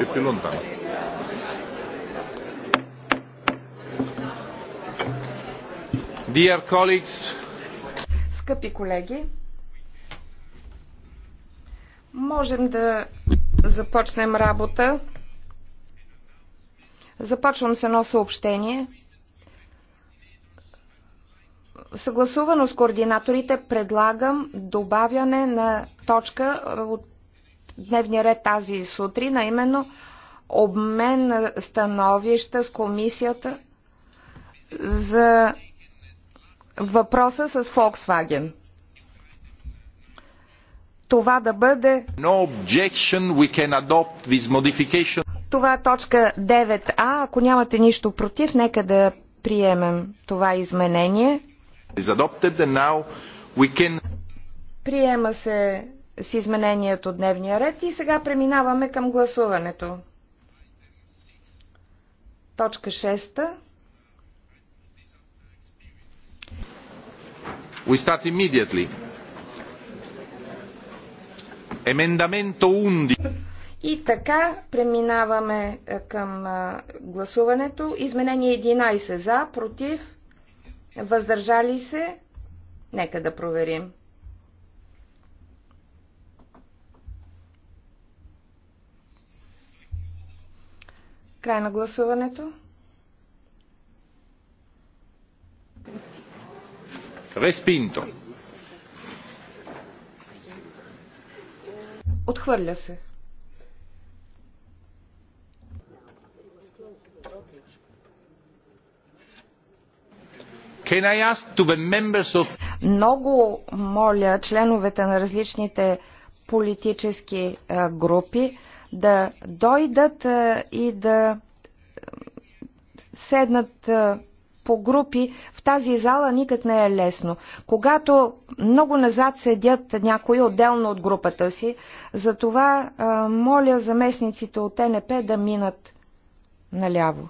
e più lontano. Dear colleagues, Скъпи колеги, можем да започнем работа. Започвам с едно съобщение. Съгласувано с координаторите предлагам добавяне на точка от дневния ред тази сутрин, а именно обмен на становища с комисията за въпроса с Volkswagen. Това да бъде... No objection, we can adopt this modification. Това е точка 9а. Ако нямате нищо против, нека да приемем това изменение. Is adopted and now we can... Приема се с изменението дневния ред и сега преминаваме към гласуването. Точка 6. We start immediately. Емендаменто 11. И така преминаваме е, към е, гласуването. Изменение 11 за, против, въздържали се. Нека да проверим. Край на гласуването. Респинто. Отхвърля се. Of... Много моля членовете на различните политически групи да дойдат и да седнат по групи в тази зала никак не е лесно. Когато много назад седят някои отделно от групата си, затова моля заместниците от ТНП да минат наляво.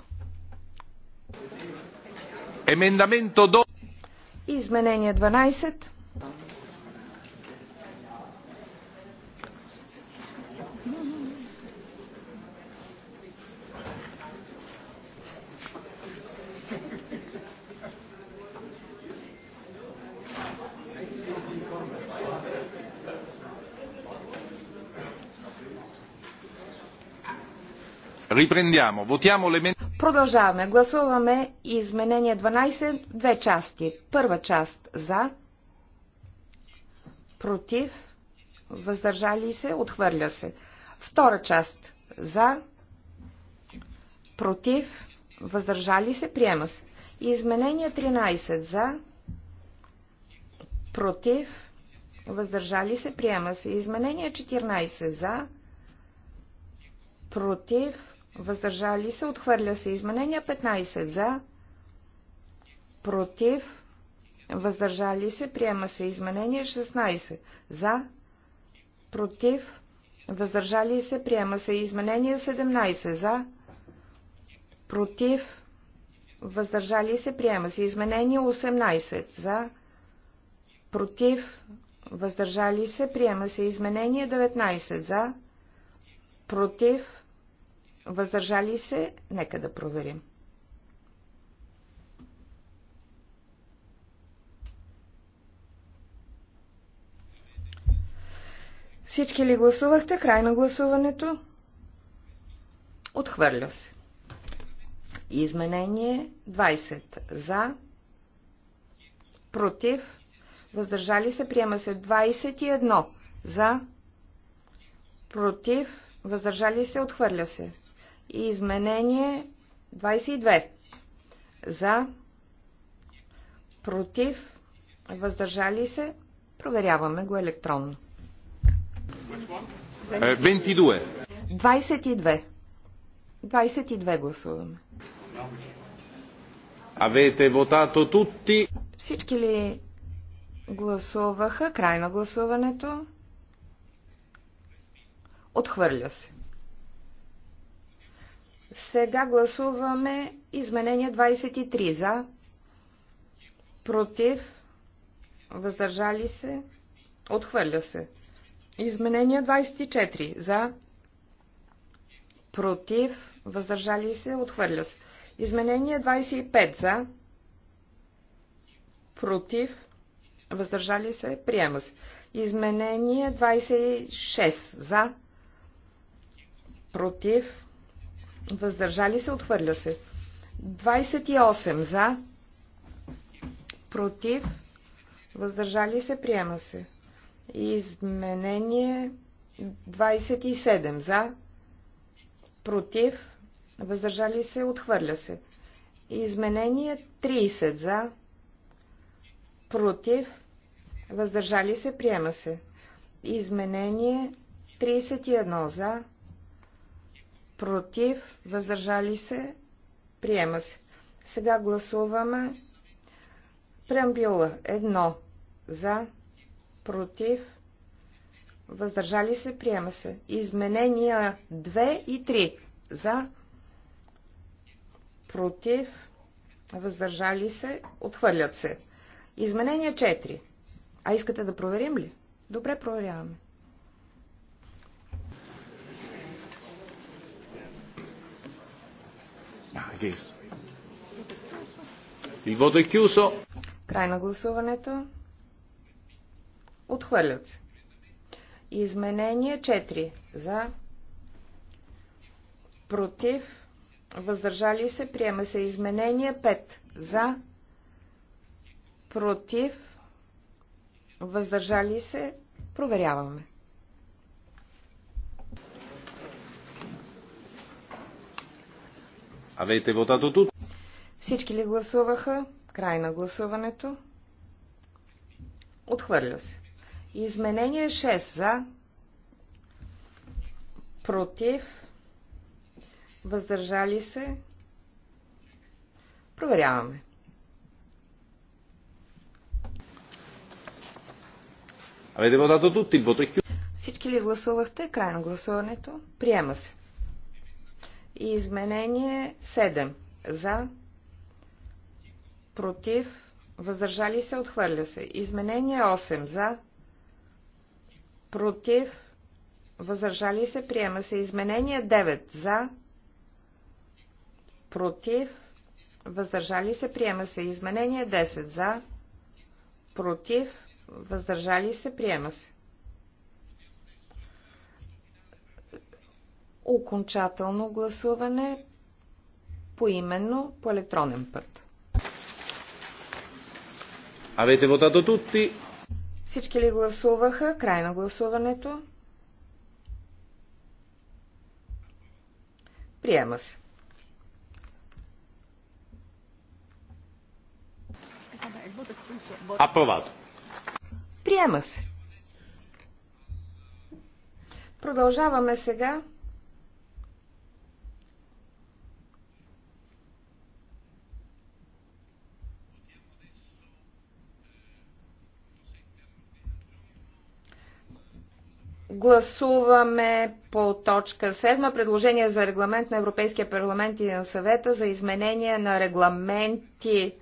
Изменение 12. Riprendiamo. Votiamo l'emendamento. Продължаваме. Гласуваме изменение 12, две части. Първа част за, против, въздържали се, отхвърля се. Втора част за, против, въздържали се, приема се. Изменение 13 за, против, въздържали се, приема се. Изменение 14 за, против, въздържали се, отхвърля се. изменения 15 за, против, въздържали се, приема се. Изменение 16 за, против, въздържали се, приема се. Изменение 17 за, против, въздържали се, приема се. Изменение 18 за, против, въздържали се, приема се. Изменение 19 за, против, Въздържали се? Нека да проверим. Всички ли гласувахте? Край на гласуването? Отхвърля се. Изменение 20. За. Против. Въздържали се. Приема се 21. За. Против. Въздържали се. Отхвърля се и изменение 22. За, против, въздържали се, проверяваме го електронно. 22. 22. 22 гласуваме. Авете вотато тутти. Всички ли гласуваха? Край на гласуването. Отхвърля се. Сега гласуваме изменение 23 за, против, въздържали се, отхвърля се. Изменение 24 за, против, въздържали се, отхвърля се. Изменение 25 за, против, въздържали се, приема се. Изменение 26 за, против, въздържали се, отхвърля се. 28 за, против, въздържали се, приема се. Изменение 27 за, против, въздържали се, отхвърля се. Изменение 30 за, против, въздържали се, приема се. Изменение 31 за, против, въздържали се, приема се. Сега гласуваме преамбюла. Едно за, против, въздържали се, приема се. Изменения 2 и 3 за, против, въздържали се, отхвърлят се. Изменения 4. А искате да проверим ли? Добре, проверяваме. Il voto è chiuso. Край на гласуването. Отхвърлят се. Изменение 4. За. Против. Въздържали се. Приема се изменение 5. За. Против. Въздържали се. Проверяваме. Avete votato tutti? Всички ли гласуваха? Край на гласуването. Отхвърля се. Изменение 6 за. Против. Въздържали се. Проверяваме. Avete votato tutti, il voto è chiuso. Всички ли гласувахте? Край на гласуването. Приема се. И изменение 7. За, против, въздържали се, отхвърля се. Изменение 8. За, против, въздържали се, приема се. Изменение 9. За, против, въздържали се, приема се. Изменение 10. За, против, въздържали се, приема се. окончателно гласуване поименно по електронен път. Авете вотато тутти. Всички ли гласуваха? Край на гласуването. Приема се. Апровато. Приема се. Продължаваме сега Гласуваме по точка 7 предложение за регламент на Европейския парламент и на съвета за изменение на регламенти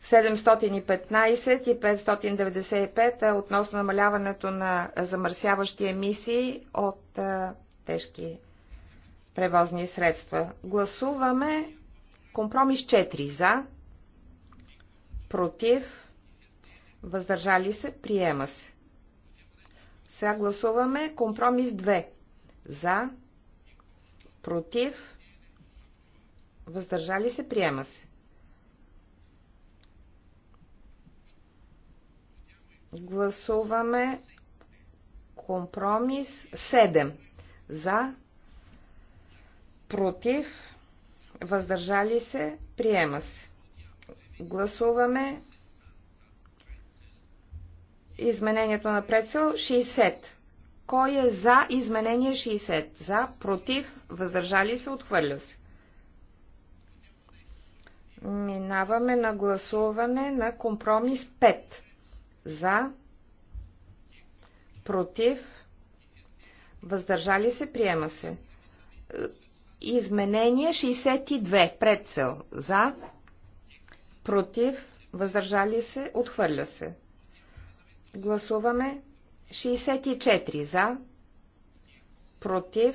715 и 595 относно намаляването на замърсяващи емисии от тежки превозни средства. Гласуваме компромис 4 за, против, въздържали се, приема се. Сега гласуваме компромис 2. За, против, въздържали се, приема се. Гласуваме компромис 7. За, против, въздържали се, приема се. Гласуваме изменението на прецел 60. Кой е за изменение 60? За, против, въздържали се, отхвърля се. Минаваме на гласуване на компромис 5. За, против, въздържали се, приема се. Изменение 62. Прецел. За, против, въздържали се, отхвърля се. Гласуваме 64 за, против,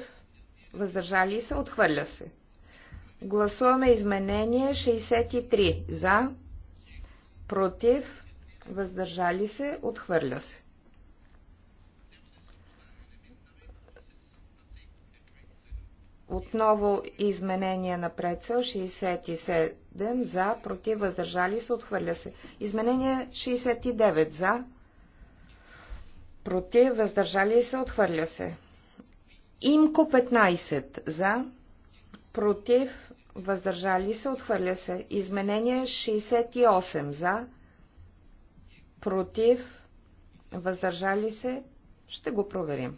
въздържали се, отхвърля се. Гласуваме изменение 63 за, против, въздържали се, отхвърля се. Отново изменение на прецел 67 за, против, въздържали се, отхвърля се. Изменение 69 за, против, въздържали се, отхвърля се. Имко 15 за, против, въздържали се, отхвърля се. Изменение 68 за, против, въздържали се, ще го проверим.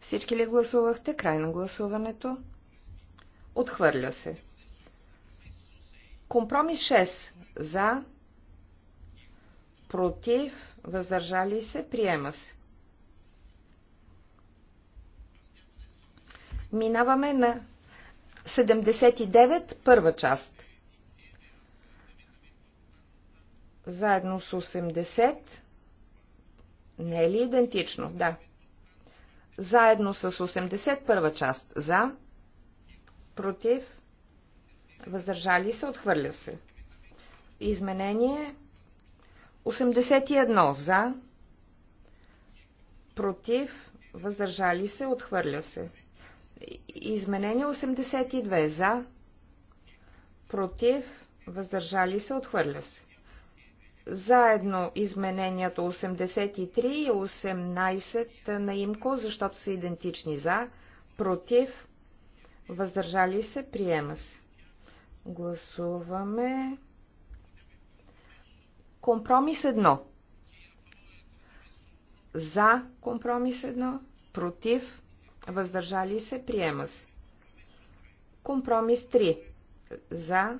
Всички ли гласувахте? Край на гласуването. Отхвърля се. Компромис 6. За, против, въздържали се, приема се. Минаваме на 79, първа част. Заедно с 80. Не е ли идентично? Да. Заедно с 80, първа част. За, против, Въздържали се, отхвърля се. Изменение 81 за, против, въздържали се, отхвърля се. Изменение 82 за, против, въздържали се, отхвърля се. Заедно измененията 83 и 18 на имко, защото са идентични за, против, въздържали се, приема се. Гласуваме. Компромис 1. За компромис 1. Против. Въздържали се. Приема се. Компромис 3. За.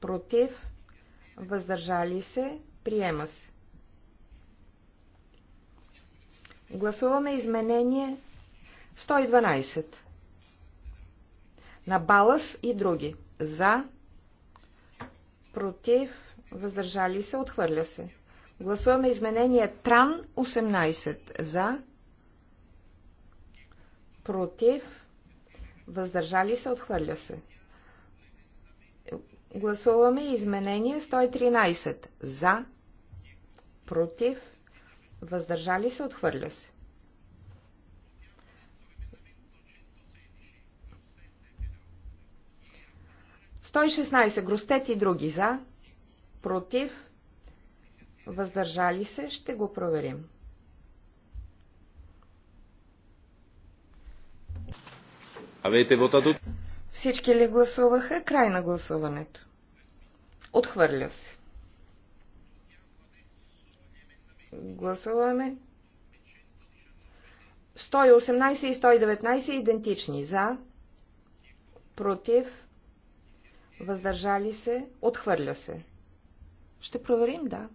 Против. Въздържали се. Приема се. Гласуваме изменение 112 на Балас и други. За. Против. Въздържали се. Отхвърля се. Гласуваме изменение Тран 18. За. Против. Въздържали се. Отхвърля се. Гласуваме изменение 113. За. Против. Въздържали се. Отхвърля се. 116. Гростет и други за, против, въздържали се, ще го проверим. Всички ли гласуваха? Край на гласуването. Отхвърля се. Гласуваме. 118 и 119 идентични. За. Против въздържали се, отхвърля се. Ще проверим, да.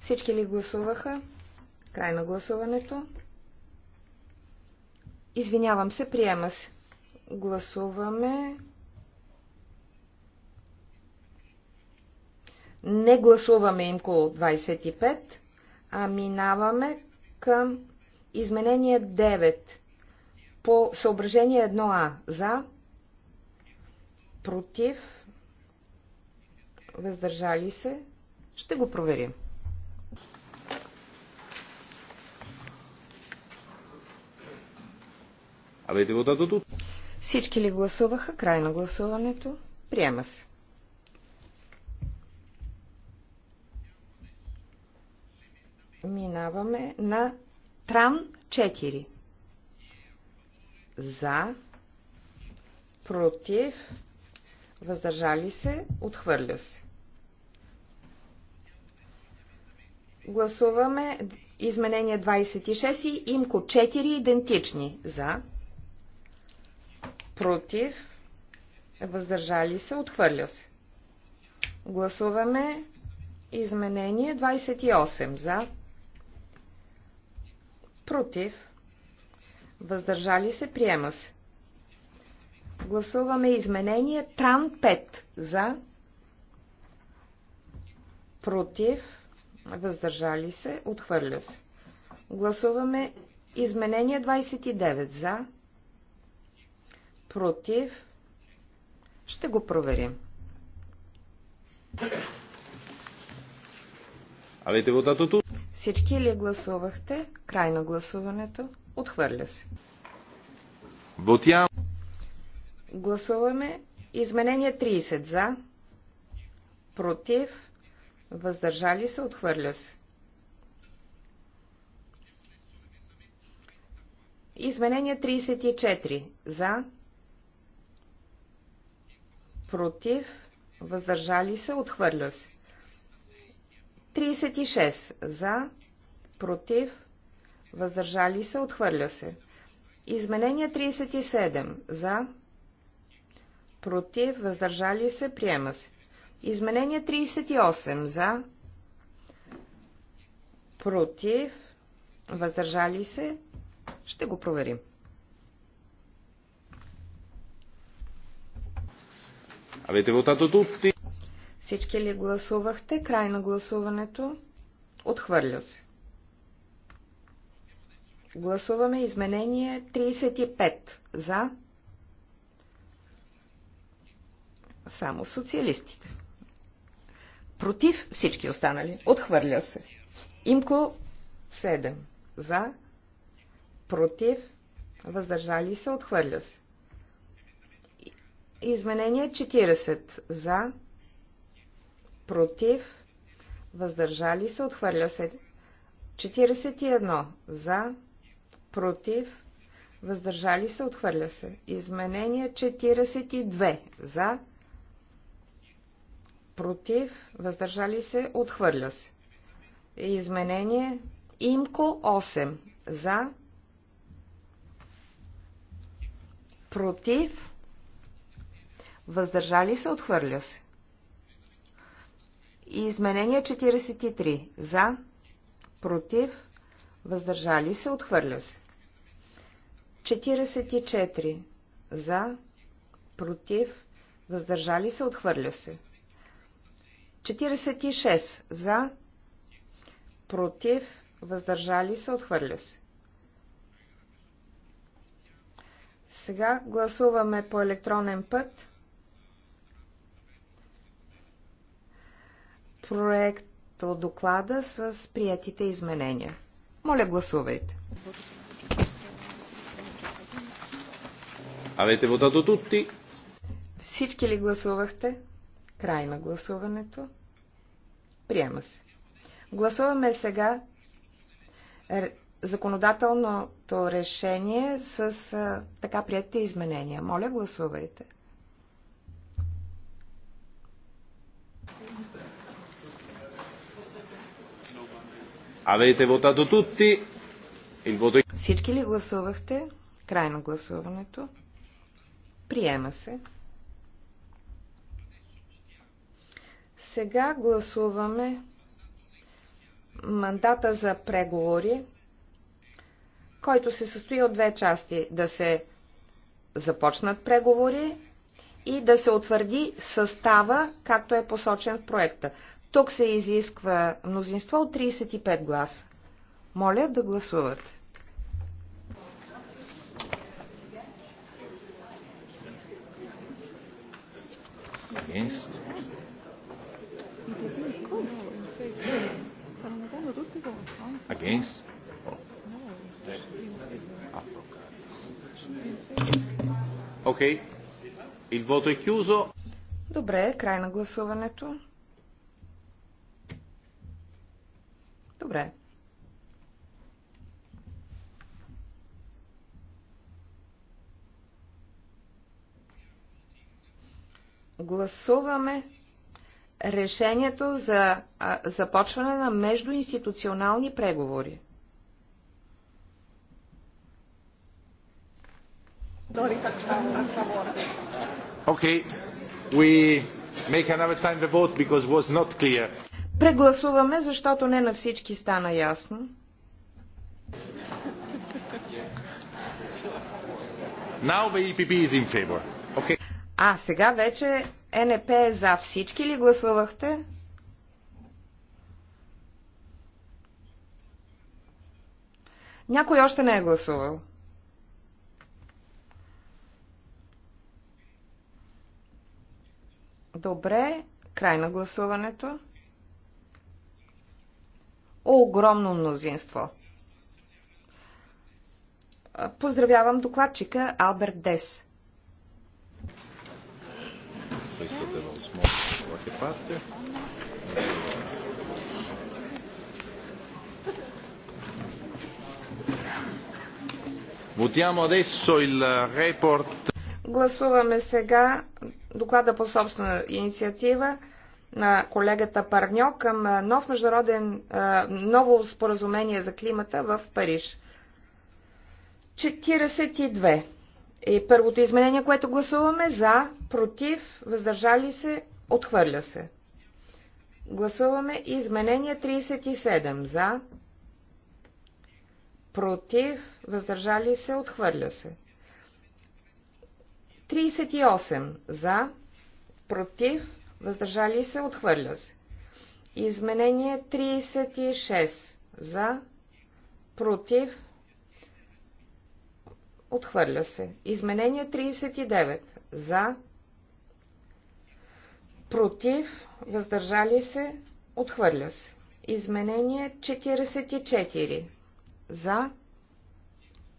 Всички ли гласуваха? Край на гласуването. Извинявам се, приема се. Гласуваме. Не гласуваме имко 25 а, минаваме към изменение 9 по съображение 1А. За, против, въздържали се. Ще го проверим. Всички ли гласуваха? Край на гласуването. Приема се. минаваме на Тран 4. За, против, въздържали се, отхвърля се. Гласуваме изменение 26 и имко 4 идентични. За, против, въздържали се, отхвърля се. Гласуваме изменение 28 за, против, въздържали се, приема се. Гласуваме изменение Тран 5 за, против, въздържали се, отхвърля се. Гласуваме изменение 29 за, против, ще го проверим. Avete votato tutti? Всички ли гласувахте? Край на гласуването. Отхвърля се. Вотя. Гласуваме изменение 30 за, против, въздържали се, отхвърля се. Изменение 34 за, против, въздържали се, отхвърля се. 36 за, против, въздържали се, отхвърля се. Изменение 37 за, против, въздържали се, приема се. Изменение 38 за, против, въздържали се, ще го проверим. Avete votato tutti? Всички ли гласувахте? Край на гласуването. Отхвърля се. Гласуваме изменение 35. За. Само социалистите. Против всички останали. Отхвърля се. Имко 7. За. Против. Въздържали се. Отхвърля се. Изменение 40. За против, въздържали се, отхвърля се. 41 за, против, въздържали се, отхвърля се. Изменение 42 за, против, въздържали се, отхвърля се. Изменение имко 8 за, против, въздържали се, отхвърля се. Изменение 43. За, против, въздържали се, отхвърля се. 44. За, против, въздържали се, отхвърля се. 46. За, против, въздържали се, отхвърля се. Сега гласуваме по електронен път проект от доклада с приятите изменения. Моля, гласувайте. Авете votato tutti? Всички ли гласувахте? Край на гласуването. Приема се. Гласуваме сега законодателното решение с така приятите изменения. Моля, гласувайте. Avete votato tutti. Il voto... Всички ли гласувахте? Край на гласуването. Приема се. Сега гласуваме мандата за преговори, който се състои от две части. Да се започнат преговори и да се утвърди състава, както е посочен в проекта. Тук се изисква мнозинство от 35 гласа. Моля да гласувате. against. Against? Il voto è chiuso. Добре, край на гласуването. Добре. Гласуваме решението за започване на междуинституционални преговори. Okay. We make another time the vote because it was not clear. Прегласуваме, защото не на всички стана ясно. Now the EPP is in favor. Okay. А, сега вече НП е за всички ли гласувахте? Някой още не е гласувал. Добре, край на гласуването огромно мнозинство. Поздравявам докладчика Алберт Дес. Гласуваме сега доклада по собствена инициатива на колегата Парньо към нов международен, ново споразумение за климата в Париж. 42 е първото изменение, което гласуваме за, против, въздържали се, отхвърля се. Гласуваме изменение 37 за, против, въздържали се, отхвърля се. 38 за, против, въздържали се, отхвърля се. Изменение 36 за, против, отхвърля се. Изменение 39 за, против, въздържали се, отхвърля се. Изменение 44 за,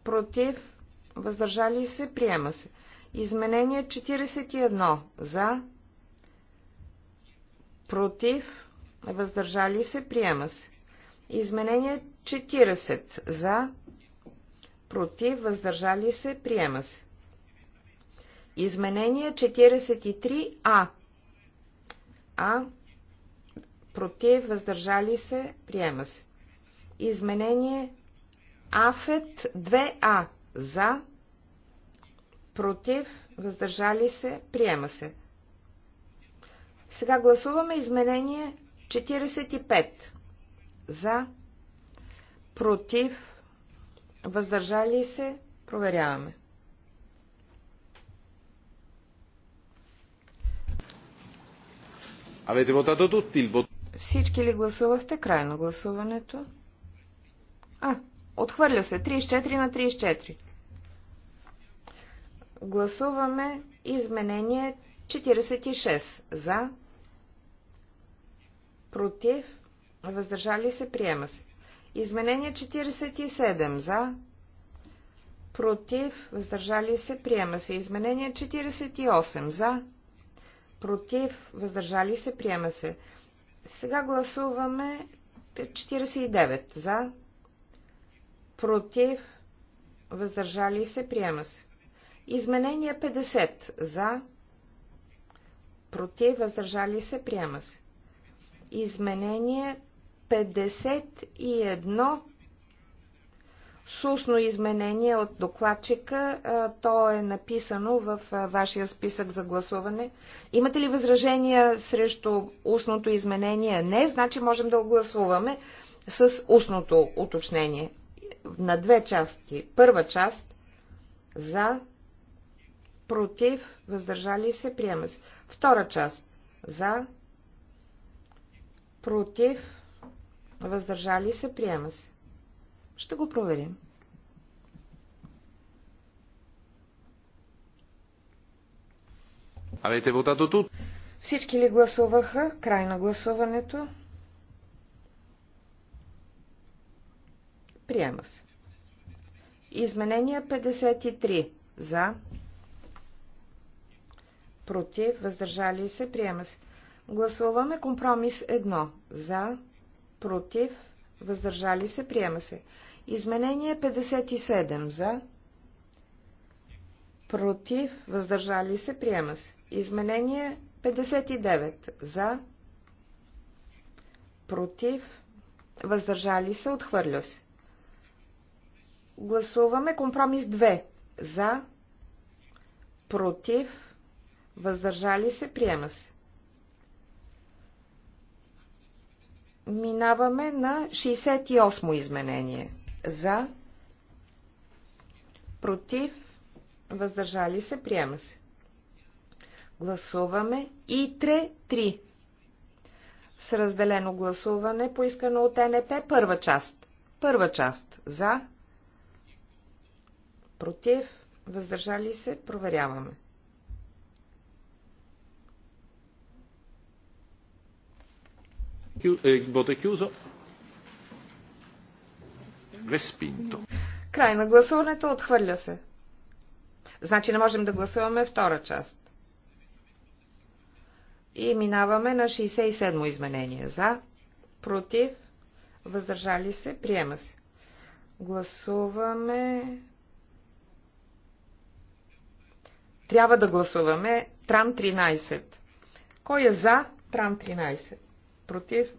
против, въздържали се, приема се. Изменение 41 за, против, въздържали се, приема се. Изменение 40 за, против, въздържали се, приема се. Изменение 43а. А. Против, въздържали се, приема се. Изменение АФЕТ 2А. За. Против, въздържали се, приема се. Сега гласуваме изменение 45. За, против, въздържали се, проверяваме. Avete votato tutti il voto? Всички ли гласувахте? Край на гласуването. А, отхвърля се. 34 на 34. Гласуваме изменение 46 за, против, въздържали се, приема се. Изменение 47 за, против, въздържали се, приема се. Изменение 48 за, против, въздържали се, приема се. Сега гласуваме 49 за, против, въздържали се, приема се. Изменение 50 за, против, въздържали се, приема се. Изменение 51 с устно изменение от докладчика. То е написано в вашия списък за гласуване. Имате ли възражения срещу устното изменение? Не, значи можем да огласуваме с устното уточнение. На две части. Първа част за, против, въздържали се, приема се. Втора част. За, против, въздържали се, приема се. Ще го проверим. Avete votato тут. Всички ли гласуваха? Край на гласуването. Приема се. Изменение 53. За против, въздържали се, приема се. Гласуваме компромис 1. За, против, въздържали се, приема се. Изменение 57. За, против, въздържали се, приема се. Изменение 59. За, против, въздържали се, отхвърля се. Гласуваме компромис 2. За, против, Въздържали се, приема се. Минаваме на 68-о изменение. За, против, въздържали се, приема се. Гласуваме 3 3. С разделено гласуване, поискано от НП, първа част. Първа част. За, против, въздържали се, проверяваме. Веспинто. Eh, voto è chiuso. Respinto. Край на гласуването отхвърля се. Значи не можем да гласуваме втора част. И минаваме на 67 изменение. За, против, въздържали се, приема се. Гласуваме... Трябва да гласуваме Трам 13. Кой е за Тран 13? против,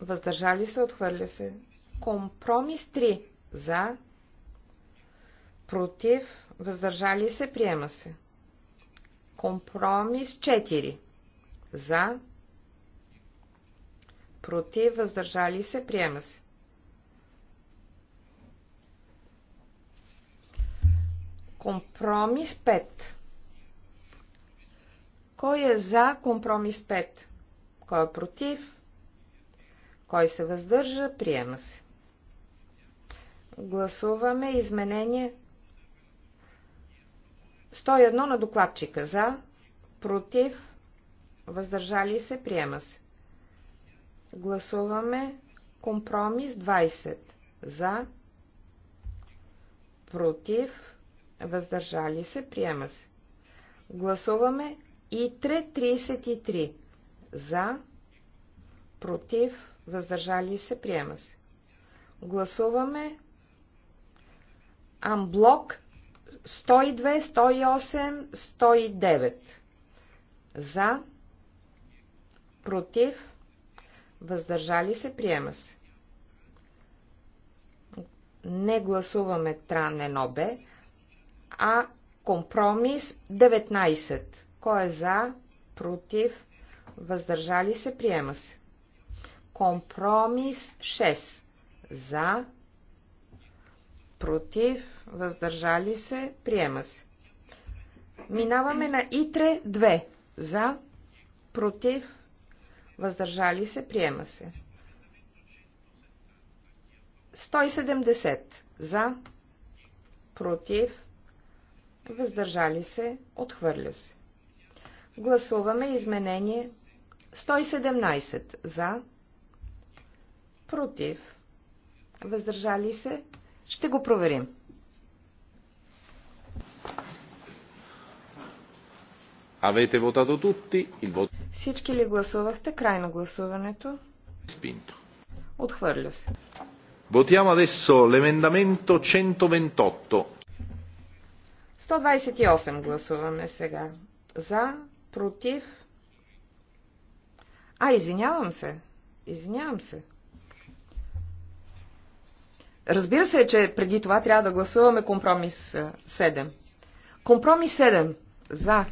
въздържали се, отхвърля се. Компромис 3 за, против, въздържали се, приема се. Компромис 4 за, против, въздържали се, приема се. Компромис 5 кой е за компромис 5? Кой е против? Кой се въздържа? Приема се. Гласуваме изменение 101 на докладчика. За, против, въздържали се, приема се. Гласуваме компромис 20. За, против, въздържали се, приема се. Гласуваме и 3.33. За, против, въздържали се, приема се. Гласуваме Амблок 102, 108, 109. За, против, въздържали се, приема се. Не гласуваме Тран 1Б, а компромис 19. Кой е за? Против? Въздържали се? Приема се. Компромис 6. За? Против? Въздържали се? Приема се. Минаваме на ИТРЕ 2. За? Против? Въздържали се? Приема се. 170. За? Против? Въздържали се? Отхвърля се. Гласуваме изменение 117 за, против, въздържали се. Ще го проверим. Avete votato тутти, il voto. Всички ли гласувахте? Край на гласуването. Спинто. Отхвърля се. Votiamo adesso l'emendamento 128. 128 гласуваме сега. За, против. А, извинявам се. Извинявам се. Разбира се, че преди това трябва да гласуваме компромис 7. Е, компромис 7. За,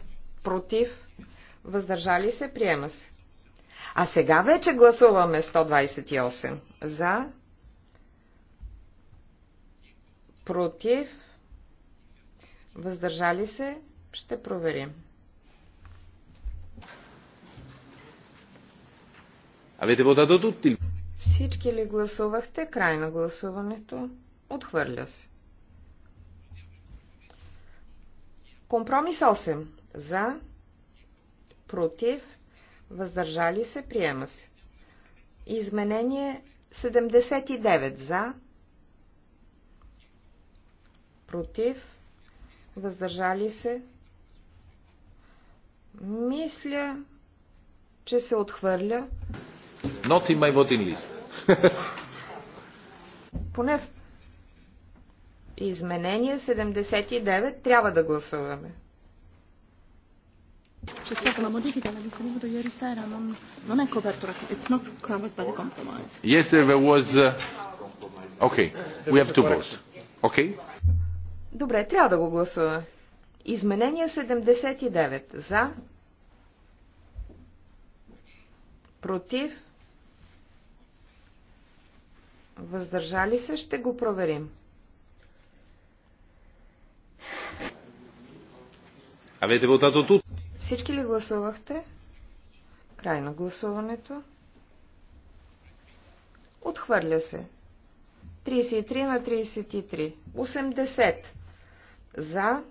против, въздържали се, приема се. А сега вече гласуваме 128. За, против, въздържали се, ще проверим. Avete votato tutti? Всички ли гласувахте? Край на гласуването. Отхвърля се. Компромис 8. За, против, въздържали се, приема се. Изменение 79. За, против, въздържали се. Мисля, че се отхвърля. Not in my voting list. Поне в изменение 79 трябва да гласуваме. C'è stata una modifica che avete venuto ieri sera, non, non è coperto, it's not covered by the compromise. Yesterday there was... Uh, okay, we have to vote. Okay? Добре, трябва да го гласуваме. Изменение 79. За. Против въздържали се, ще го проверим. Авете вотато тут. Всички ли гласувахте? Край на гласуването. Отхвърля се. 33 на 33. 80. За.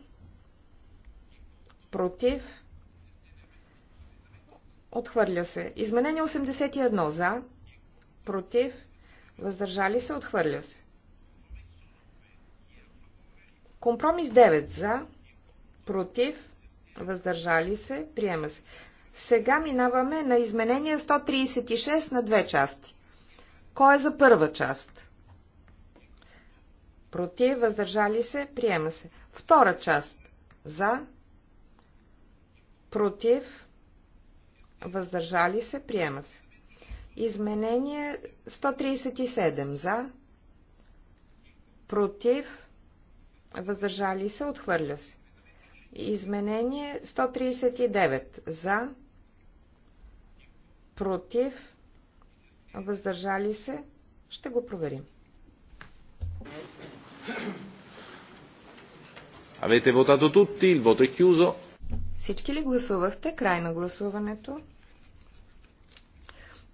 Против. Отхвърля се. Изменение 81. За. Против. Въздържали се, отхвърля се. Компромис 9 за, против, въздържали се, приема се. Сега минаваме на изменение 136 на две части. Кой е за първа част? Против, въздържали се, приема се. Втора част. За, против, въздържали се, приема се. Изменение 137 за, против, въздържали се, отхвърля се. Изменение 139 за, против, въздържали се, ще го проверим. Avete votato tutti, il voto è chiuso. Всички ли гласувахте? Край на гласуването.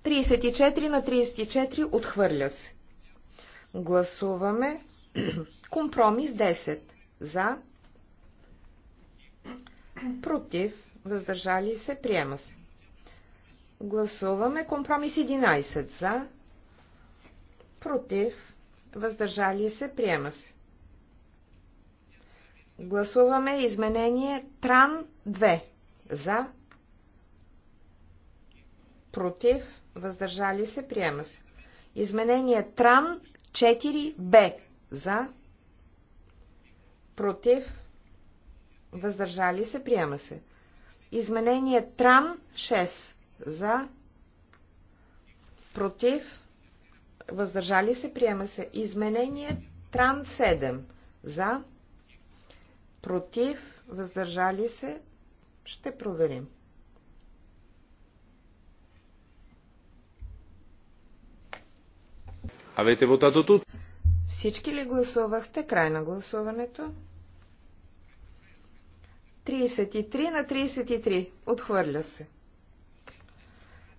34 на 34 отхвърля се. Гласуваме компромис 10. За. Против. Въздържали се. Приема се. Гласуваме компромис 11. За. Против. Въздържали се. Приема се. Гласуваме изменение Тран 2. За. Против въздържали се, приема се. Изменение Тран 4Б за, против, въздържали се, приема се. Изменение Тран 6 за, против, въздържали се, приема се. Изменение Тран 7 за, против, въздържали се, ще проверим. Авете votato tutti. Всички ли гласувахте? Край на гласуването. 33 на 33. Отхвърля се.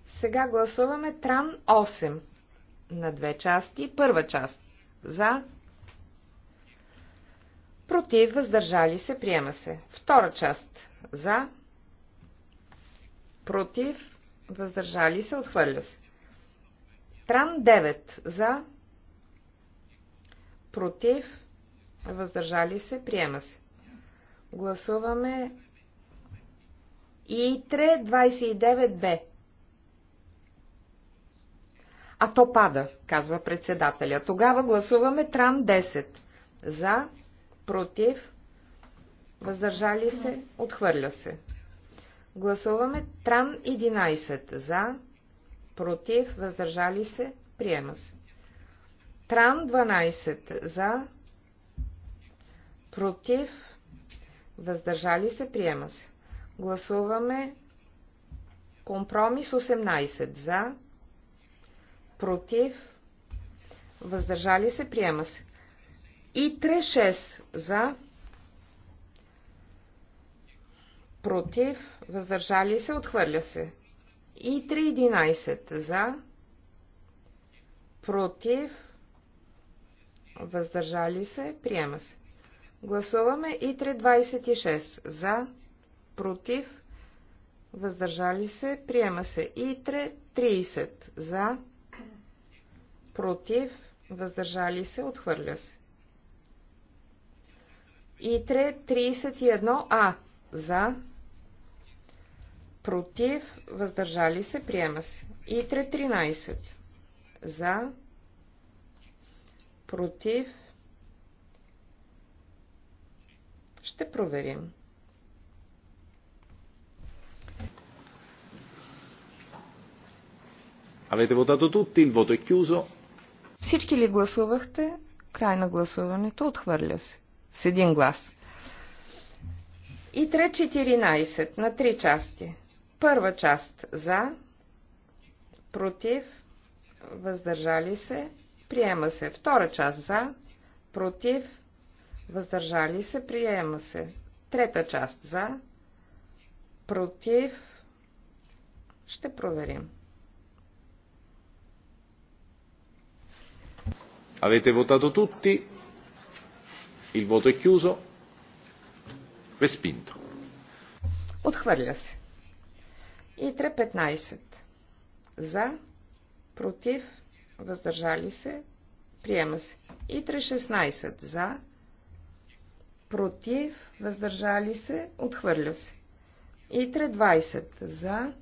Сега гласуваме Тран 8 на две части. Първа част. За. Против. Въздържали се. Приема се. Втора част. За. Против. Въздържали се. Отхвърля се. Тран 9 за, против, въздържали се, приема се. Гласуваме ИТРЕ 29Б. А то пада, казва председателя. Тогава гласуваме Тран 10. За, против, въздържали се, отхвърля се. Гласуваме Тран 11. За, против, въздържали се, приема се. Тран 12 за, против, въздържали се, приема се. Гласуваме компромис 18 за, против, въздържали се, приема се. И 3-6 за, против, въздържали се, отхвърля се. И 3.11 за, против, въздържали се, приема се. Гласуваме и 3.26 за, против, въздържали се, приема се. И 3.30 за, против, въздържали се, отхвърля се. И 3.31а за, против, въздържали се, приема се. И 3.13 за, против, ще проверим. Avete votato tutti, il voto è chiuso. Всички ли гласувахте? Край на гласуването отхвърля се. С един глас. И 3.14 на три части. Първа част за, против, въздържали се, приема се. Втора част за, против, въздържали се, приема се. Трета част за, против, ще проверим. Avete votato tutti? Il voto è chiuso? Respinto. Отхвърля се. И 15 За, против, въздържали се, приема се. И 16 За, против, въздържали се, отхвърля се. И 20 За,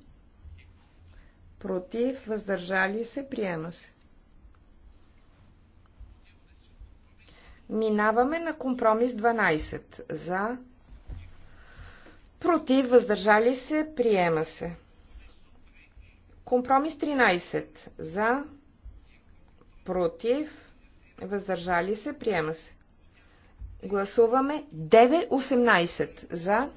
против, въздържали се, приема се. Минаваме на компромис 12. За, против, въздържали се, приема се. Компромис 13. За, против, въздържали се, приема се. Гласуваме 9.18. За,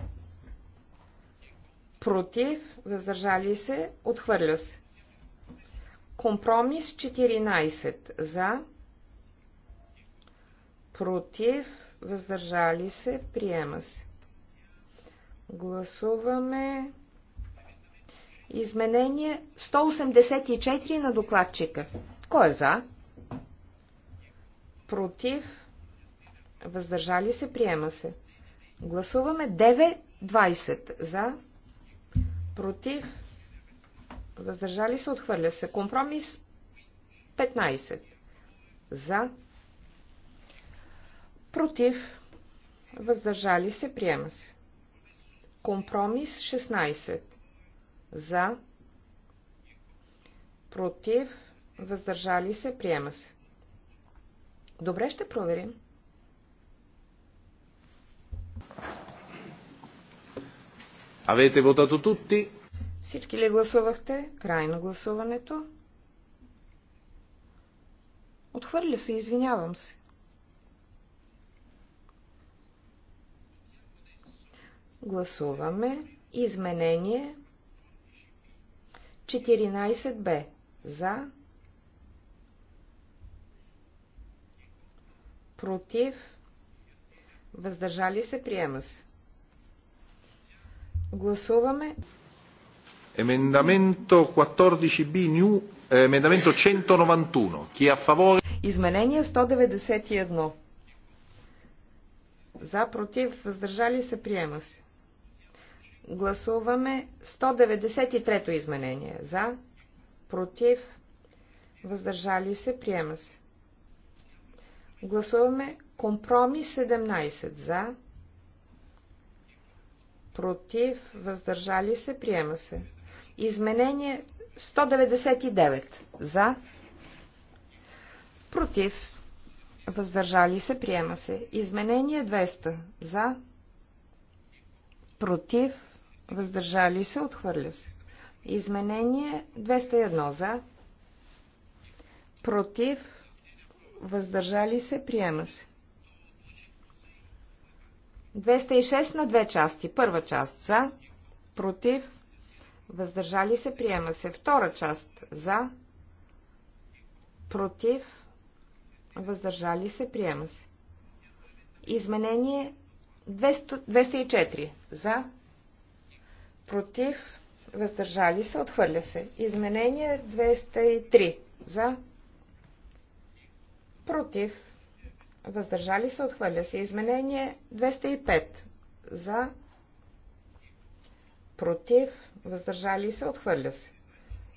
против, въздържали се, отхвърля се. Компромис 14. За, против, въздържали се, приема се. Гласуваме Изменение 184 на докладчика. Кой е за? Против? Въздържали се? Приема се. Гласуваме 9.20 за. Против? Въздържали се? Отхвърля се. Компромис 15 за. Против? Въздържали се? Приема се. Компромис 16 за. Против. Въздържали се. Приема се. Добре, ще проверим. Авете votato tutti? Всички ли гласувахте? Край на гласуването. Отхвърля се, извинявам се. Гласуваме изменение 14 б. За. Против. Въздържали се, приема се. Гласуваме. Емендаменто 14b new, е, емендаменто 191. Кия а фаворе? Изменение 191. За, против, въздържали се, приема се. Гласуваме 193-то изменение. За, против, въздържали се, приема се. Гласуваме компромис 17 за, против, въздържали се, приема се. Изменение 199 за, против, въздържали се, приема се. Изменение 200 за, против, въздържали се, отхвърля се. Изменение 201 за, против, въздържали се, приема се. 206 на две части. Първа част за, против, въздържали се, приема се. Втора част за, против, въздържали се, приема се. Изменение 200, 204 за, против, въздържали се, отхвърля се. Изменение 203 за, против, въздържали се, отхвърля се. Изменение 205 за, против, въздържали се, отхвърля се.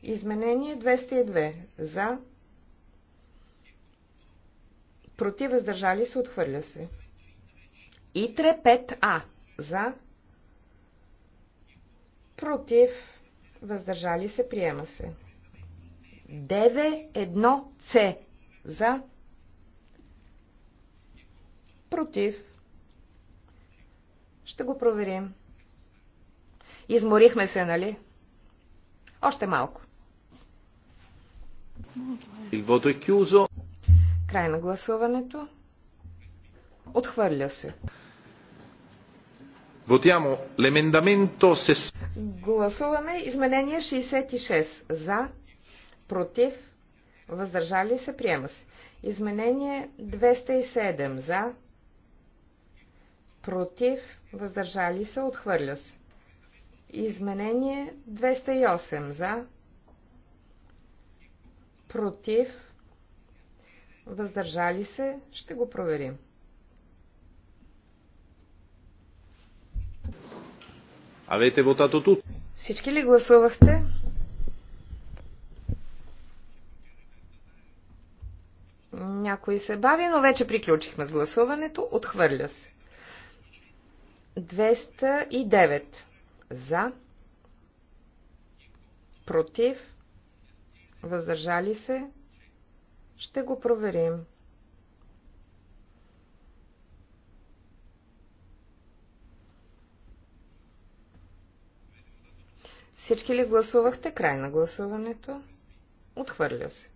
Изменение 202 за, против, въздържали се, отхвърля се. И 35А за, против, въздържали се, приема се. 9 1 С за, против, ще го проверим. Изморихме се, нали? Още малко. Il voto Кюзо. Край на гласуването. Отхвърля се. Votiamo l'emendamento 66. Гласуваме изменение 66. За, против, въздържали се, приема се. Изменение 207. За, против, въздържали се, отхвърля се. Изменение 208. За, против, въздържали се, ще го проверим. Avete votato тут. Всички ли гласувахте? Някой се бави, но вече приключихме с гласуването. Отхвърля се. 209 за, против, въздържали се. Ще го проверим. Всички ли гласувахте? Край на гласуването. Отхвърля се.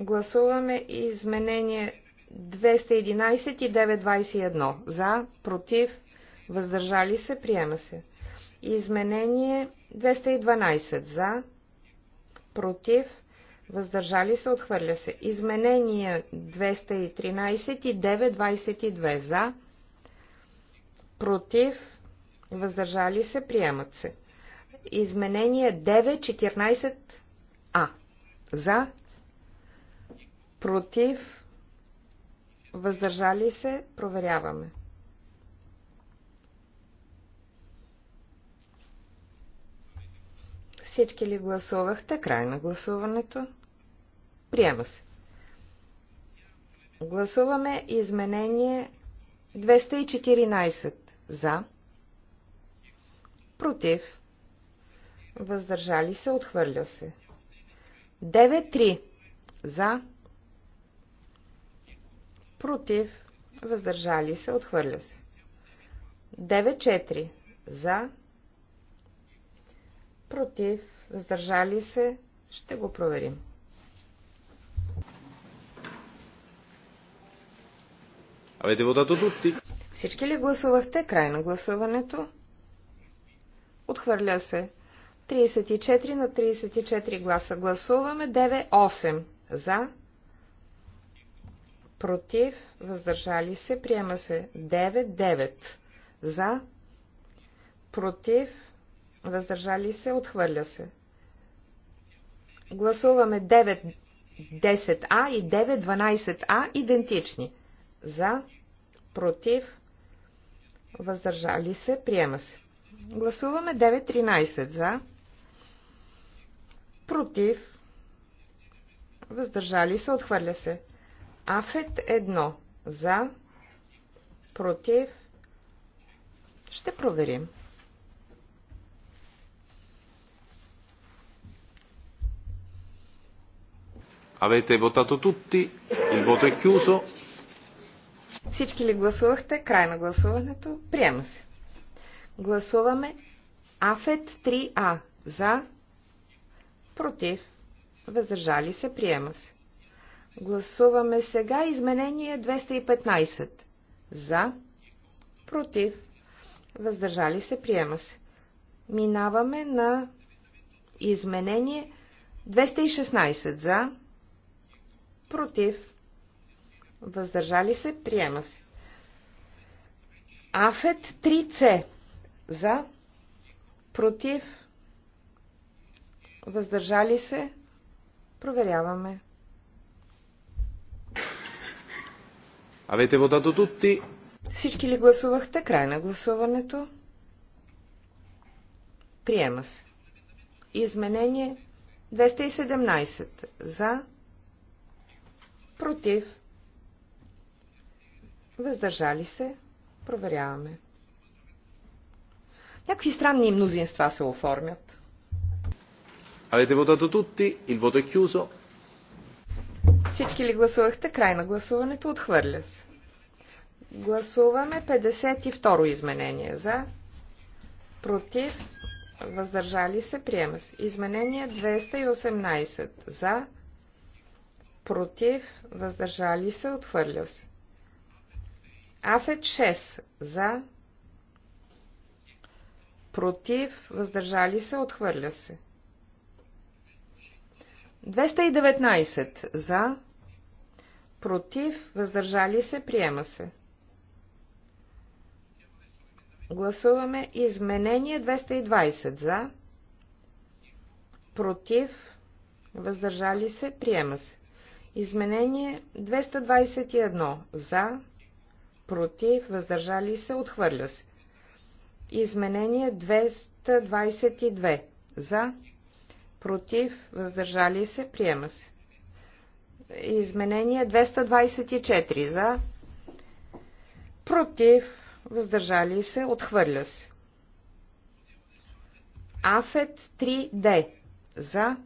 Гласуваме изменение 211 и 921. За, против, въздържали се, приема се. Изменение 212. За, против, въздържали се, отхвърля се. Изменение 213 и 922. За, против, въздържали се, приемат се изменение 9.14а. За, против, въздържали се, проверяваме. Всички ли гласувахте? Край на гласуването. Приема се. Гласуваме изменение 214 за, против, въздържали се, отхвърля се. 9-3 за, против, въздържали се, отхвърля се. 9-4 за, против, въздържали се, ще го проверим. Avete до tutti? Всички ли гласувахте? Край на гласуването. Отхвърля се. 34 на 34 гласа. Гласуваме 9-8 за, против, въздържали се, приема се 9-9 за, против, въздържали се, отхвърля се. Гласуваме 9-10А и 9-12А идентични. За, против, въздържали се, приема се. Гласуваме 9-13 за, против, въздържали се, отхвърля се. Афет 1 за, против, ще проверим. Avete votato tutti? Il voto è chiuso. Всички ли гласувахте? Край на гласуването. Приема се. Гласуваме АФЕТ 3А. За, против, въздържали се, приема се. Гласуваме сега изменение 215. За, против, въздържали се, приема се. Минаваме на изменение 216. За, против, въздържали се, приема се. Афет 3C. За, против, Въздържали се? Проверяваме. Авете до тутти. Всички ли гласувахте? Край на гласуването. Приема се. Изменение 217. За. Против. Въздържали се. Проверяваме. Някакви странни мнозинства се оформят. Avete votato tutti? Il voto è chiuso. Всички ли гласувахте? Край на гласуването отхвърля се. Гласуваме 52-ро изменение. За, против, въздържали се, приема се. Изменение 218. За, против, въздържали се, отхвърля се. Афет 6. За, против, въздържали се, отхвърля се. 219 за, против, въздържали се, приема се. Гласуваме изменение 220 за, против, въздържали се, приема се. Изменение 221 за, против, въздържали се, отхвърля се. Изменение 222 за, против, въздържали се, приема се. Изменение 224 за, против, въздържали се, отхвърля се. Афет 3D за,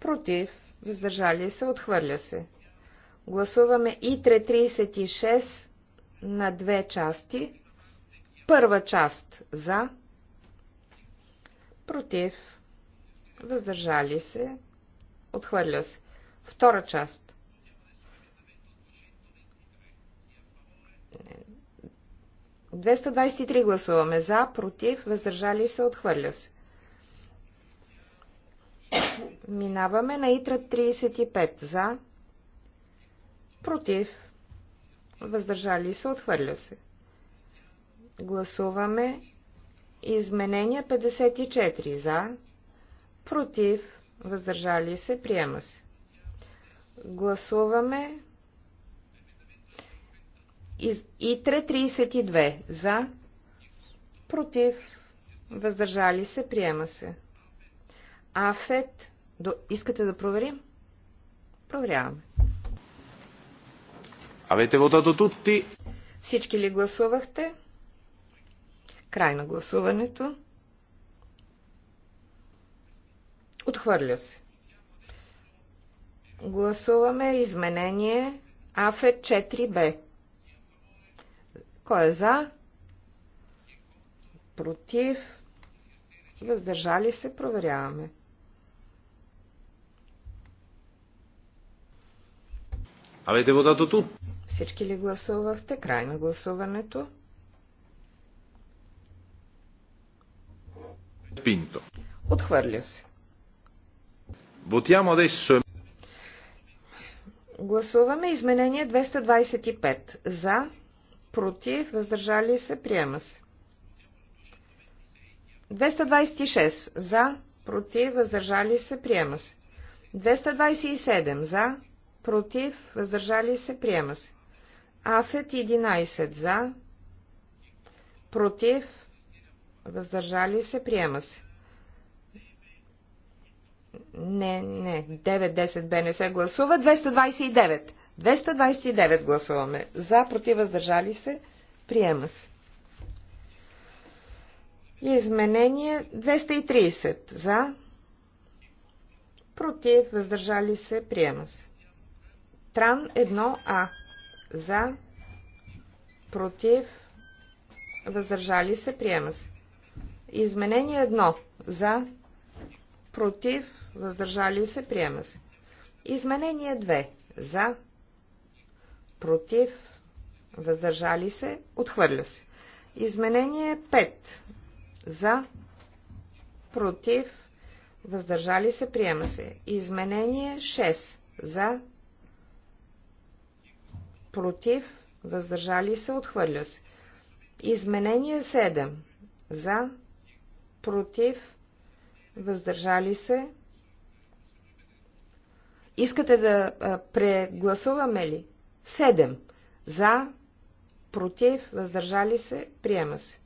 против, въздържали се, отхвърля се. Гласуваме и 336 на две части. Първа част за, против, въздържали се, отхвърля се. Втора част. Не. 223 гласуваме за, против, въздържали се, отхвърля се. Минаваме на ИТРА 35 за, против, въздържали се, отхвърля се. Гласуваме Изменения 54 за, против, въздържали се, приема се. Гласуваме и 32 за, против, въздържали се, приема се. АФЕТ, до... искате да проверим? Проверяваме. Авете водато тутти. Всички ли гласувахте? Край на гласуването. Отхвърля се. Гласуваме изменение АФЕ 4Б. Кой е за? Против? Въздържали се? Проверяваме. Авете водата тук. Всички ли гласувахте? Край на гласуването. Пинто. Отхвърля се. Votiamo adesso. Гласуваме изменение 225. За, против, въздържали се, приема се. 226. За, против, въздържали се, приема се. 227. За, против, въздържали се, приема се. Афет 11. За, против, въздържали се, приема се. Не, не, 9-10 бе не се гласува. 229. 229 гласуваме. За, против, въздържали се. Приема се. Изменение 230. За, против, въздържали се. Приема се. Тран 1А. За, против, въздържали се. Приема се. Изменение 1. За, против, въздържали се, приема се. Изменение 2. За, против, въздържали се, отхвърля се. Изменение 5. За, против, въздържали се, приема се. Изменение 6. За, против, въздържали се, отхвърля се. Изменение 7. За, против, въздържали се, Искате да прегласуваме ли? 7. За, против, въздържали се, приема се.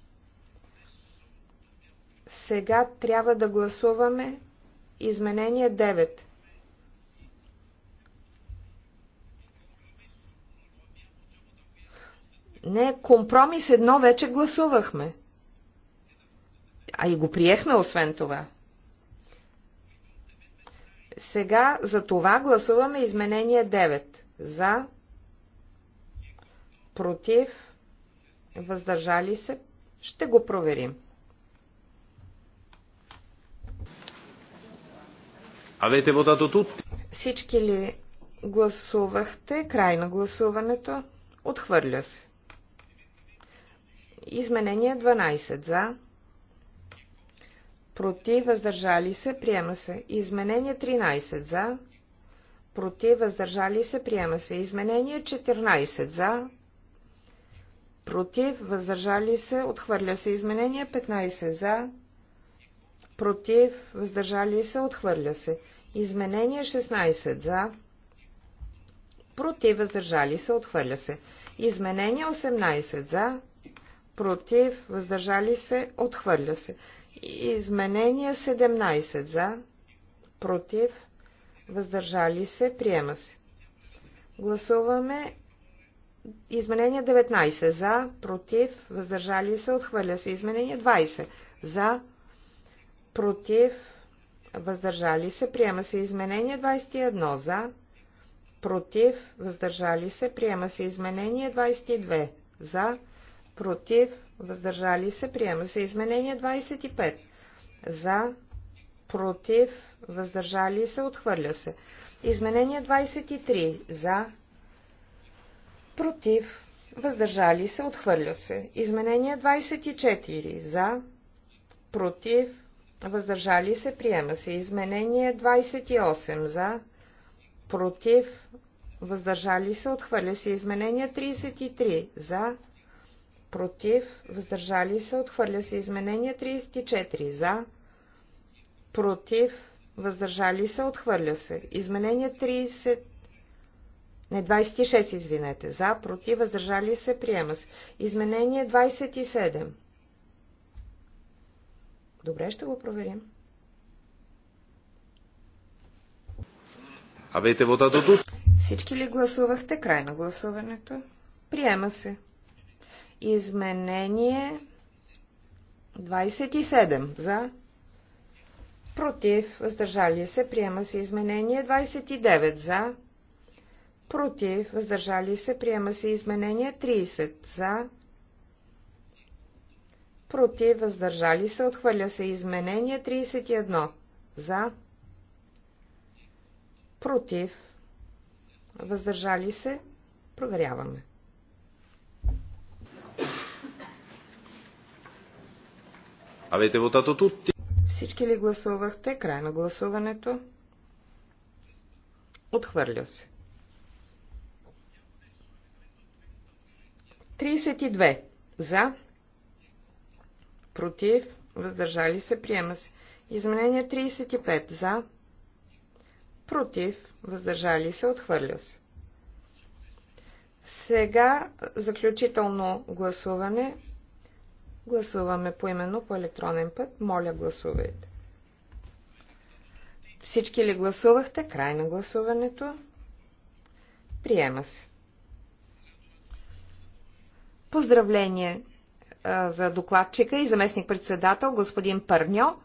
Сега трябва да гласуваме изменение 9. Не, компромис едно вече гласувахме. А и го приехме, освен това. Сега за това гласуваме изменение 9. За, против, въздържали се, ще го проверим. Авете водата тут. Всички ли гласувахте? Край на гласуването. Отхвърля се. Изменение 12 за против, въздържали се, приема се. Изменение 13 за, против, въздържали се, приема се. Изменение 14 за, против, въздържали се, отхвърля се. Изменение 15 за, против, въздържали се, отхвърля се. Изменение 16 за, против, въздържали се, отхвърля се. Изменение 18 за, против, въздържали се, отхвърля се. Изменение 17 за, против, въздържали се, приема се. Гласуваме изменение 19 за, против, въздържали се, отхвърля се. Изменение 20 за, против, въздържали се, приема се. Изменение 21 за, против, въздържали се, приема се. Изменение 22 за, против, против, въздържали се, приема се. Изменение 25. За, против, въздържали се, отхвърля се. Изменение 23. За, против, въздържали се, отхвърля се. Изменение 24. За, против, въздържали се, приема се. Изменение 28. За, против, въздържали се, отхвърля се. Изменение 33. За, против, въздържали се, отхвърля се изменение 34 за, против, въздържали се, отхвърля се. Изменение 30, не 26, извинете, за, против, въздържали се, приема се. Изменение 27. Добре, ще го проверим. Абейте водата тук. Всички ли гласувахте край на гласуването? Приема се. Изменение 27 за. Против. Въздържали се. Приема се изменение 29 за. Против. Въздържали се. Приема се изменение 30 за. Против. Въздържали се. Отхвърля се изменение 31 за. Против. Въздържали се. Проверяваме. Avete votato tutti? Всички ли гласувахте? Край на гласуването. Отхвърля се. 32. За. Против. Въздържали се. Приема се. Изменение 35. За. Против. Въздържали се. Отхвърля се. Сега заключително гласуване Гласуваме поименно по електронен път. Моля, гласувайте. Всички ли гласувахте? Край на гласуването. Приема се. Поздравление за докладчика и заместник-председател господин Пърньо.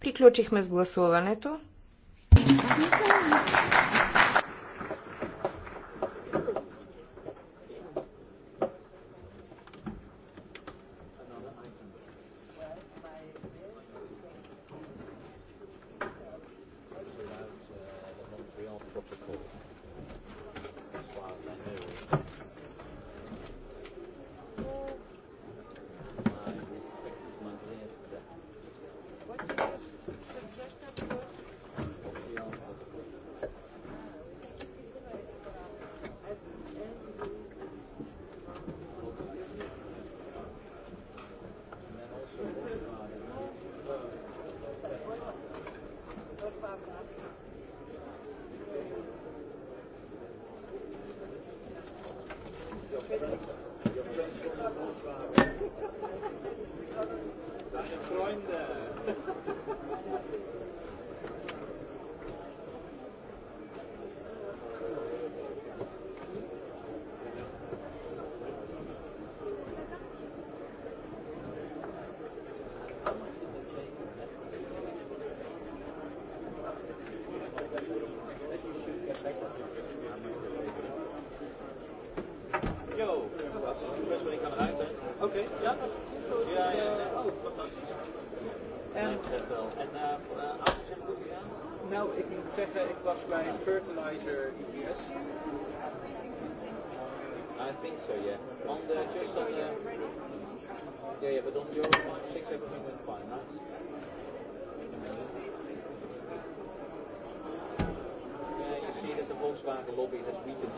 Приключихме с гласуването. Thank you.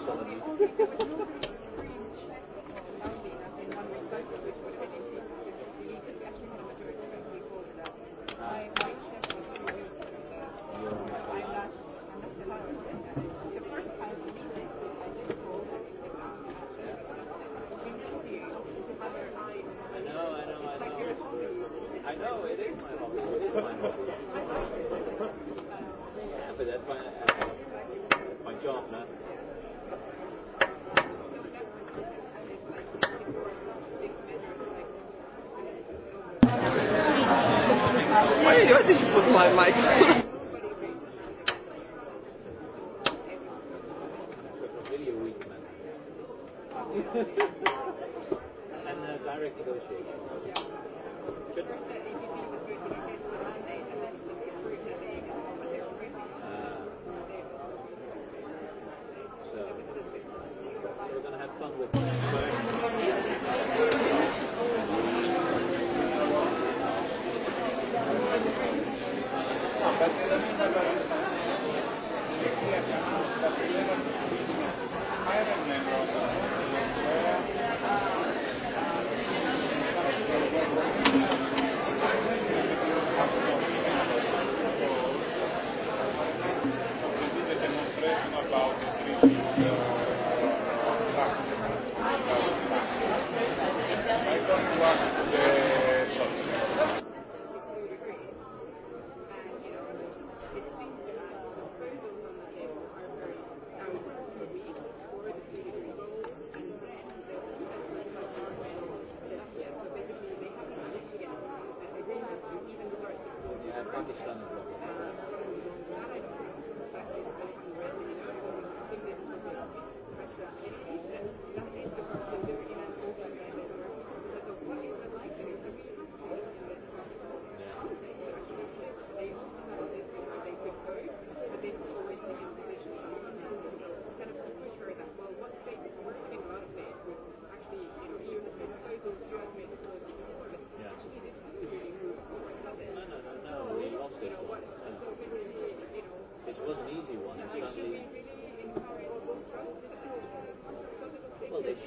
Jerusalem.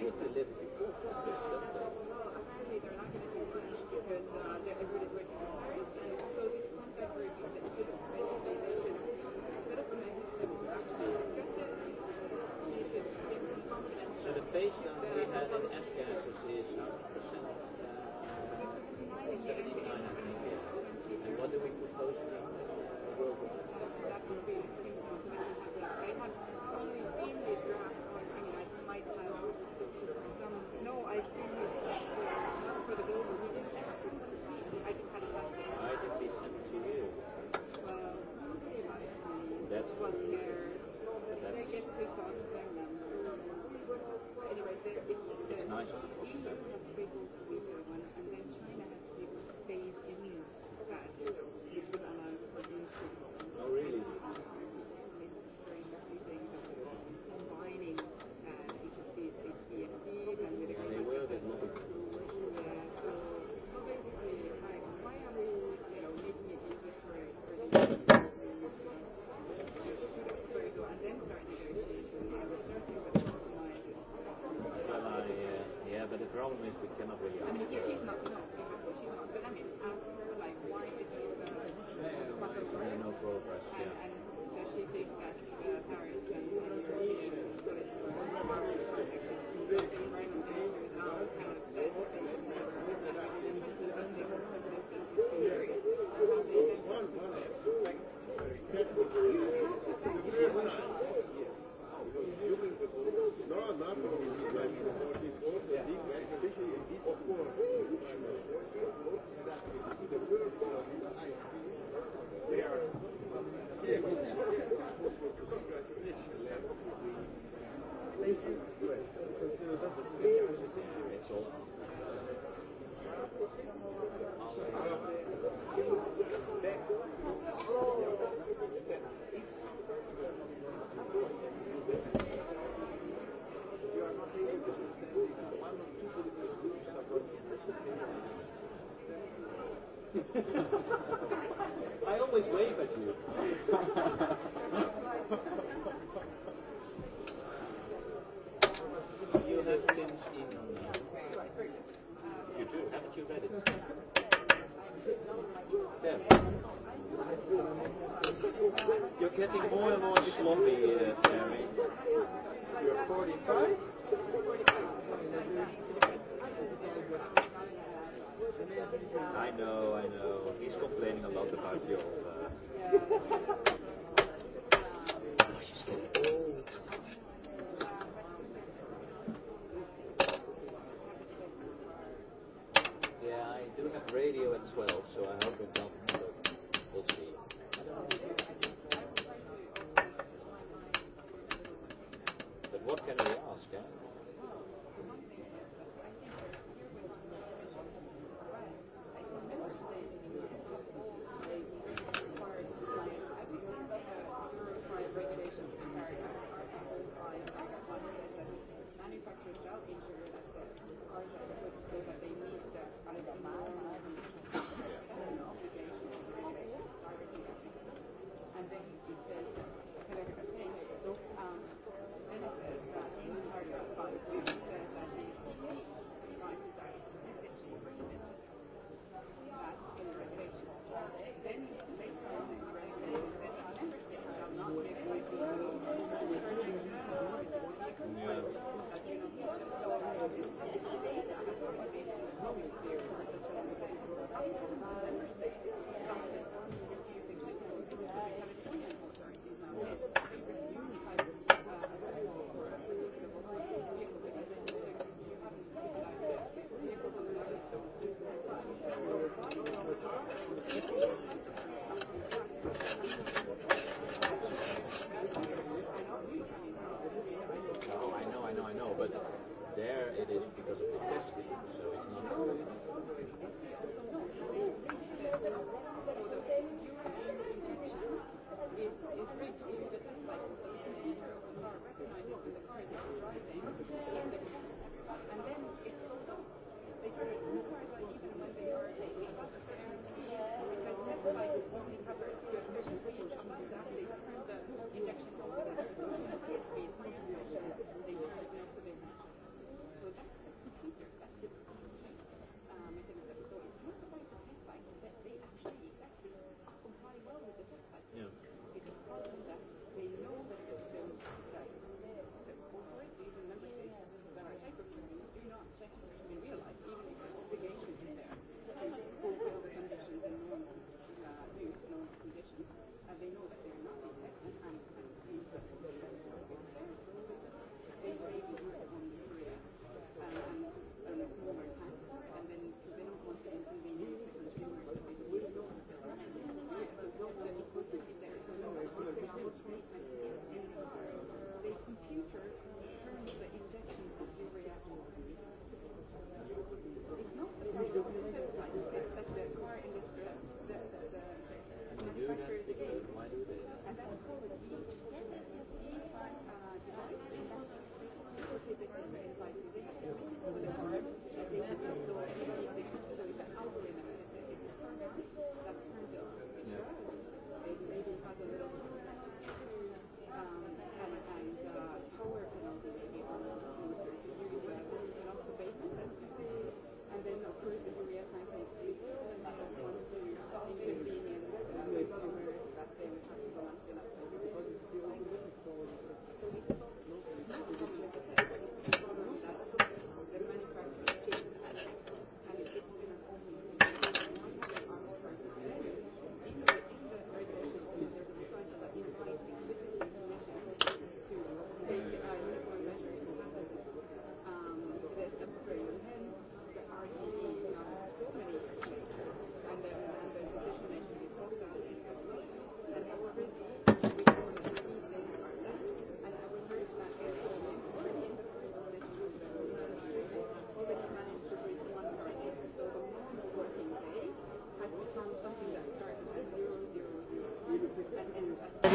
should they live before? so the face that we had in Afghan Association percent uh, 79 please wait.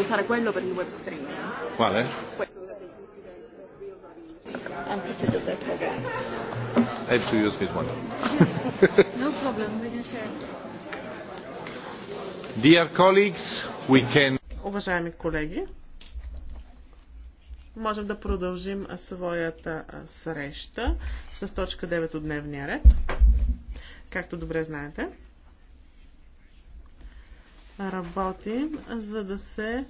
usare quello per il web streaming. Quale? Anche se dove è I have to use this one. no problem, we can share. Dear colleagues, we can... Уважаеми колеги, можем да продължим своята среща с точка 9 от дневния ред. Както добре знаете, работим, за да се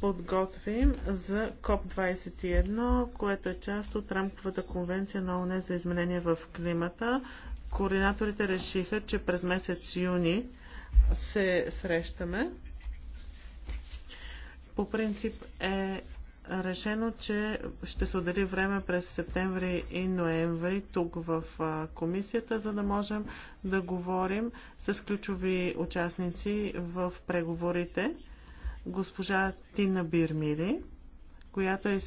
подготвим за КОП-21, което е част от рамковата конвенция на ОНЕ за изменение в климата. Координаторите решиха, че през месец юни се срещаме. По принцип е решено, че ще се отдели време през септември и ноември тук в комисията, за да можем да говорим с ключови участници в преговорите. Госпожа Тина Бирмили, която е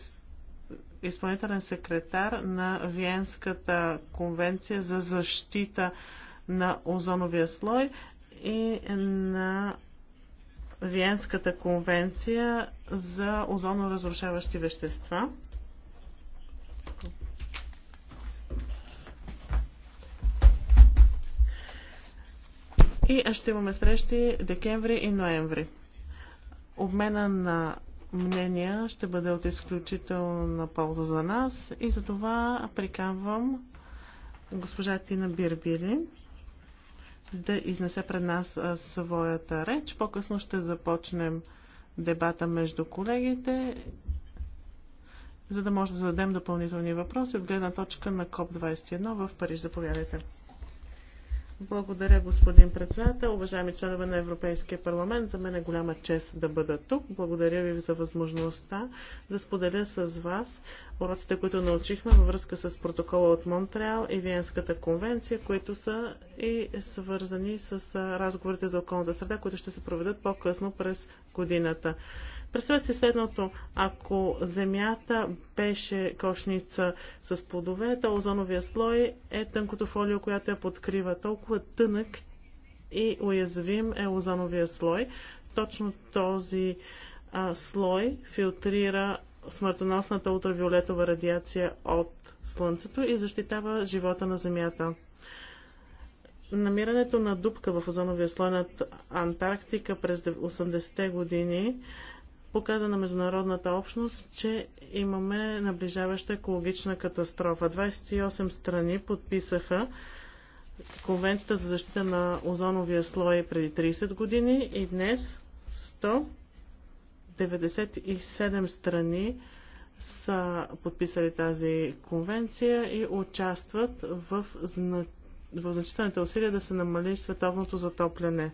изпълнителен секретар на Виенската конвенция за защита на озоновия слой и на Виенската конвенция за озоноразрушаващи вещества. И ще имаме срещи декември и ноември. Обмена на мнения ще бъде от изключителна полза за нас и за това приканвам госпожа Тина Бирбили да изнесе пред нас своята реч. По-късно ще започнем дебата между колегите, за да може да зададем допълнителни въпроси от гледна точка на КОП-21 в Париж. Заповядайте. Благодаря, господин председател. Уважаеми членове на Европейския парламент, за мен е голяма чест да бъда тук. Благодаря ви за възможността да споделя с вас уроците, които научихме във връзка с протокола от Монтреал и Виенската конвенция, които са и свързани с разговорите за околната среда, които ще се проведат по-късно през годината. Представете си следното. Ако земята беше кошница с плодове, то озоновия слой е тънкото фолио, която я подкрива. Толкова тънък и уязвим е озоновия слой. Точно този а, слой филтрира смъртоносната ултравиолетова радиация от Слънцето и защитава живота на Земята. Намирането на дупка в озоновия слой над Антарктика през 80-те години показа на международната общност, че имаме наближаваща екологична катастрофа. 28 страни подписаха Конвенцията за защита на озоновия слой преди 30 години и днес 197 страни са подписали тази конвенция и участват в, зна... в значителните усилия да се намали световното затопляне.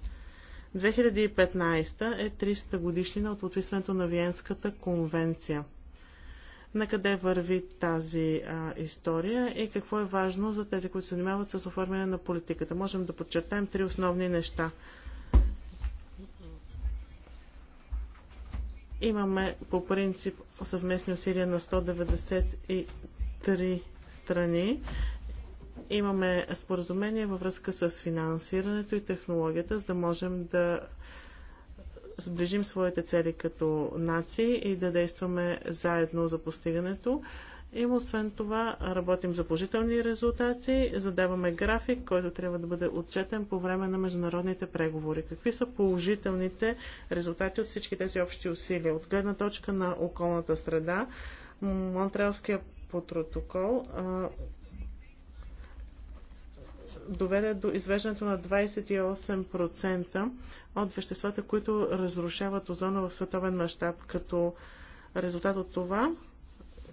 2015 е 300 годишнина от подписването на Виенската конвенция. На къде върви тази а, история и какво е важно за тези, които се занимават с оформяне на политиката? Можем да подчертаем три основни неща. Имаме по принцип съвместни усилия на 193 страни Имаме споразумение във връзка с финансирането и технологията, за да можем да сближим своите цели като нации и да действаме заедно за постигането. И освен това работим за положителни резултати, задаваме график, който трябва да бъде отчетен по време на международните преговори. Какви са положителните резултати от всички тези общи усилия? От гледна точка на околната среда, Монтреалския протокол доведе до извеждането на 28% от веществата, които разрушават озона в световен мащаб. Като резултат от това,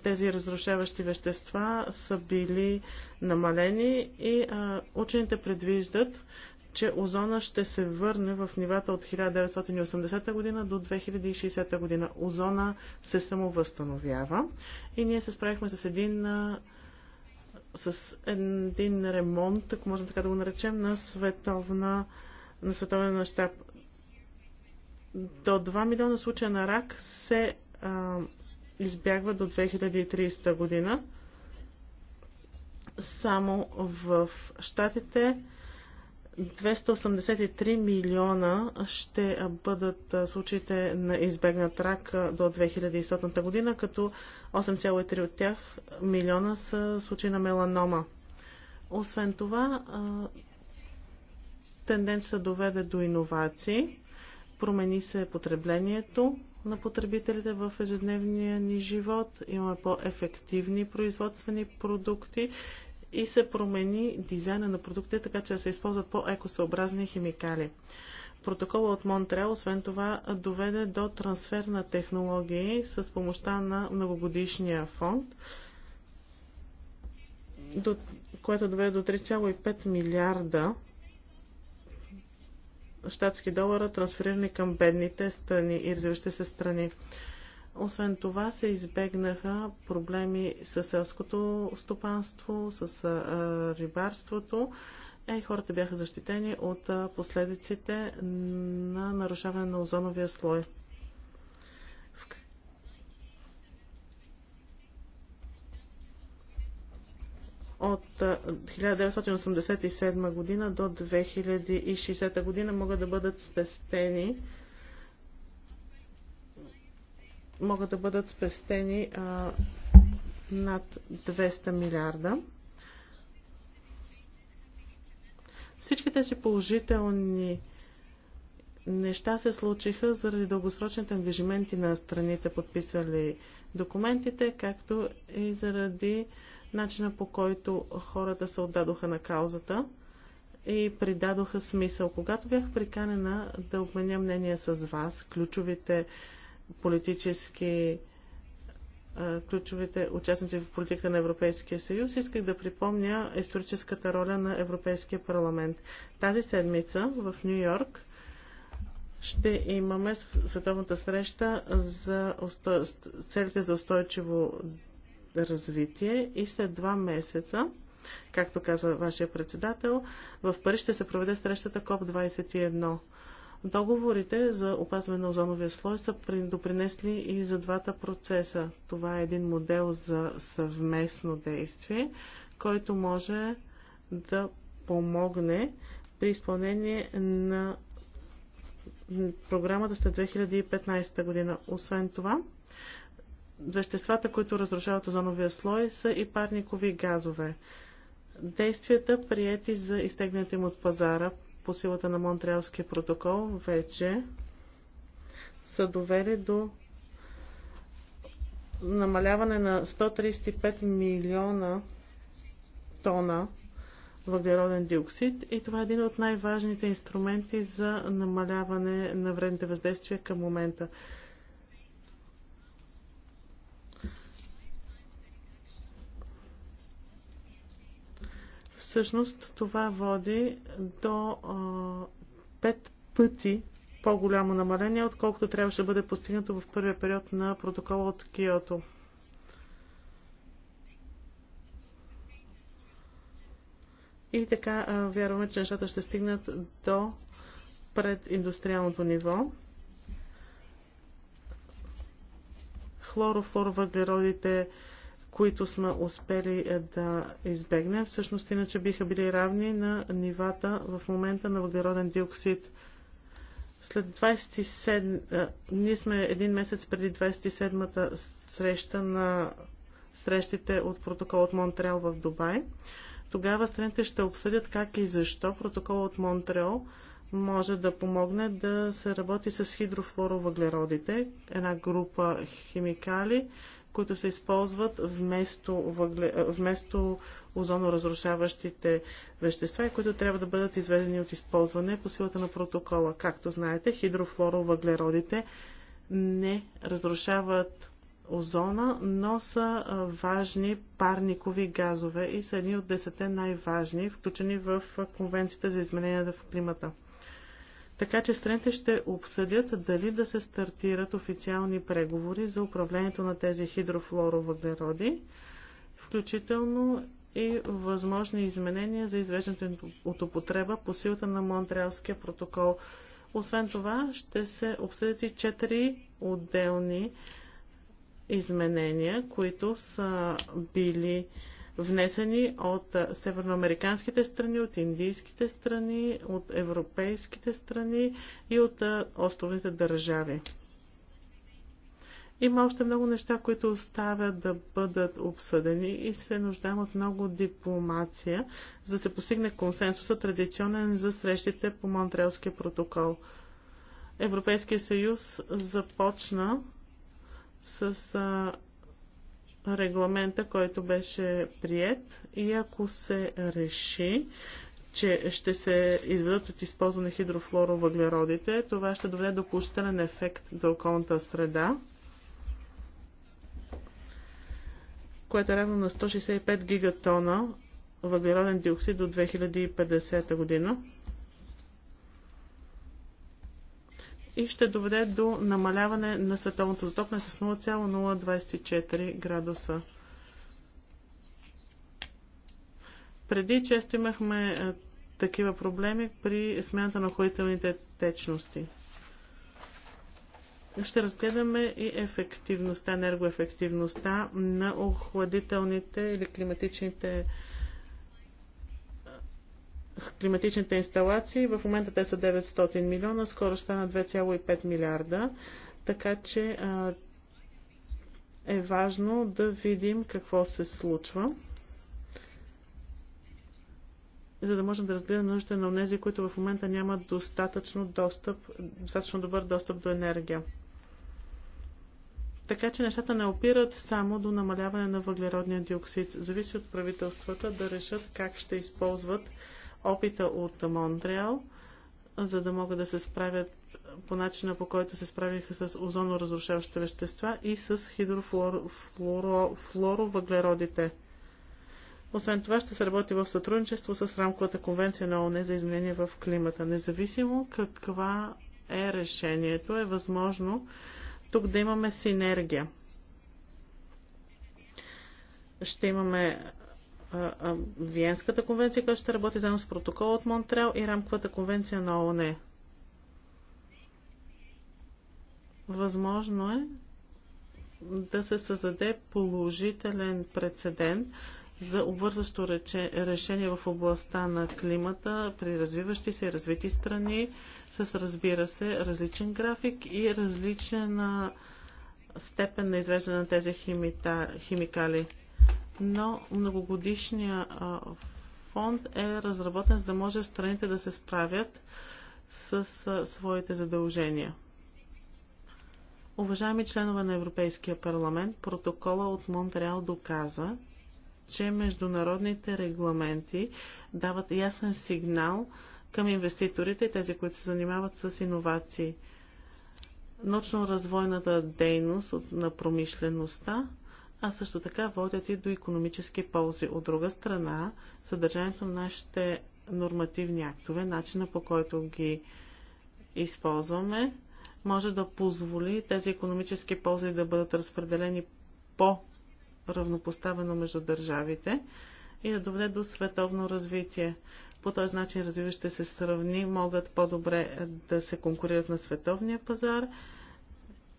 тези разрушаващи вещества са били намалени и а, учените предвиждат, че озона ще се върне в нивата от 1980 година до 2060 година. Озона се самовъзстановява и ние се справихме с един а, с един ремонт, ако можем така да го наречем, на световна на световен мащаб. До 2 милиона случая на рак се а, избягва до 2300 година. Само в Штатите 283 милиона ще бъдат случаите на избегнат рак до 2100 година, като 8,3 от тях милиона са случаи на меланома. Освен това, тенденция доведе до иновации, промени се потреблението на потребителите в ежедневния ни живот, имаме по-ефективни производствени продукти и се промени дизайна на продукта, така че да се използват по-екосъобразни химикали. Протокола от Монтреал, освен това, доведе до трансфер на технологии с помощта на многогодишния фонд, до, което доведе до 3,5 милиарда щатски долара, трансферирани към бедните страни и развиващите се страни. Освен това се избегнаха проблеми с селското стопанство, с рибарството. Е, хората бяха защитени от последиците на нарушаване на озоновия слой. от 1987 година до 2060 година могат да бъдат спестени могат да бъдат спестени а, над 200 милиарда. Всички тези положителни неща се случиха заради дългосрочните ангажименти на страните, подписали документите, както и заради начина по който хората се отдадоха на каузата и придадоха смисъл. Когато бях приканена да обменя мнение с вас, ключовите политически ключовите участници в политика на Европейския съюз, исках да припомня историческата роля на Европейския парламент. Тази седмица в Нью Йорк ще имаме световната среща за усто... целите за устойчиво развитие и след два месеца, както каза вашия председател, в Париж ще се проведе срещата КОП 21. Договорите за опазване на озоновия слой са допринесли и за двата процеса. Това е един модел за съвместно действие, който може да помогне при изпълнение на програмата след 2015 година. Освен това, веществата, които разрушават озоновия слой, са и парникови газове. Действията, приети за изтегнете им от пазара по силата на Монтреалския протокол вече са довели до намаляване на 135 милиона тона въглероден диоксид и това е един от най-важните инструменти за намаляване на вредните въздействия към момента. всъщност това води до пет пъти по-голямо намаление, отколкото трябваше да бъде постигнато в първия период на протокола от Киото. И така вярваме, че нещата ще стигнат до прединдустриалното ниво. Хлорофлоровъглеродите въглеродите които сме успели е, да избегнем, всъщност иначе биха били равни на нивата в момента на въглероден диоксид. След 27... Е, ние сме един месец преди 27-та среща на срещите от протокол от Монтреал в Дубай. Тогава страните ще обсъдят как и защо протокол от Монтреал може да помогне да се работи с хидрофлоровъглеродите, една група химикали, които се използват вместо, въгле... вместо озоноразрушаващите вещества и които трябва да бъдат изведени от използване по силата на протокола. Както знаете, хидрофлоровъглеродите не разрушават озона, но са важни парникови газове и са едни от десете най-важни, включени в Конвенцията за изменение в климата. Така че страните ще обсъдят дали да се стартират официални преговори за управлението на тези хидрофлоровъглероди, включително и възможни изменения за извеждането от употреба по силата на Монтреалския протокол. Освен това, ще се обсъдят и четири отделни изменения, които са били внесени от северноамериканските страни, от индийските страни, от европейските страни и от островните държави. Има още много неща, които оставят да бъдат обсъдени и се нуждаем от много дипломация, за да се постигне консенсуса, традиционен за срещите по Монтреалския протокол. Европейския съюз започна с регламента, който беше прият и ако се реши, че ще се изведат от използване хидрофлоровъглеродите, това ще доведе до положителен ефект за околната среда, което е равно на 165 гигатона въглероден диоксид до 2050 година. и ще доведе до намаляване на световното затопляне с 0,024 градуса. Преди често имахме е, такива проблеми при смяната на охладителните течности. Ще разгледаме и ефективността, енергоефективността на охладителните или климатичните климатичните инсталации. В момента те са 900 милиона, скоро ще на 2,5 милиарда. Така че е важно да видим какво се случва, за да можем да разгледаме нуждите на тези, които в момента нямат достатъчно, достъп, достатъчно добър достъп до енергия. Така че нещата не опират само до намаляване на въглеродния диоксид. Зависи от правителствата да решат как ще използват опита от Монтреал, за да могат да се справят по начина по който се справиха с озоноразрушаващите вещества и с хидрофлоровъглеродите. Освен това ще се работи в сътрудничество с рамковата конвенция на ОНЕ за изменение в климата. Независимо каква е решението, е възможно тук да имаме синергия. Ще имаме Виенската конвенция, която ще работи заедно с протокол от Монтреал и рамковата конвенция на ООН. Възможно е да се създаде положителен прецедент за обвързващо решение в областта на климата при развиващи се и развити страни с, разбира се, различен график и различен степен на извеждане на тези химита, химикали но многогодишния фонд е разработен, за да може страните да се справят с своите задължения. Уважаеми членове на Европейския парламент, протокола от Монтреал доказа, че международните регламенти дават ясен сигнал към инвеститорите и тези, които се занимават с иновации. Научно-развойната дейност на промишлеността а също така водят и до економически ползи. От друга страна, съдържанието на нашите нормативни актове, начина по който ги използваме, може да позволи тези економически ползи да бъдат разпределени по-равнопоставено между държавите и да доведе до световно развитие. По този начин развиващите се страни могат по-добре да се конкурират на световния пазар,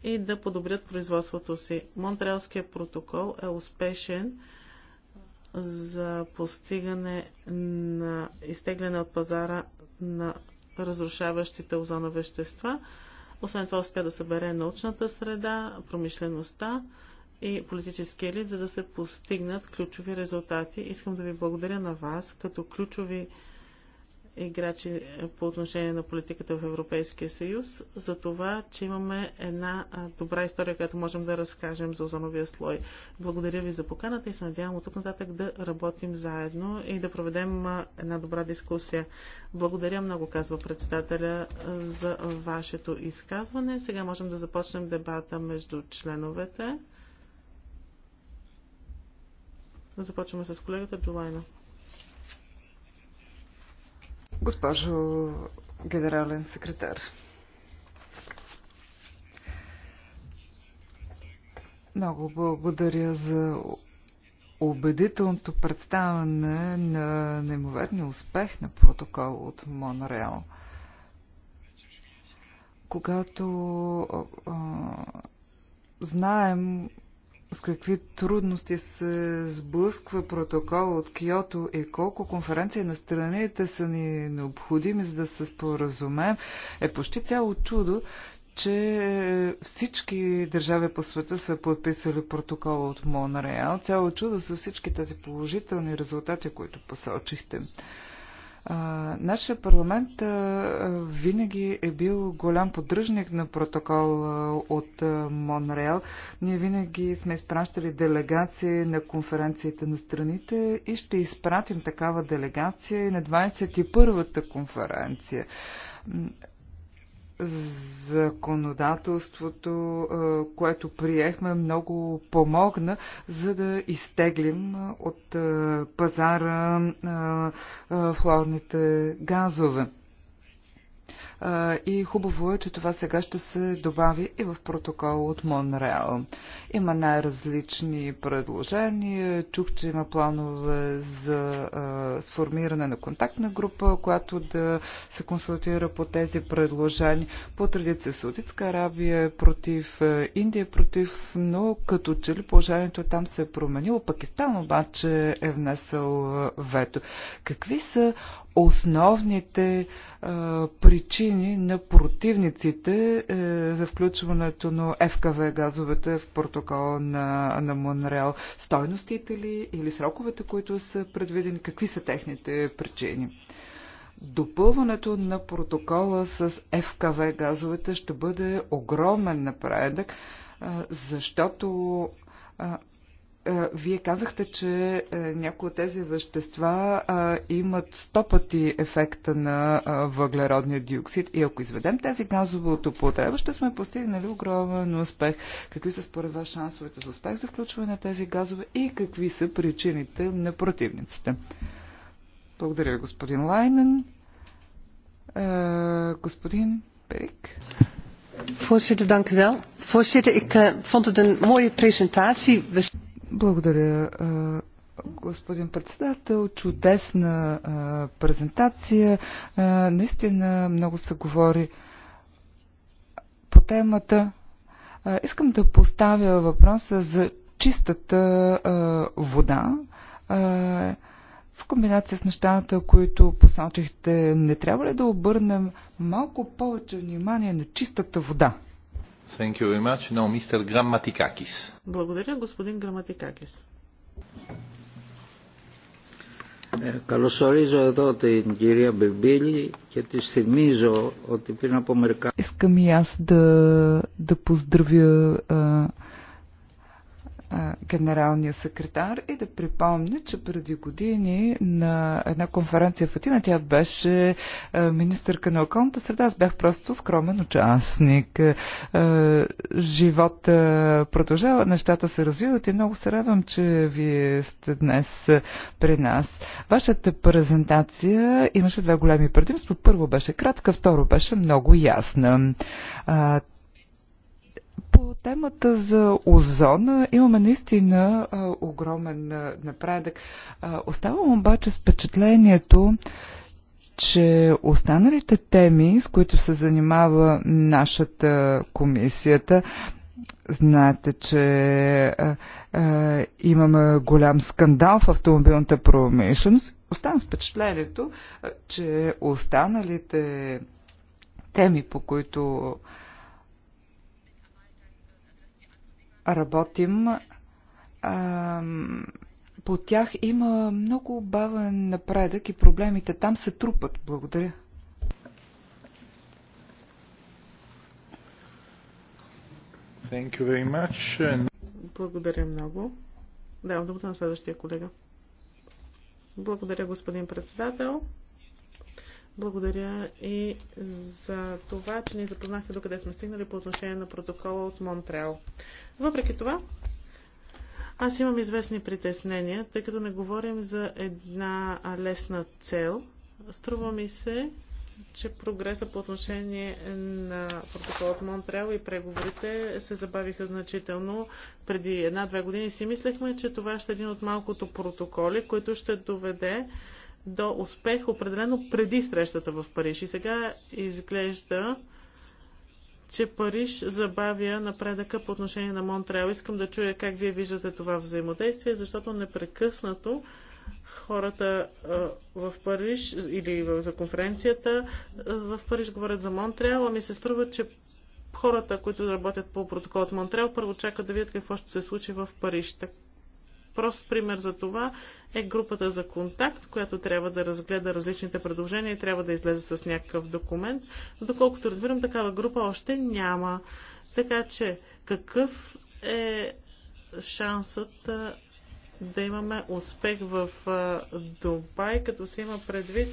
и да подобрят производството си. Монтреалският протокол е успешен за постигане на изтегляне от пазара на разрушаващите озона вещества. Освен това успя да събере научната среда, промишлеността и политически елит, за да се постигнат ключови резултати. Искам да ви благодаря на вас, като ключови играчи по отношение на политиката в Европейския съюз, за това, че имаме една добра история, която можем да разкажем за озоновия слой. Благодаря ви за поканата и се надявам от тук нататък да работим заедно и да проведем една добра дискусия. Благодаря много, казва председателя, за вашето изказване. Сега можем да започнем дебата между членовете. Започваме с колегата Джулайна. Госпожо генерален секретар. Много благодаря за убедителното представяне на неимоверния успех на протокол от Монреал. Когато а, знаем с какви трудности се сблъсква протокол от Киото и колко конференции на страните са ни необходими, за да се споразумеем, е почти цяло чудо, че всички държави по света са подписали протокола от Монреал. Цяло чудо са всички тези положителни резултати, които посочихте. А, нашия парламент а, винаги е бил голям поддръжник на протокол а, от а, Монреал. Ние винаги сме изпращали делегации на конференцията на страните и ще изпратим такава делегация и на 21-та конференция законодателството, което приехме, много помогна, за да изтеглим от пазара флорните газове и хубаво е, че това сега ще се добави и в протокол от Монреал. Има най-различни предложения. Чух, че има планове за сформиране на контактна група, която да се консултира по тези предложения. По традиция Саудитска Арабия е против, Индия е против, но като че ли положението там се е променило. Пакистан обаче е внесъл вето. Какви са основните а, причини? причини на противниците е, за включването на ФКВ газовете в протокол на, на Монреал? Стойностите ли или сроковете, които са предвидени? Какви са техните причини? Допълването на протокола с ФКВ газовете ще бъде огромен напредък, е, защото е, вие казахте, че някои от тези вещества имат сто пъти ефекта на въглеродния диоксид и ако изведем тези газове от употреба, ще сме постигнали огромен успех. Какви са според вас шансовете за успех за включване на тези газове и какви са причините на противниците? Благодаря, господин Лайнен. господин Перик. Voorzitter, dank u wel. Voorzitter, ik uh, vond het een mooie presentatie. We... Благодаря, господин председател. Чудесна презентация. Наистина много се говори по темата. Искам да поставя въпроса за чистата вода в комбинация с нещата, които посочихте. Не трябва ли да обърнем малко повече внимание на чистата вода? Thank you very much. No, Mr. Grammatikakis. Благодаря, господин Граматикакис. Καλωσορίζω εδώ την κυρία Μπιμπίλη και τη θυμίζω ότι πριν από μερικά... Искам и аз да, да поздравя а, генералния секретар и да припомня, че преди години на една конференция в Атина тя беше министърка на околната среда. Аз бях просто скромен участник. Живота продължава, нещата се развиват и много се радвам, че вие сте днес при нас. Вашата презентация имаше две големи предимства. Първо беше кратка, второ беше много ясна. По темата за озона имаме наистина а, огромен напредък. А, оставам обаче с впечатлението, че останалите теми, с които се занимава нашата комисията, знаете, че а, а, имаме голям скандал в автомобилната промишленост. Оставам с впечатлението, а, че останалите теми, по които а, работим а, по тях има много бавен напредък и проблемите там се трупат. Благодаря. Thank you very much. And... Благодаря много. Давам думата на следващия колега. Благодаря, господин председател. Благодаря и за това, че ни запознахте докъде сме стигнали по отношение на протокола от Монтреал. Въпреки това, аз имам известни притеснения, тъй като не говорим за една лесна цел. Струва ми се, че прогреса по отношение на протокол от Монтреал и преговорите се забавиха значително. Преди една-две години си мислехме, че това ще е един от малкото протоколи, който ще доведе до успех определено преди срещата в Париж. И сега изглежда, че Париж забавя напредъка по отношение на Монтреал. Искам да чуя как вие виждате това взаимодействие, защото непрекъснато хората в Париж или за конференцията в Париж говорят за Монтреал, а ми се струва, че хората, които работят по протокол от Монтреал, първо чакат да видят какво ще се случи в Париж. Прост пример за това е групата за контакт, която трябва да разгледа различните предложения и трябва да излезе с някакъв документ. Доколкото разбирам, такава група още няма. Така че, какъв е шансът да имаме успех в Дубай, като се има предвид,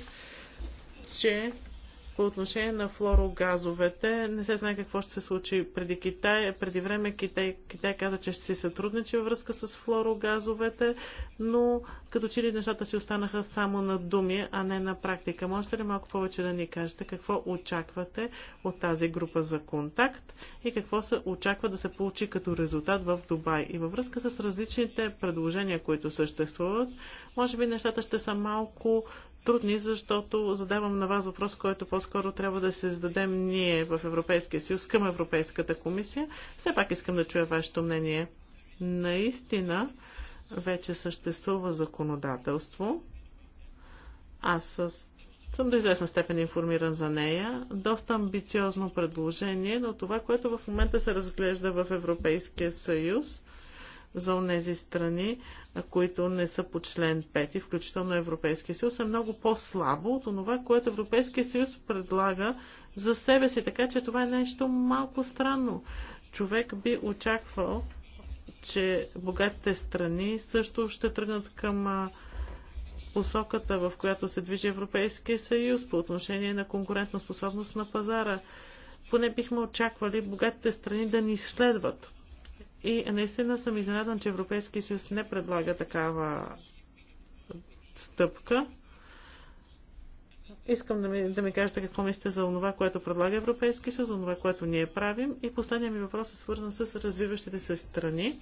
че по отношение на флорогазовете, не се знае какво ще се случи преди Китай. Преди време Китай, Китай каза, че ще се сътрудничи във връзка с флорогазовете, но като че ли нещата си останаха само на думи, а не на практика. Можете ли малко повече да ни кажете какво очаквате от тази група за контакт и какво се очаква да се получи като резултат в Дубай? И във връзка с различните предложения, които съществуват, може би нещата ще са малко трудни, защото задавам на вас въпрос, който по-скоро трябва да се зададем ние в Европейския съюз към Европейската комисия. Все пак искам да чуя вашето мнение. Наистина вече съществува законодателство. Аз съм до известна степен информиран за нея. Доста амбициозно предложение, но това, което в момента се разглежда в Европейския съюз, за тези страни, които не са по член 5, включително Европейския съюз, е много по-слабо от това, което Европейския съюз предлага за себе си. Така че това е нещо малко странно. Човек би очаквал, че богатите страни също ще тръгнат към посоката, в която се движи Европейския съюз по отношение на конкурентна способност на пазара. Поне бихме очаквали богатите страни да ни следват и наистина съм изненадан, че Европейския съюз не предлага такава стъпка. Искам да ми, да ми кажете какво мислите за това, което предлага Европейския съюз, за това, което ние правим. И последният ми въпрос е свързан с развиващите се страни,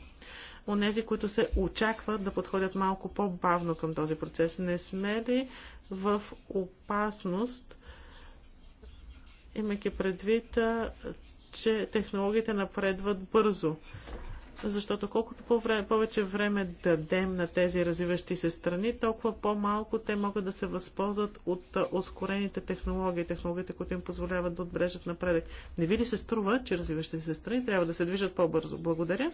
онези, които се очакват да подходят малко по-бавно към този процес. Не сме ли в опасност, имайки предвид, че технологиите напредват бързо? защото колкото повече време дадем на тези развиващи се страни, толкова по-малко те могат да се възползват от ускорените технологии, технологиите, които им позволяват да отбрежат напредък. Не ви ли се струва, че развиващите се страни трябва да се движат по-бързо? Благодаря.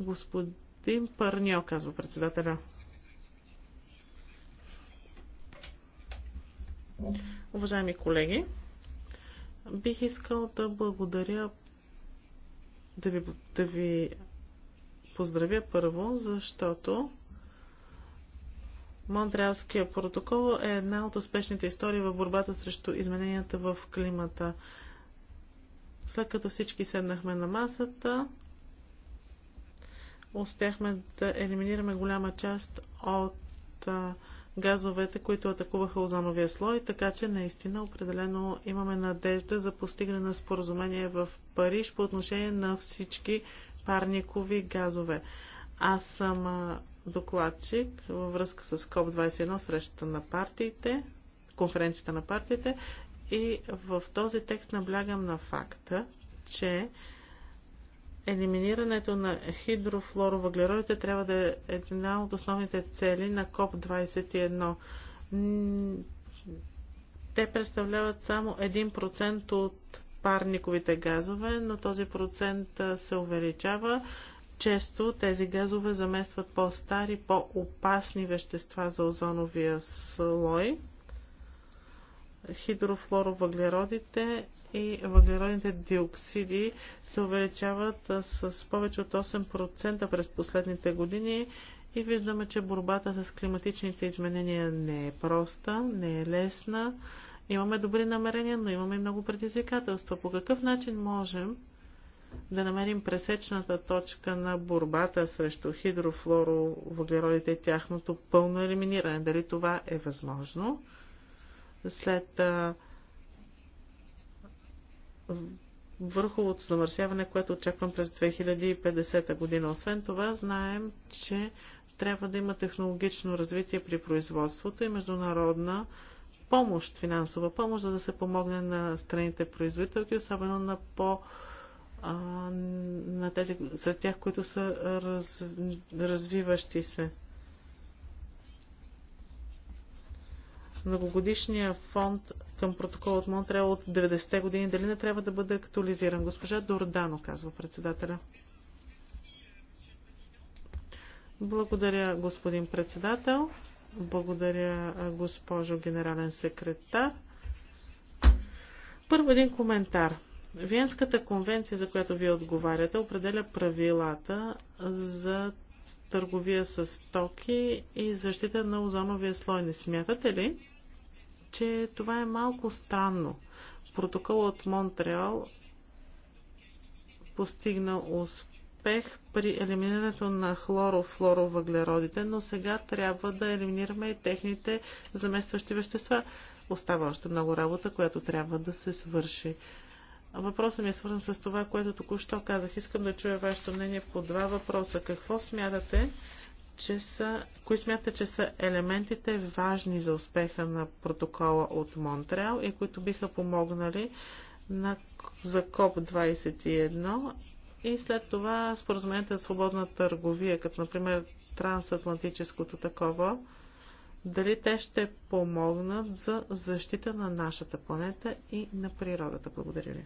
Господин Парньо, казва председателя. Уважаеми колеги, бих искал да благодаря да ви, да ви поздравя първо, защото Монтреалския протокол е една от успешните истории в борбата срещу измененията в климата. След като всички седнахме на масата, успяхме да елиминираме голяма част от газовете, които атакуваха озоновия слой, така че наистина определено имаме надежда за постигане на споразумение в Париж по отношение на всички парникови газове. Аз съм докладчик във връзка с КОП-21, срещата на партиите, конференцията на партиите и в този текст наблягам на факта, че елиминирането на хидрофлоровъглеродите трябва да е една от основните цели на КОП-21. Те представляват само 1% от парниковите газове, но този процент се увеличава. Често тези газове заместват по-стари, по-опасни вещества за озоновия слой хидрофлоровъглеродите и въглеродните диоксиди се увеличават с повече от 8% през последните години и виждаме, че борбата с климатичните изменения не е проста, не е лесна. Имаме добри намерения, но имаме много предизвикателства. По какъв начин можем да намерим пресечната точка на борбата срещу хидрофлоровъглеродите и тяхното пълно елиминиране? Дали това е възможно? след върховото замърсяване, което очаквам през 2050 година. Освен това, знаем, че трябва да има технологично развитие при производството и международна помощ, финансова помощ, за да се помогне на страните производителки, особено на по на тези, за тях, които са раз, развиващи се. многогодишния фонд към протокол от Монтреал от 90-те години, дали не трябва да бъде актуализиран? Госпожа Дордано, казва председателя. Благодаря, господин председател. Благодаря, госпожо генерален секретар. Първо един коментар. Виенската конвенция, за която вие отговаряте, определя правилата за търговия с токи и защита на озоновия слой. Не смятате ли, че това е малко странно. Протокол от Монтреал постигна успех при елиминирането на хлорофлоровъглеродите, но сега трябва да елиминираме и техните заместващи вещества. Остава още много работа, която трябва да се свърши. Въпросът ми е свързан с това, което току-що казах. Искам да чуя вашето мнение по два въпроса. Какво смятате? че са, кои смятате, че са елементите важни за успеха на протокола от Монтреал и които биха помогнали на, за КОП-21 и след това споразумението за свободна търговия, като например трансатлантическото такова, дали те ще помогнат за защита на нашата планета и на природата. Благодаря ви.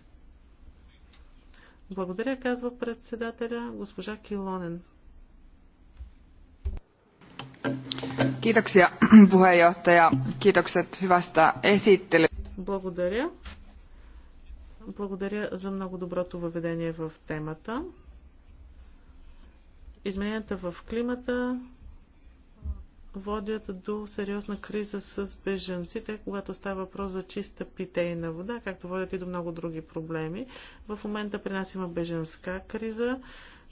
Благодаря, казва председателя госпожа Килонен. Kiitoksia puheenjohtaja. Kiitokset hyvästä esittelystä. Благодаря. за много доброто въведение в темата. Измененията в климата водят до сериозна криза с беженците, когато става въпрос за чиста питейна вода, както водят и до много други проблеми. В момента при нас има беженска криза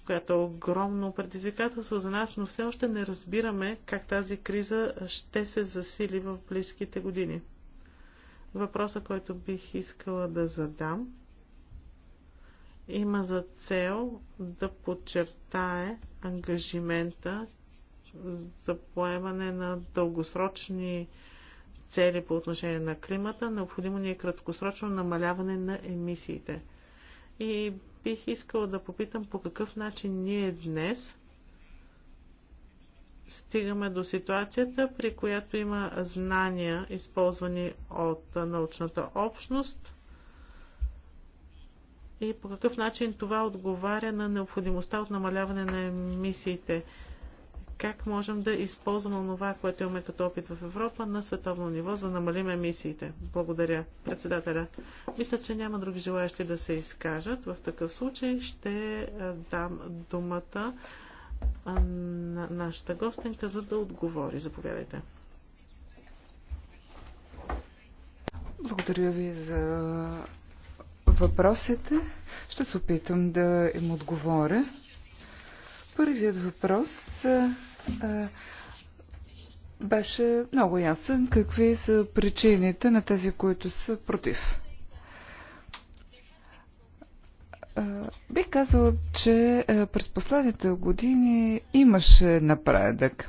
която е огромно предизвикателство за нас, но все още не разбираме как тази криза ще се засили в близките години. Въпросът, който бих искала да задам, има за цел да подчертае ангажимента за поемане на дългосрочни цели по отношение на климата. Необходимо ни е краткосрочно намаляване на емисиите. И бих искала да попитам по какъв начин ние днес стигаме до ситуацията, при която има знания, използвани от научната общност и по какъв начин това отговаря на необходимостта от намаляване на емисиите как можем да използваме това, което имаме като опит в Европа на световно ниво, за да намалим емисиите. Благодаря, председателя. Мисля, че няма други желаящи да се изкажат. В такъв случай ще е, дам думата е, на нашата гостенка, за да отговори. Заповядайте. Благодаря ви за въпросите. Ще се опитам да им отговоря. Първият въпрос а, а, беше много ясен. Какви са причините на тези, които са против? Бих казал, че през последните години имаше напредък.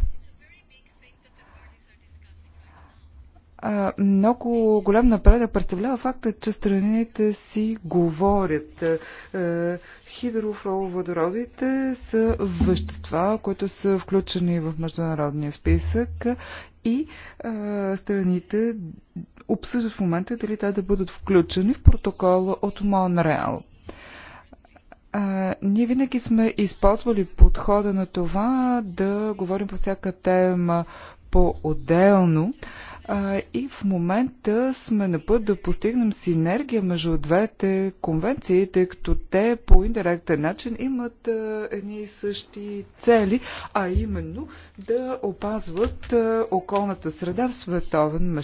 А, много голям напредък представлява факта, че страните си говорят. Хидрофловодородите са вещества, които са включени в международния списък и а, страните обсъждат в момента дали те да бъдат включени в протокола от Монреал. А, ние винаги сме използвали подхода на това да говорим по всяка тема по-отделно и в момента сме на път да постигнем синергия между двете конвенции, тъй като те по индиректен начин имат едни и същи цели, а именно да опазват околната среда в световен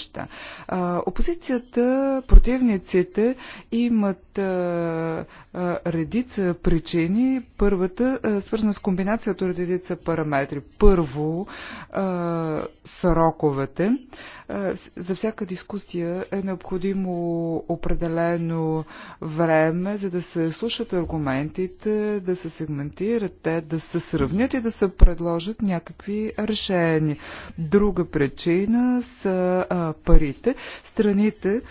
А, Опозицията, противниците имат редица причини. Първата свързана с комбинацията от редица параметри. Първо, сроковете. За всяка дискусия е необходимо определено време, за да се слушат аргументите, да се сегментират те, да се сравнят и да се предложат някакви решения. Друга причина са парите. Страните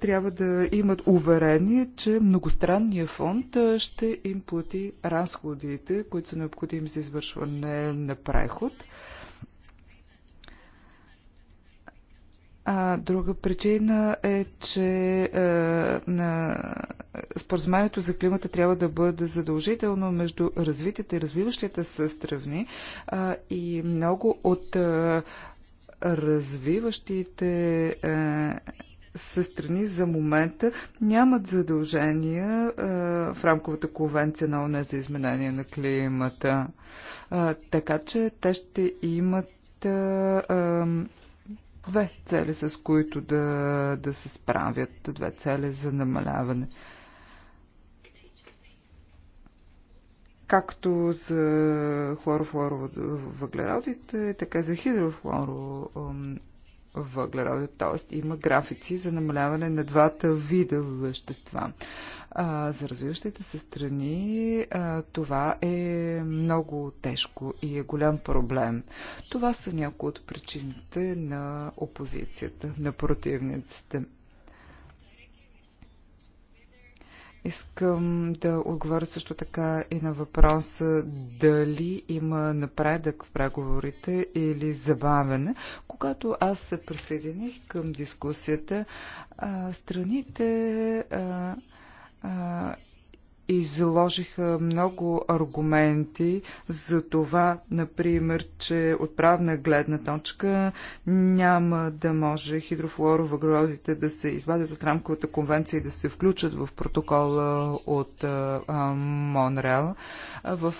трябва да имат уверение, че многостранния фонд ще им плати разходите, които са необходими за извършване на преход. А, друга причина е, че е, на споразумението за климата трябва да бъде задължително между развитите и развиващите се страни а, и много от а, е, развиващите а, е, се страни за момента нямат задължения а, е, в рамковата конвенция на ОНЕ за изменение на климата. А, така че те ще имат а, две цели, с които да, да се справят, две цели за намаляване. Както за въглеродите, така за хидрофлоро въглерода, т.е. има графици за намаляване на двата вида вещества. А, за развиващите се страни а, това е много тежко и е голям проблем. Това са някои от причините на опозицията, на противниците. Искам да отговоря също така и на въпроса дали има напредък в преговорите или забавене. Когато аз се присъединих към дискусията, страните изложиха много аргументи за това, например, че от правна гледна точка няма да може хидрофлоровъгродите да се извадят от рамковата конвенция и да се включат в протокола от Монреал. В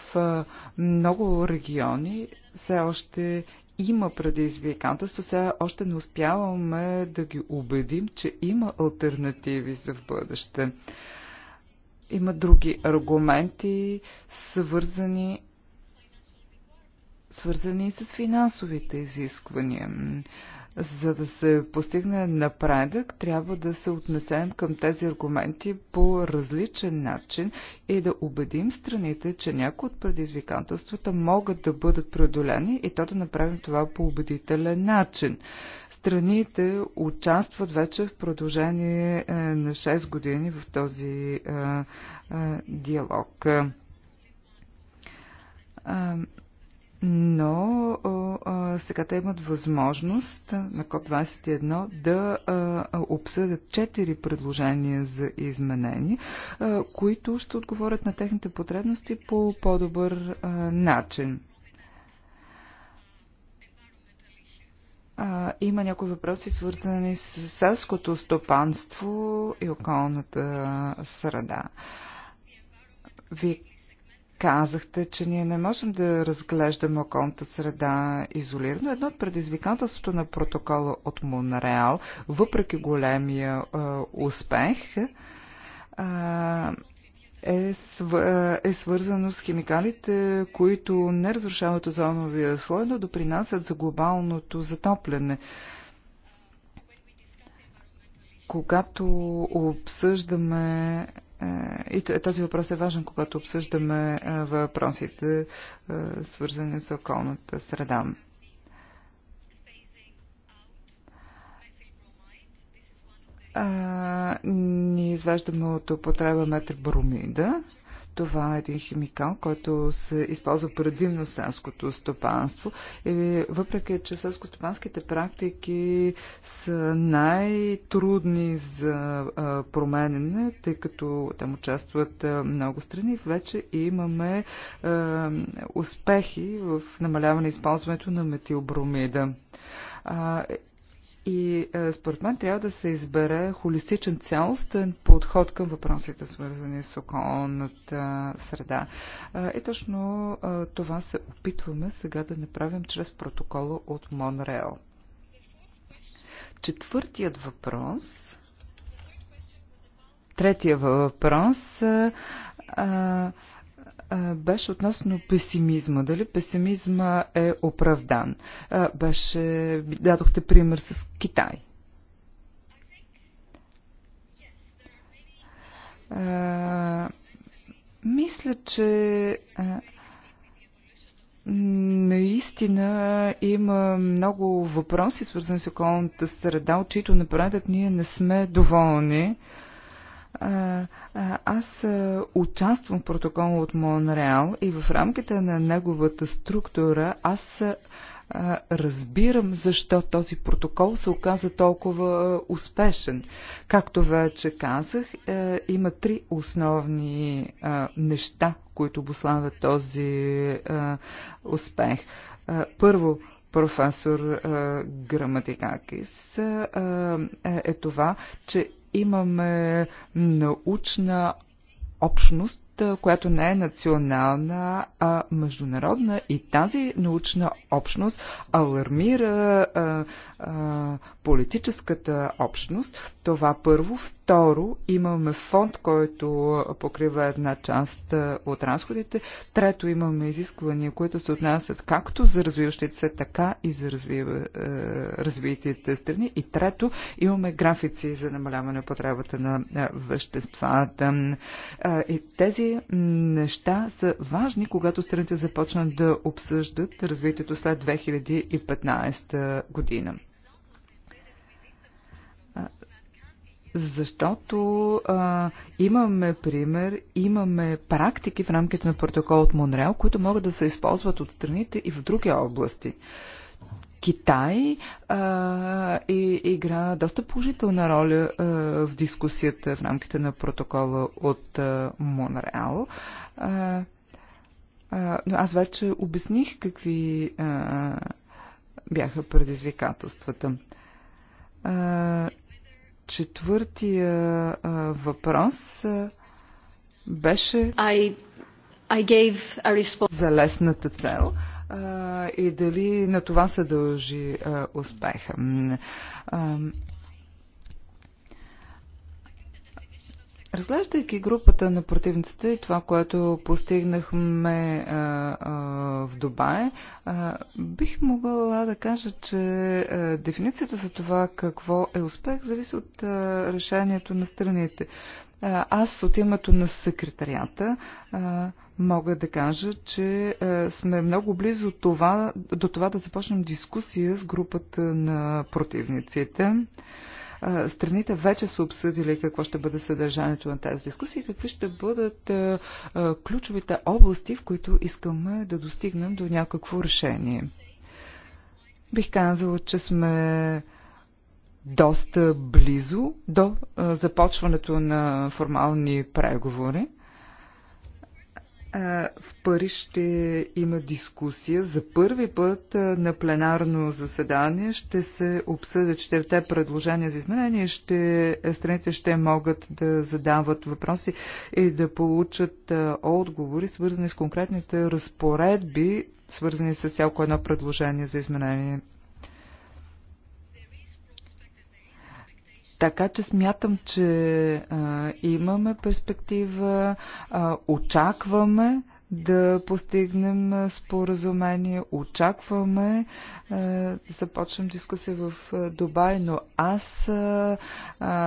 много региони все още има предизвикателства, сега още не успяваме да ги убедим, че има альтернативи за в бъдеще. Има други аргументи, свързани, свързани с финансовите изисквания. За да се постигне напредък, трябва да се отнесем към тези аргументи по различен начин и да убедим страните, че някои от предизвикателствата могат да бъдат преодолени и то да направим това по убедителен начин. Страните участват вече в продължение е, на 6 години в този е, е, диалог но а, сега те имат възможност на КОП-21 да а, обсъдят четири предложения за изменения, а, които ще отговорят на техните потребности по по-добър начин. А, има някои въпроси, свързани с селското стопанство и околната среда. Вие Казахте, че ние не можем да разглеждаме околната среда изолирано. Едно от предизвикателството на протокола от Монреал, въпреки големия е, успех, е, е, е свързано с химикалите, които не разрушават озоновия слой, но допринасят за глобалното затопляне. Когато обсъждаме е, и този въпрос е важен, когато обсъждаме е, въпросите, е, свързани с околната среда. А, ние изваждаме от употреба Бромида. Това е един химикал, който се използва предимно в селското стопанство. И въпреки, че селско-стопанските практики са най-трудни за променене, тъй като там участват много страни, вече имаме успехи в намаляване използването на метилбромида. И е, според мен трябва да се избере холистичен цялостен подход към въпросите, свързани с околната среда. И е, е, точно това се опитваме сега да направим чрез протокола от Монреал. Четвъртият въпрос. Третия въпрос. А, беше относно песимизма. Дали песимизма е оправдан? Беше, дадохте пример с Китай. А, мисля, че а, наистина има много въпроси, свързани с околната среда, от чието напредък ние не сме доволни. А, аз участвам в протокола от Монреал и в рамките на неговата структура аз разбирам защо този протокол се оказа толкова успешен. Както вече казах, има три основни неща, които обославят този успех. Първо, професор Граматикакис е, е това, че имаме научна общност, която не е национална, а международна. И тази научна общност алармира а, а, политическата общност. Това първо. Второ, имаме фонд, който покрива една част от разходите. Трето, имаме изисквания, които се отнасят както за развиващите се, така и за разви... развитите страни. И трето, имаме графици за намаляване на потребата на веществата. И тези неща са важни, когато страните започнат да обсъждат развитието след 2015 година. Защото а, имаме пример, имаме практики в рамките на протокол от Монреал, които могат да се използват от страните и в други области. А, Китай а, и игра доста положителна роля а, в дискусията в рамките на протокола от а, Монреал. А, а, но аз вече обясних какви а, бяха предизвикателствата. А, четвъртия а, въпрос а, беше I, I gave a за лесната цел. А, а, и дали на това се дължи а, успеха. А, Разглеждайки групата на противниците и това, което постигнахме а, а, в Дубай, а, бих могла да кажа, че а, дефиницията за това какво е успех зависи от а, решението на страните. Аз от името на секретарията мога да кажа, че сме много близо това, до това да започнем дискусия с групата на противниците. Страните вече са обсъдили какво ще бъде съдържанието на тази дискусия и какви ще бъдат ключовите области, в които искаме да достигнем до някакво решение. Бих казала, че сме доста близо до започването на формални преговори. В Париж ще има дискусия. За първи път на пленарно заседание ще се обсъдят четирите предложения за изменение. Ще, е, страните ще могат да задават въпроси и да получат отговори, свързани с конкретните разпоредби, свързани с всяко едно предложение за изменение Така че смятам, че а, имаме перспектива, а, очакваме да постигнем споразумение. Очакваме е, да започнем дискусия в Дубай, но аз е,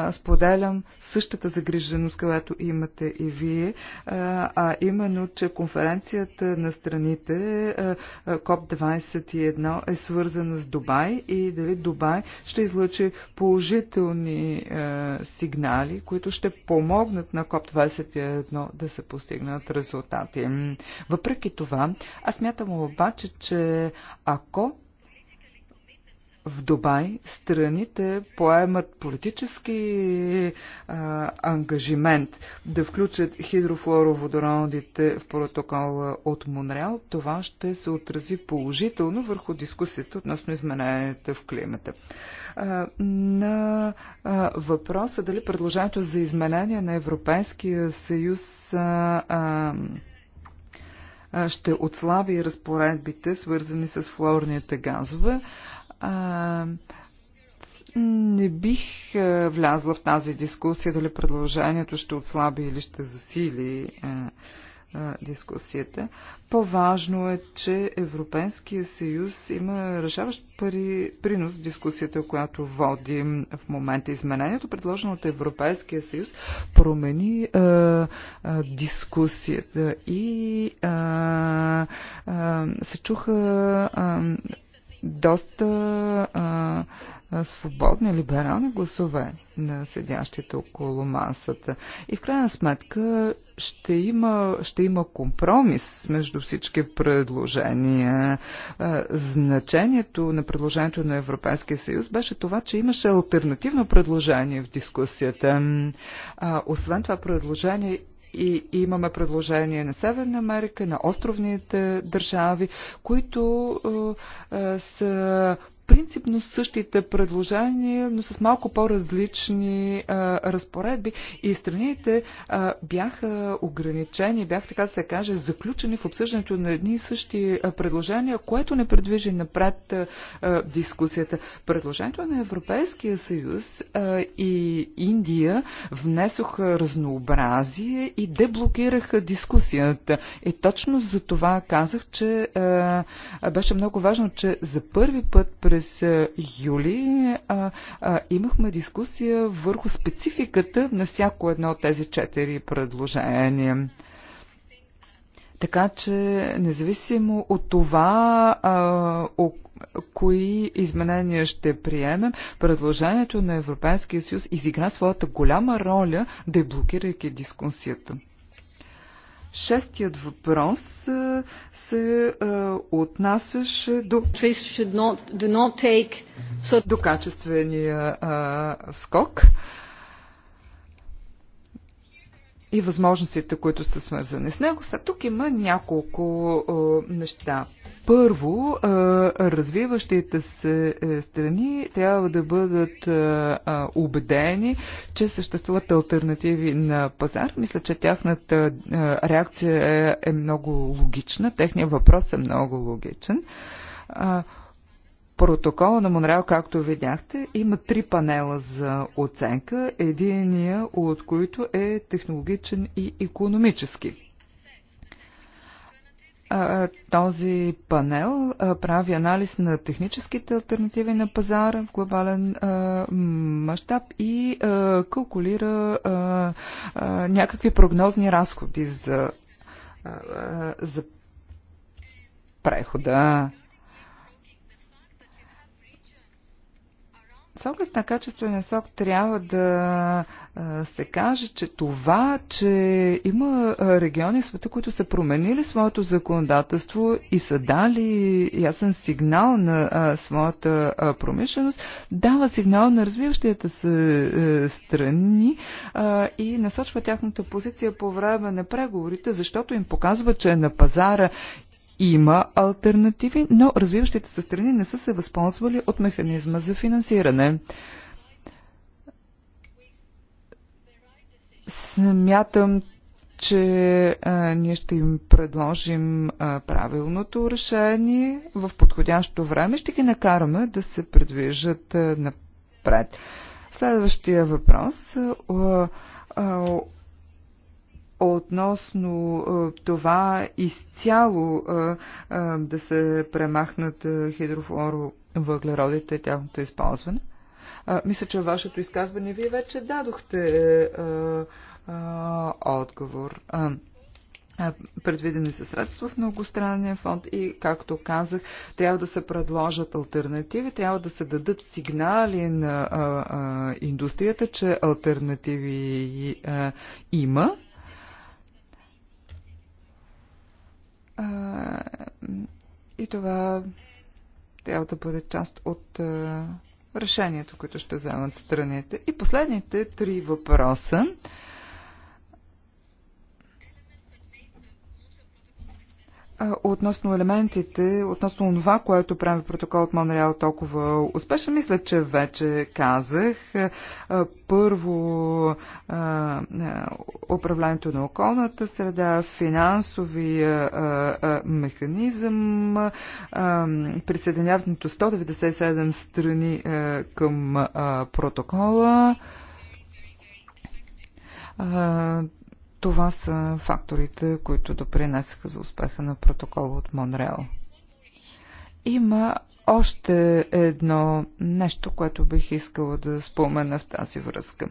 е, споделям същата загриженост, която имате и вие, а именно, че конференцията на страните КОП-21 е свързана с Дубай и дали Дубай ще излъчи положителни сигнали, които ще помогнат на КОП-21 да се постигнат резултати. Въпреки това, аз мятам обаче, че ако в Дубай страните поемат политически а, ангажимент да включат хидрофлороводородите в протокола от Монреал, това ще се отрази положително върху дискусията относно измененията в климата. А, на а, въпроса дали предложението за изменение на Европейския съюз а, а, ще отслаби разпоредбите, свързани с флорните газове. Не бих влязла в тази дискусия дали предложението ще отслаби или ще засили дискусията. По-важно е, че Европейския съюз има решаващ пари, принос в дискусията, която водим в момента. Изменението, предложено от Европейския съюз, промени а, а, дискусията и а, а, се чуха а, доста а, а, свободни, либерални гласове на седящите около масата. И в крайна сметка ще има, ще има компромис между всички предложения. А, значението на предложението на Европейския съюз беше това, че имаше альтернативно предложение в дискусията. А, освен това предложение и имаме предложение на Северна Америка, на островните държави, които е, е, са принципно същите предложения, но с малко по-различни разпоредби и страните а, бяха ограничени, бяха така да се каже, заключени в обсъждането на едни и същи предложения, което не предвижи напред а, дискусията. Предложението на Европейския съюз а, и Индия внесоха разнообразие и деблокираха дискусията. И точно за това казах, че беше много важно, че за първи път през през юли а, а, имахме дискусия върху спецификата на всяко едно от тези четири предложения. Така че, независимо от това, а, о, кои изменения ще приемем, предложението на Европейския съюз изигра своята голяма роля, деблокирайки дискусията. Шестият въпрос се отнасяше до, not, not take... до качествения скок и възможностите, които са свързани с него. Са, тук има няколко е, неща. Първо, е, развиващите се е, страни трябва да бъдат е, убедени, че съществуват альтернативи на пазар. Мисля, че тяхната е, реакция е, е много логична, техният въпрос е много логичен. Е, протокола на Монреал, както видяхте, има три панела за оценка, единия от които е технологичен и економически. Този панел прави анализ на техническите альтернативи на пазара в глобален мащаб и калкулира някакви прогнозни разходи за, за прехода. С оглед на качествения сок трябва да се каже, че това, че има региони в света, които са променили своето законодателство и са дали ясен сигнал на своята промишленост, дава сигнал на развиващите се страни и насочва тяхната позиция по време на преговорите, защото им показва, че на пазара има альтернативи, но развиващите се страни не са се възползвали от механизма за финансиране. Смятам, че а, ние ще им предложим а, правилното решение в подходящо време. Ще ги накараме да се предвижат а, напред. Следващия въпрос. А, а, относно това изцяло да се премахнат хидрофлоровъглеродите и тяхното използване? Мисля, че вашето изказване вие вече дадохте е, отговор. Предвидени са средства в многостранния фонд и, както казах, трябва да се предложат альтернативи, трябва да се дадат сигнали на а, а, индустрията, че альтернативи а, е, има А, и това трябва да бъде част от а, решението, което ще вземат страните. И последните три въпроса. А, Относно елементите, относно това, което прави протокол от Монреал толкова успешен, мисля, че вече казах. Първо, управлението на околната среда, финансовия механизъм, присъединяването 197 страни към протокола това са факторите, които допринесаха за успеха на протокола от Монреал. Има още едно нещо, което бих искала да спомена в тази връзка.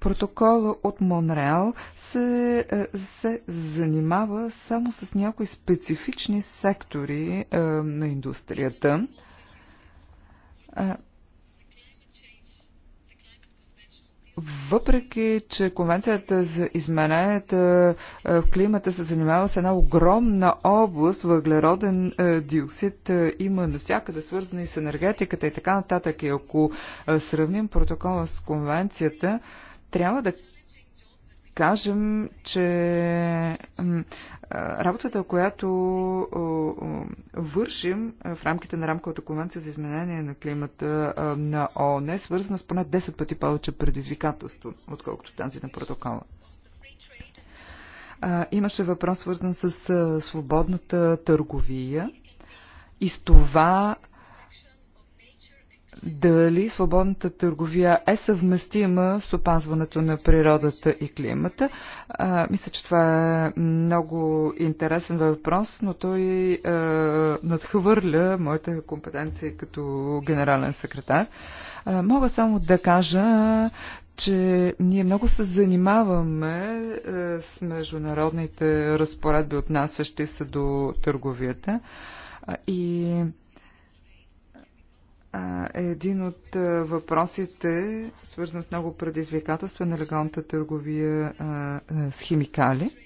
Протокола от Монреал се, е, се занимава само с някои специфични сектори е, на индустрията. Е, Въпреки, че Конвенцията за измененията е, в климата се занимава с една огромна област, въглероден е, диоксид е, има навсякъде свързани с енергетиката и така нататък. И ако сравним протокола с Конвенцията, трябва да кажем, че работата, която вършим в рамките на рамковата конвенция за изменение на климата на ООН е свързана с поне 10 пъти повече предизвикателство, отколкото тази на протокола. Имаше въпрос свързан с свободната търговия и с това дали свободната търговия е съвместима с опазването на природата и климата. А, мисля, че това е много интересен въпрос, но той а, надхвърля моите компетенции като генерален секретар. А, мога само да кажа, че ние много се занимаваме с международните разпоредби, отнасящи се до търговията. И е един от въпросите, свързан от много предизвикателства е на легалната търговия с химикали.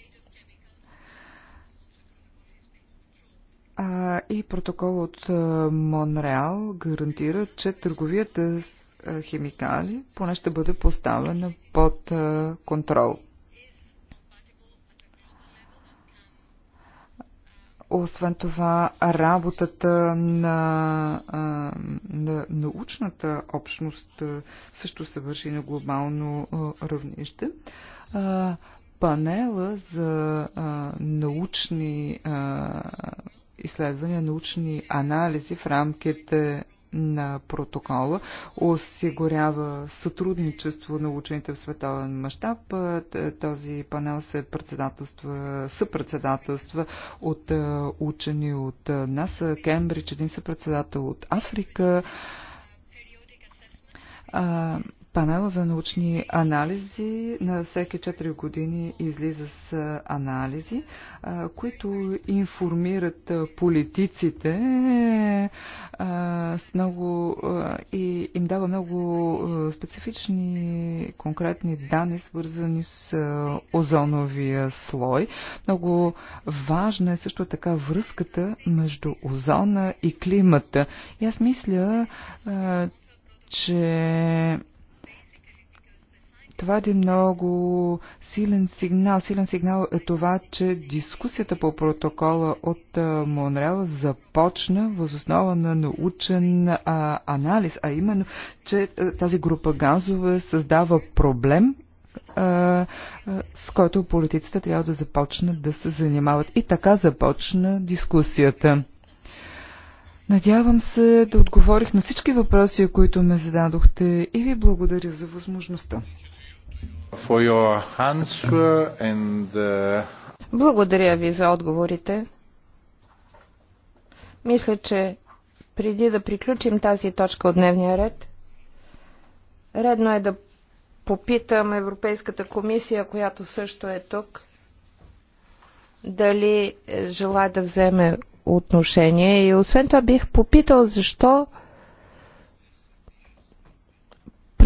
и протокол от Монреал гарантира, че търговията с химикали поне ще бъде поставена под контрол. Освен това, работата на, на научната общност също се върши на глобално равнище. Панела за научни изследвания, научни анализи в рамките на протокола, осигурява сътрудничество на учените в световен мащаб. Е, този панел се председателства, съпредседателства от е, учени от е, нас, Кембридж, един съпредседател от Африка панела за научни анализи на всеки 4 години излиза с анализи, които информират политиците с много и им дава много специфични конкретни данни, свързани с озоновия слой. Много важна е също така връзката между озона и климата. И аз мисля, че това е много силен сигнал. Силен сигнал е това, че дискусията по протокола от Монреал започна възоснова на научен а, анализ, а именно, че тази група газове създава проблем с който политиците трябва да започнат да се занимават. И така започна дискусията. Надявам се да отговорих на всички въпроси, които ме зададохте и ви благодаря за възможността. And... Uh, Благодаря ви за отговорите. Мисля, че преди да приключим тази точка от дневния ред, редно е да попитам Европейската комисия, която също е тук, дали желая да вземе отношение. И освен това бих попитал защо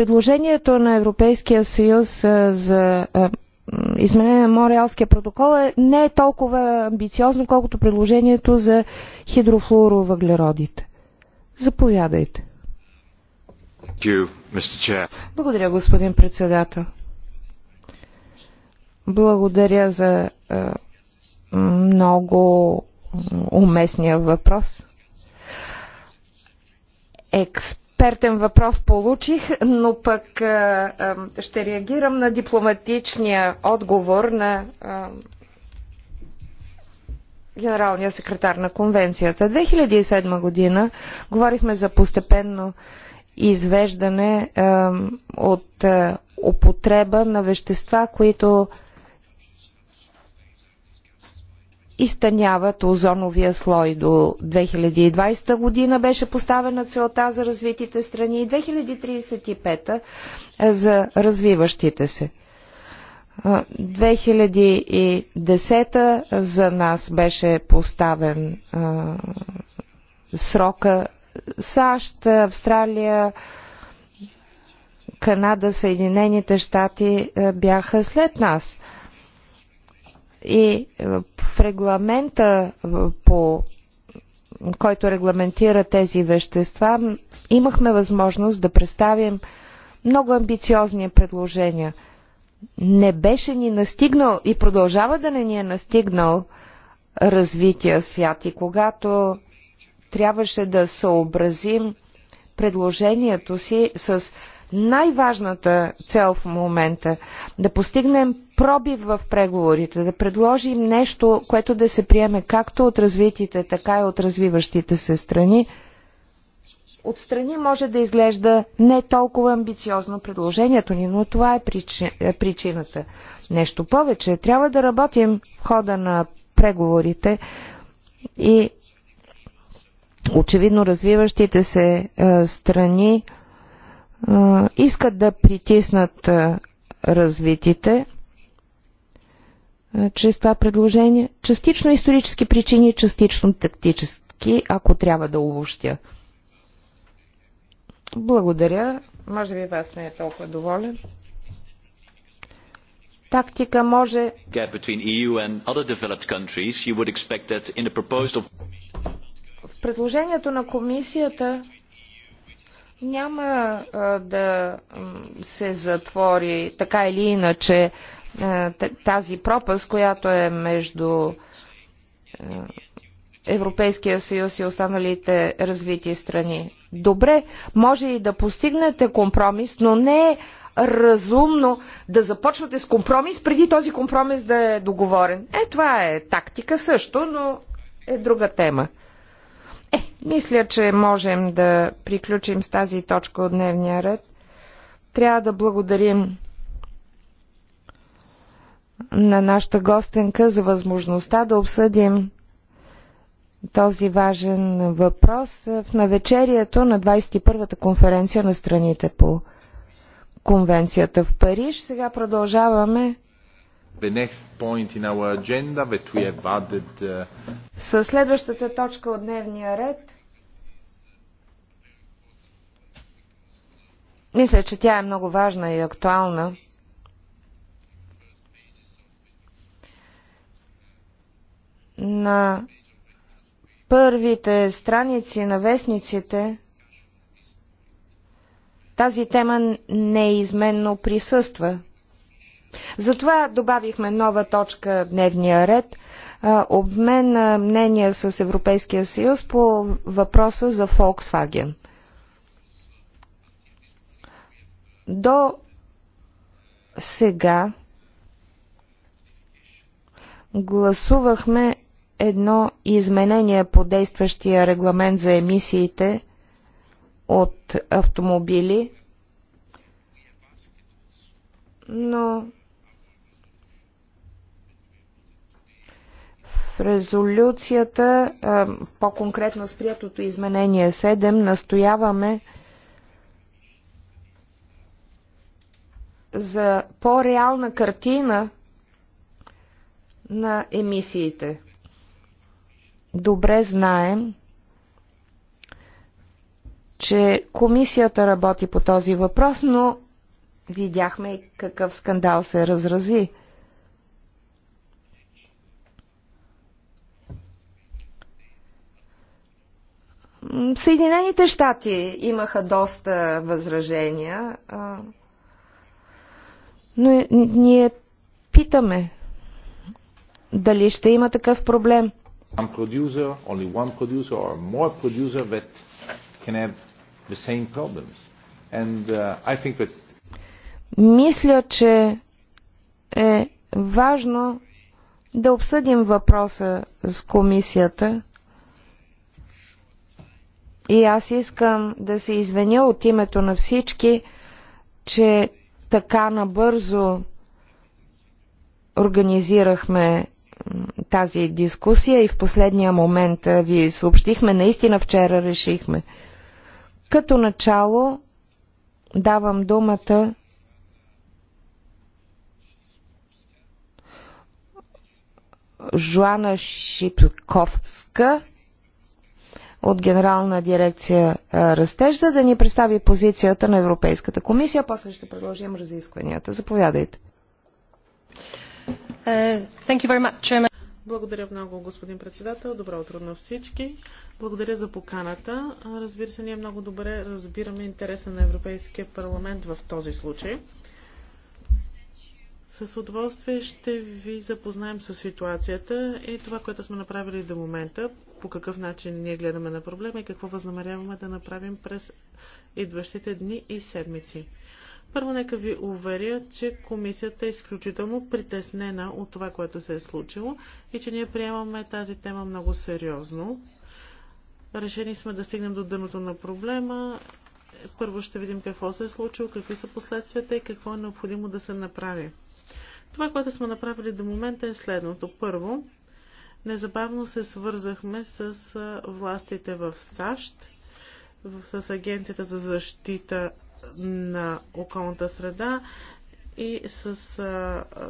Предложението на Европейския съюз за изменение на Мореалския протокол е, не е толкова амбициозно, колкото предложението за хидрофлуоровъглеродите. Заповядайте. Благодаря, господин председател. Благодаря за много уместния въпрос. Експерт експертен въпрос получих, но пък ще реагирам на дипломатичния отговор на генералния секретар на конвенцията. 2007 година говорихме за постепенно извеждане от употреба на вещества, които изтъняват озоновия слой до 2020 година. Беше поставена целта за развитите страни и 2035 за развиващите се. 2010 за нас беше поставен срока САЩ, Австралия, Канада, Съединените щати бяха след нас. И е, в регламента е, по който регламентира тези вещества, имахме възможност да представим много амбициозни предложения. Не беше ни настигнал и продължава да не ни е настигнал развития свят. И когато трябваше да съобразим предложението си с най-важната цел в момента да постигнем пробив в преговорите, да предложим нещо, което да се приеме както от развитите, така и от развиващите се страни. Отстрани може да изглежда не толкова амбициозно предложението ни, но това е, е причината. Нещо повече, трябва да работим в хода на преговорите и очевидно развиващите се е, страни искат да притиснат развитите чрез това предложение. Частично исторически причини, частично тактически, ако трябва да обобщя. Благодаря. Може би вас не е толкова доволен. Тактика може... E В предложението на комисията няма да се затвори така или иначе тази пропаст, която е между Европейския съюз и останалите развити страни. Добре, може и да постигнете компромис, но не е разумно да започвате с компромис, преди този компромис да е договорен. Е, това е тактика също, но е друга тема. Е, мисля, че можем да приключим с тази точка от дневния ред. Трябва да благодарим на нашата гостенка за възможността да обсъдим този важен въпрос в навечерието на 21-та конференция на страните по конвенцията в Париж. Сега продължаваме Uh, следващата точка от дневния ред Мисля, че тя е много важна и актуална. На първите страници на вестниците тази тема неизменно присъства – затова добавихме нова точка в дневния ред обмен на мнения с Европейския съюз по въпроса за Volkswagen. До сега гласувахме едно изменение по действащия регламент за емисиите от автомобили, но резолюцията, по-конкретно с приятото изменение 7, настояваме за по-реална картина на емисиите. Добре знаем, че комисията работи по този въпрос, но видяхме какъв скандал се разрази. Съединените щати имаха доста възражения, но ние питаме дали ще има такъв проблем. Uh, Мисля, че е важно да обсъдим въпроса с комисията и аз искам да се извиня от името на всички, че така набързо организирахме тази дискусия и в последния момент ви съобщихме. Наистина вчера решихме. Като начало давам думата Жоана Шипковска от Генерална дирекция е, Растеж, за да ни представи позицията на Европейската комисия. После ще продължим разискванията. Заповядайте. Е, Благодаря много, господин председател. Добро утро на всички. Благодаря за поканата. Разбира се, ние много добре разбираме интереса на Европейския парламент в този случай. С удоволствие ще ви запознаем с ситуацията и това, което сме направили до момента, по какъв начин ние гледаме на проблема и какво възнамеряваме да направим през идващите дни и седмици. Първо нека ви уверя, че комисията е изключително притеснена от това, което се е случило и че ние приемаме тази тема много сериозно. Решени сме да стигнем до дъното на проблема. Първо ще видим какво се е случило, какви са последствията и какво е необходимо да се направи. Това, което сме направили до момента е следното. Първо, незабавно се свързахме с властите в САЩ, с Агенцията за защита на околната среда и с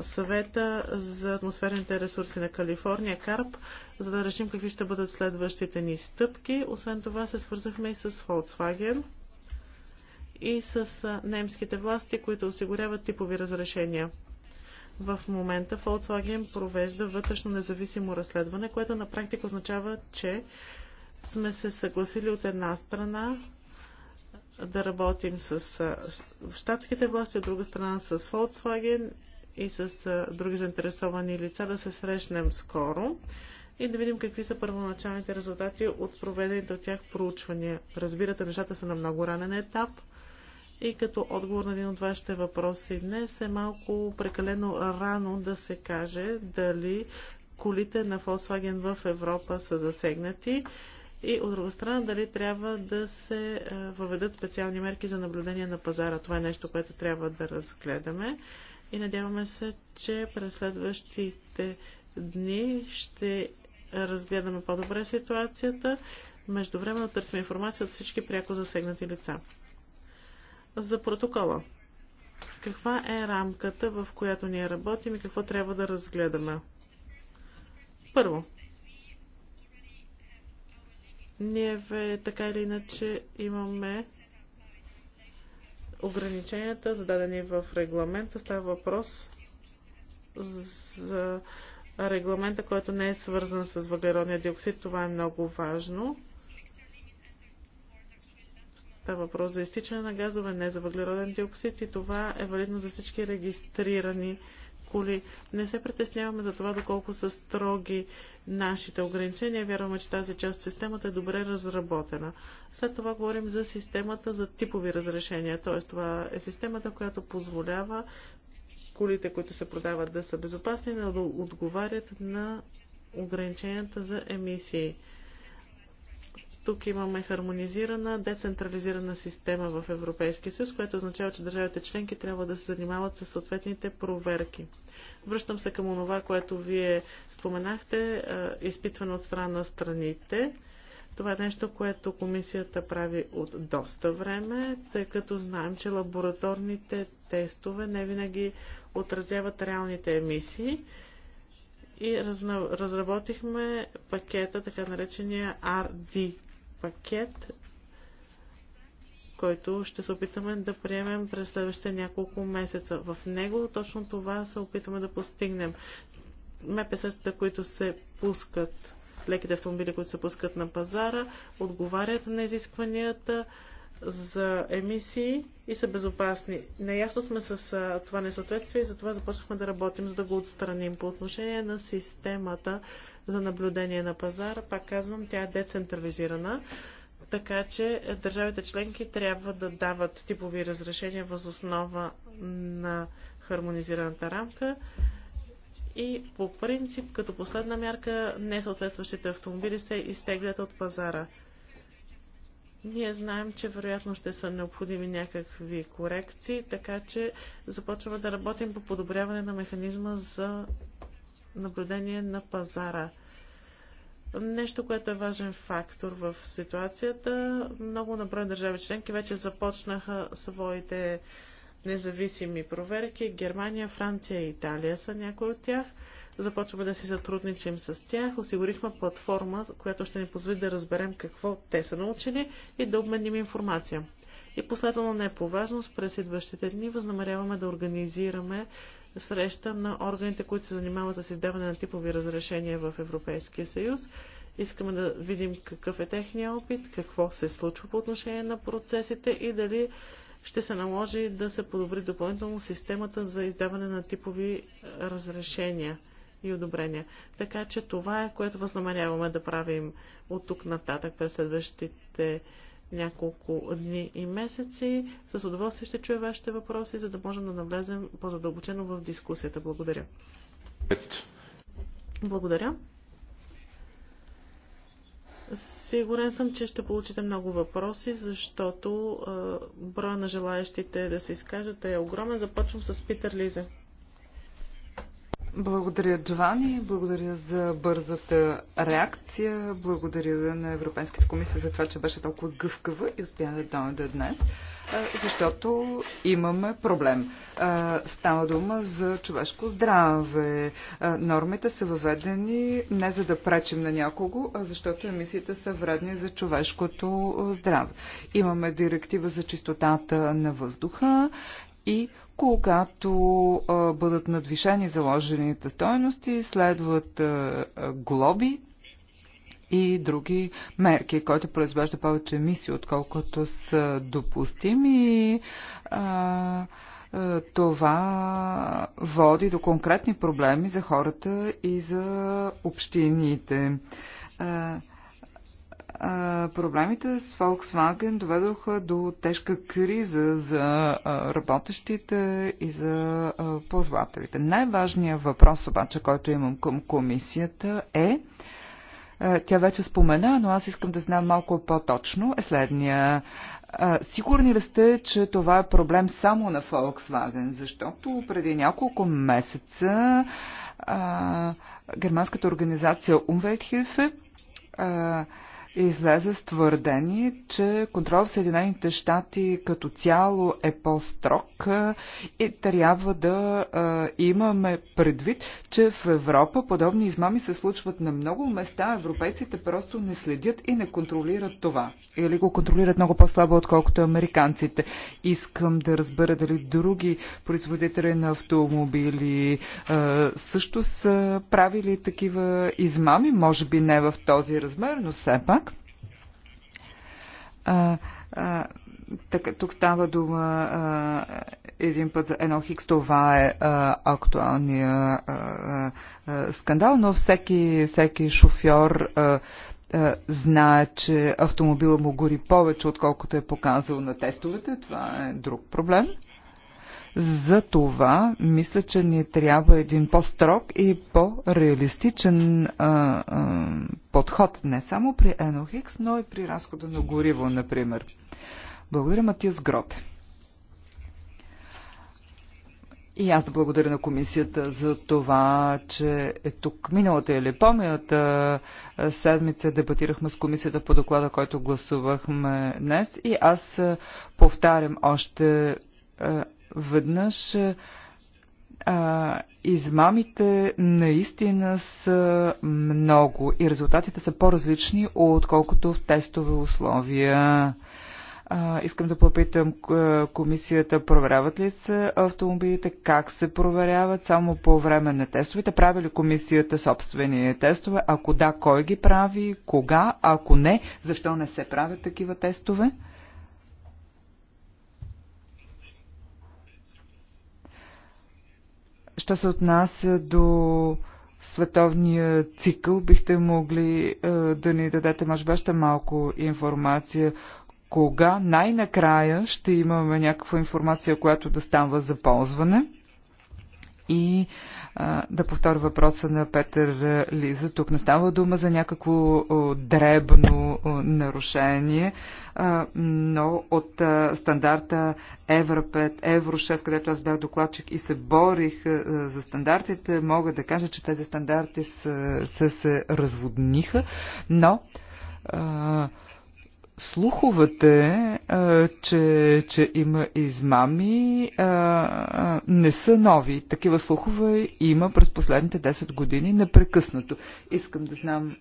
съвета за атмосферните ресурси на Калифорния, КАРП, за да решим какви ще бъдат следващите ни стъпки. Освен това се свързахме и с Volkswagen и с немските власти, които осигуряват типови разрешения. В момента Volkswagen провежда вътрешно независимо разследване, което на практика означава, че сме се съгласили от една страна да работим с щатските власти, от друга страна с Volkswagen и с други заинтересовани лица да се срещнем скоро и да видим какви са първоначалните резултати от проведените от тях проучвания. Разбирате, нещата са на много ранен етап – и като отговор на един от вашите въпроси днес е малко прекалено рано да се каже дали колите на Volkswagen в Европа са засегнати и от друга страна дали трябва да се е, въведат специални мерки за наблюдение на пазара. Това е нещо, което трябва да разгледаме и надяваме се, че през следващите дни ще разгледаме по-добре ситуацията. Междувременно търсим информация от всички пряко засегнати лица за протокола. Каква е рамката, в която ние работим и какво трябва да разгледаме? Първо, ние ве, така или иначе имаме ограниченията, зададени в регламента. Става въпрос за регламента, който не е свързан с въглеродния диоксид. Това е много важно. Та въпрос за изтичане на газове, не за въглероден диоксид и това е валидно за всички регистрирани коли. Не се притесняваме за това доколко са строги нашите ограничения. Вярваме, че тази част от системата е добре разработена. След това говорим за системата за типови разрешения. Т.е. това е системата, която позволява колите, които се продават да са безопасни, да отговарят на ограниченията за емисии. Тук имаме хармонизирана, децентрализирана система в Европейския съюз, което означава, че държавите членки трябва да се занимават с съответните проверки. Връщам се към онова, което вие споменахте, е, изпитване от страна на страните. Това е нещо, което комисията прави от доста време, тъй като знаем, че лабораторните тестове не винаги отразяват реалните емисии. И разработихме пакета, така наречения RD пакет, който ще се опитаме да приемем през следващите няколко месеца. В него точно това се опитаме да постигнем. МПС-тата, които се пускат, леките автомобили, които се пускат на пазара, отговарят на изискванията, за емисии и са безопасни. Наясно сме с това несъответствие и затова започнахме да работим, за да го отстраним. По отношение на системата за наблюдение на пазара, пак казвам, тя е децентрализирана, така че държавите членки трябва да дават типови разрешения възоснова на хармонизираната рамка. И по принцип, като последна мярка, несъответстващите автомобили се изтеглят от пазара. Ние знаем, че вероятно ще са необходими някакви корекции, така че започваме да работим по подобряване на механизма за наблюдение на пазара. Нещо, което е важен фактор в ситуацията, много наброй държави членки вече започнаха своите независими проверки. Германия, Франция и Италия са някои от тях. Започваме да си сътрудничим с тях. Осигурихме платформа, която ще ни позволи да разберем какво те са научили и да обменим информация. И последно, не е по важност, през идващите дни възнамеряваме да организираме среща на органите, които се занимават с издаване на типови разрешения в Европейския съюз. Искаме да видим какъв е техния опит, какво се случва по отношение на процесите и дали ще се наложи да се подобри допълнително системата за издаване на типови разрешения и одобрения. Така че това е, което възнамеряваме да правим от тук нататък през следващите няколко дни и месеци. С удоволствие ще чуя вашите въпроси, за да можем да навлезем по-задълбочено в дискусията. Благодаря. Благодаря. Сигурен съм, че ще получите много въпроси, защото броя на желаящите да се изкажат е огромен. Започвам с Питър Лизе. Благодаря, Джовани. Благодаря за бързата реакция. Благодаря на Европейската комисия за това, че беше толкова гъвкава и успя да дойде днес, защото имаме проблем. Става дума за човешко здраве. Нормите са въведени не за да пречим на някого, а защото емисиите са вредни за човешкото здраве. Имаме директива за чистотата на въздуха и когато а, бъдат надвишени заложените стоености, следват а, а, глоби и други мерки, който произвежда повече емисии, отколкото са допустими. А, това води до конкретни проблеми за хората и за общините проблемите с Volkswagen доведоха до тежка криза за работещите и за ползвателите. Най-важният въпрос обаче, който имам към комисията е тя вече спомена, но аз искам да знам малко по-точно, е следния. Сигурни ли сте, че това е проблем само на Volkswagen? Защото преди няколко месеца а, германската организация Umwelthilfe излезе с твърдение, че контрол в Съединените щати като цяло е по-строг и трябва да а, имаме предвид, че в Европа подобни измами се случват на много места. Европейците просто не следят и не контролират това. Или го контролират много по-слабо, отколкото американците. Искам да разбера дали други производители на автомобили а, също са правили такива измами, може би не в този размер, но все пак а, а, така, тук става дума а, един път за едно хикс. Това е а, актуалния а, а, скандал, но всеки, всеки шофьор а, а, знае, че автомобила му гори повече, отколкото е показал на тестовете. Това е друг проблем. За това мисля, че ни трябва един по-строг и по-реалистичен подход, не само при Енохикс, но и при разхода на гориво, например. Благодаря, Матис Гроте. И аз да благодаря на комисията за това, че е тук миналата или по-миналата седмица дебатирахме с комисията по доклада, който гласувахме днес. И аз повтарям още веднъж а, измамите наистина са много и резултатите са по-различни, отколкото в тестове условия. А, искам да попитам комисията, проверяват ли се автомобилите, как се проверяват, само по време на тестовете, прави ли комисията собствени тестове, ако да, кой ги прави, кога, ако не, защо не се правят такива тестове? Що се отнася до световния цикъл, бихте могли е, да ни дадете, може би, още малко информация. Кога най-накрая ще имаме някаква информация, която да става за ползване? и а, да повторя въпроса на Петър Лиза. Тук не става дума за някакво дребно нарушение, а, но от а, стандарта Евро 5, Евро 6, където аз бях докладчик и се борих а, за стандартите, мога да кажа, че тези стандарти се, се, се разводниха, но а, слуховете, че, че има измами, не са нови. Такива слухове има през последните 10 години непрекъснато. Искам да знам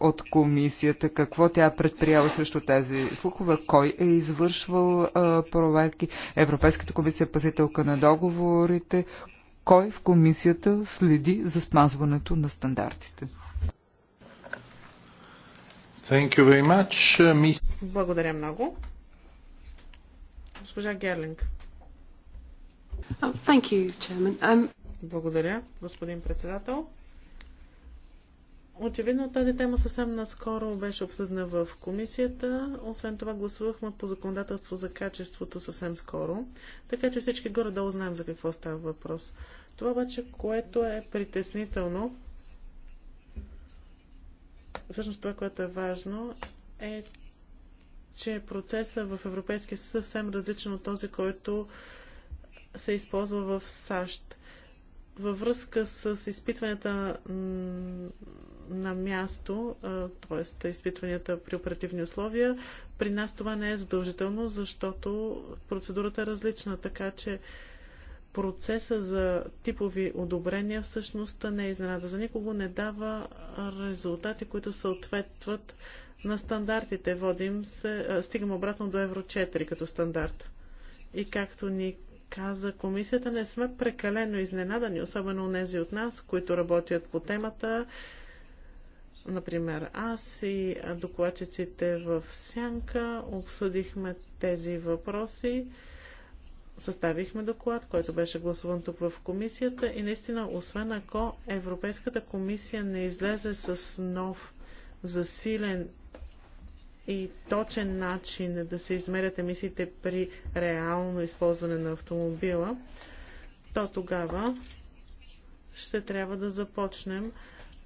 от комисията какво тя е срещу тези слухове, кой е извършвал проверки, Европейската комисия е пазителка на договорите, кой в комисията следи за спазването на стандартите. Thank you very much, uh, Благодаря много. Госпожа Герлинг. Oh, thank you, Chairman. Um... Благодаря, господин председател. Очевидно тази тема съвсем наскоро беше обсъдена в комисията. Освен това гласувахме по законодателство за качеството съвсем скоро. Така че всички горе-долу знаем за какво става въпрос. Това обаче, което е притеснително, всъщност това, което е важно, е, че процесът в Европейския съюз е съвсем различен от този, който се използва в САЩ. Във връзка с изпитванията на място, т.е. изпитванията при оперативни условия, при нас това не е задължително, защото процедурата е различна, така че процеса за типови одобрения всъщност не е изненада за никого, не дава резултати, които съответстват на стандартите. Водим се, стигам обратно до Евро 4 като стандарт. И както ни каза комисията, не сме прекалено изненадани, особено тези от нас, които работят по темата. Например, аз и докладчиците в Сянка обсъдихме тези въпроси съставихме доклад, който беше гласуван тук в комисията и наистина, освен ако Европейската комисия не излезе с нов засилен и точен начин да се измерят емисиите при реално използване на автомобила, то тогава ще трябва да започнем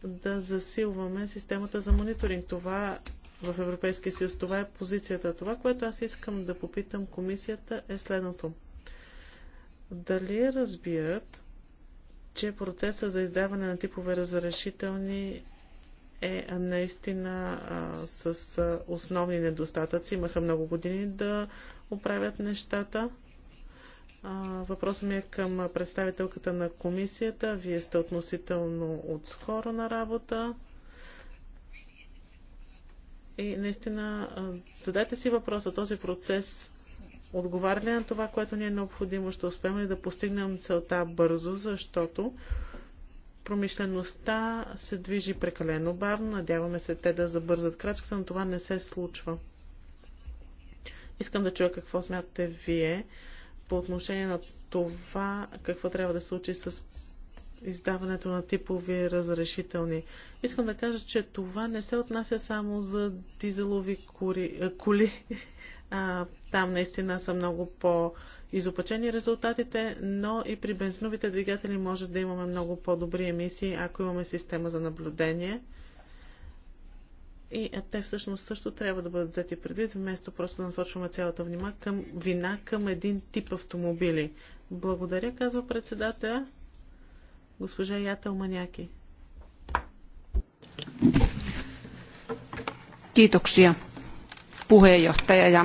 да засилваме системата за мониторинг. Това в Европейския съюз. Това е позицията. Това, което аз искам да попитам комисията е следното дали разбират, че процесът за издаване на типове разрешителни е наистина а, с а, основни недостатъци. Имаха много години да оправят нещата. А, въпросът ми е към представителката на комисията. Вие сте относително отскоро на работа. И наистина, задайте си въпроса, този процес Отговаря ли на това, което ни е необходимо? Ще успеем ли да постигнем целта бързо, защото промишлеността се движи прекалено бавно. Надяваме се те да забързат крачката, но това не се случва. Искам да чуя какво смятате вие по отношение на това, какво трябва да се случи с издаването на типови разрешителни. Искам да кажа, че това не се отнася само за дизелови кури, коли, там наистина са много по-изопачени резултатите, но и при бензиновите двигатели може да имаме много по-добри емисии, ако имаме система за наблюдение. И те всъщност също трябва да бъдат взети предвид, вместо просто да насочваме цялата внима към вина към един тип автомобили. Благодаря, казва председателя госпожа Ятел Маняки. Kiitoksia puheenjohtaja ja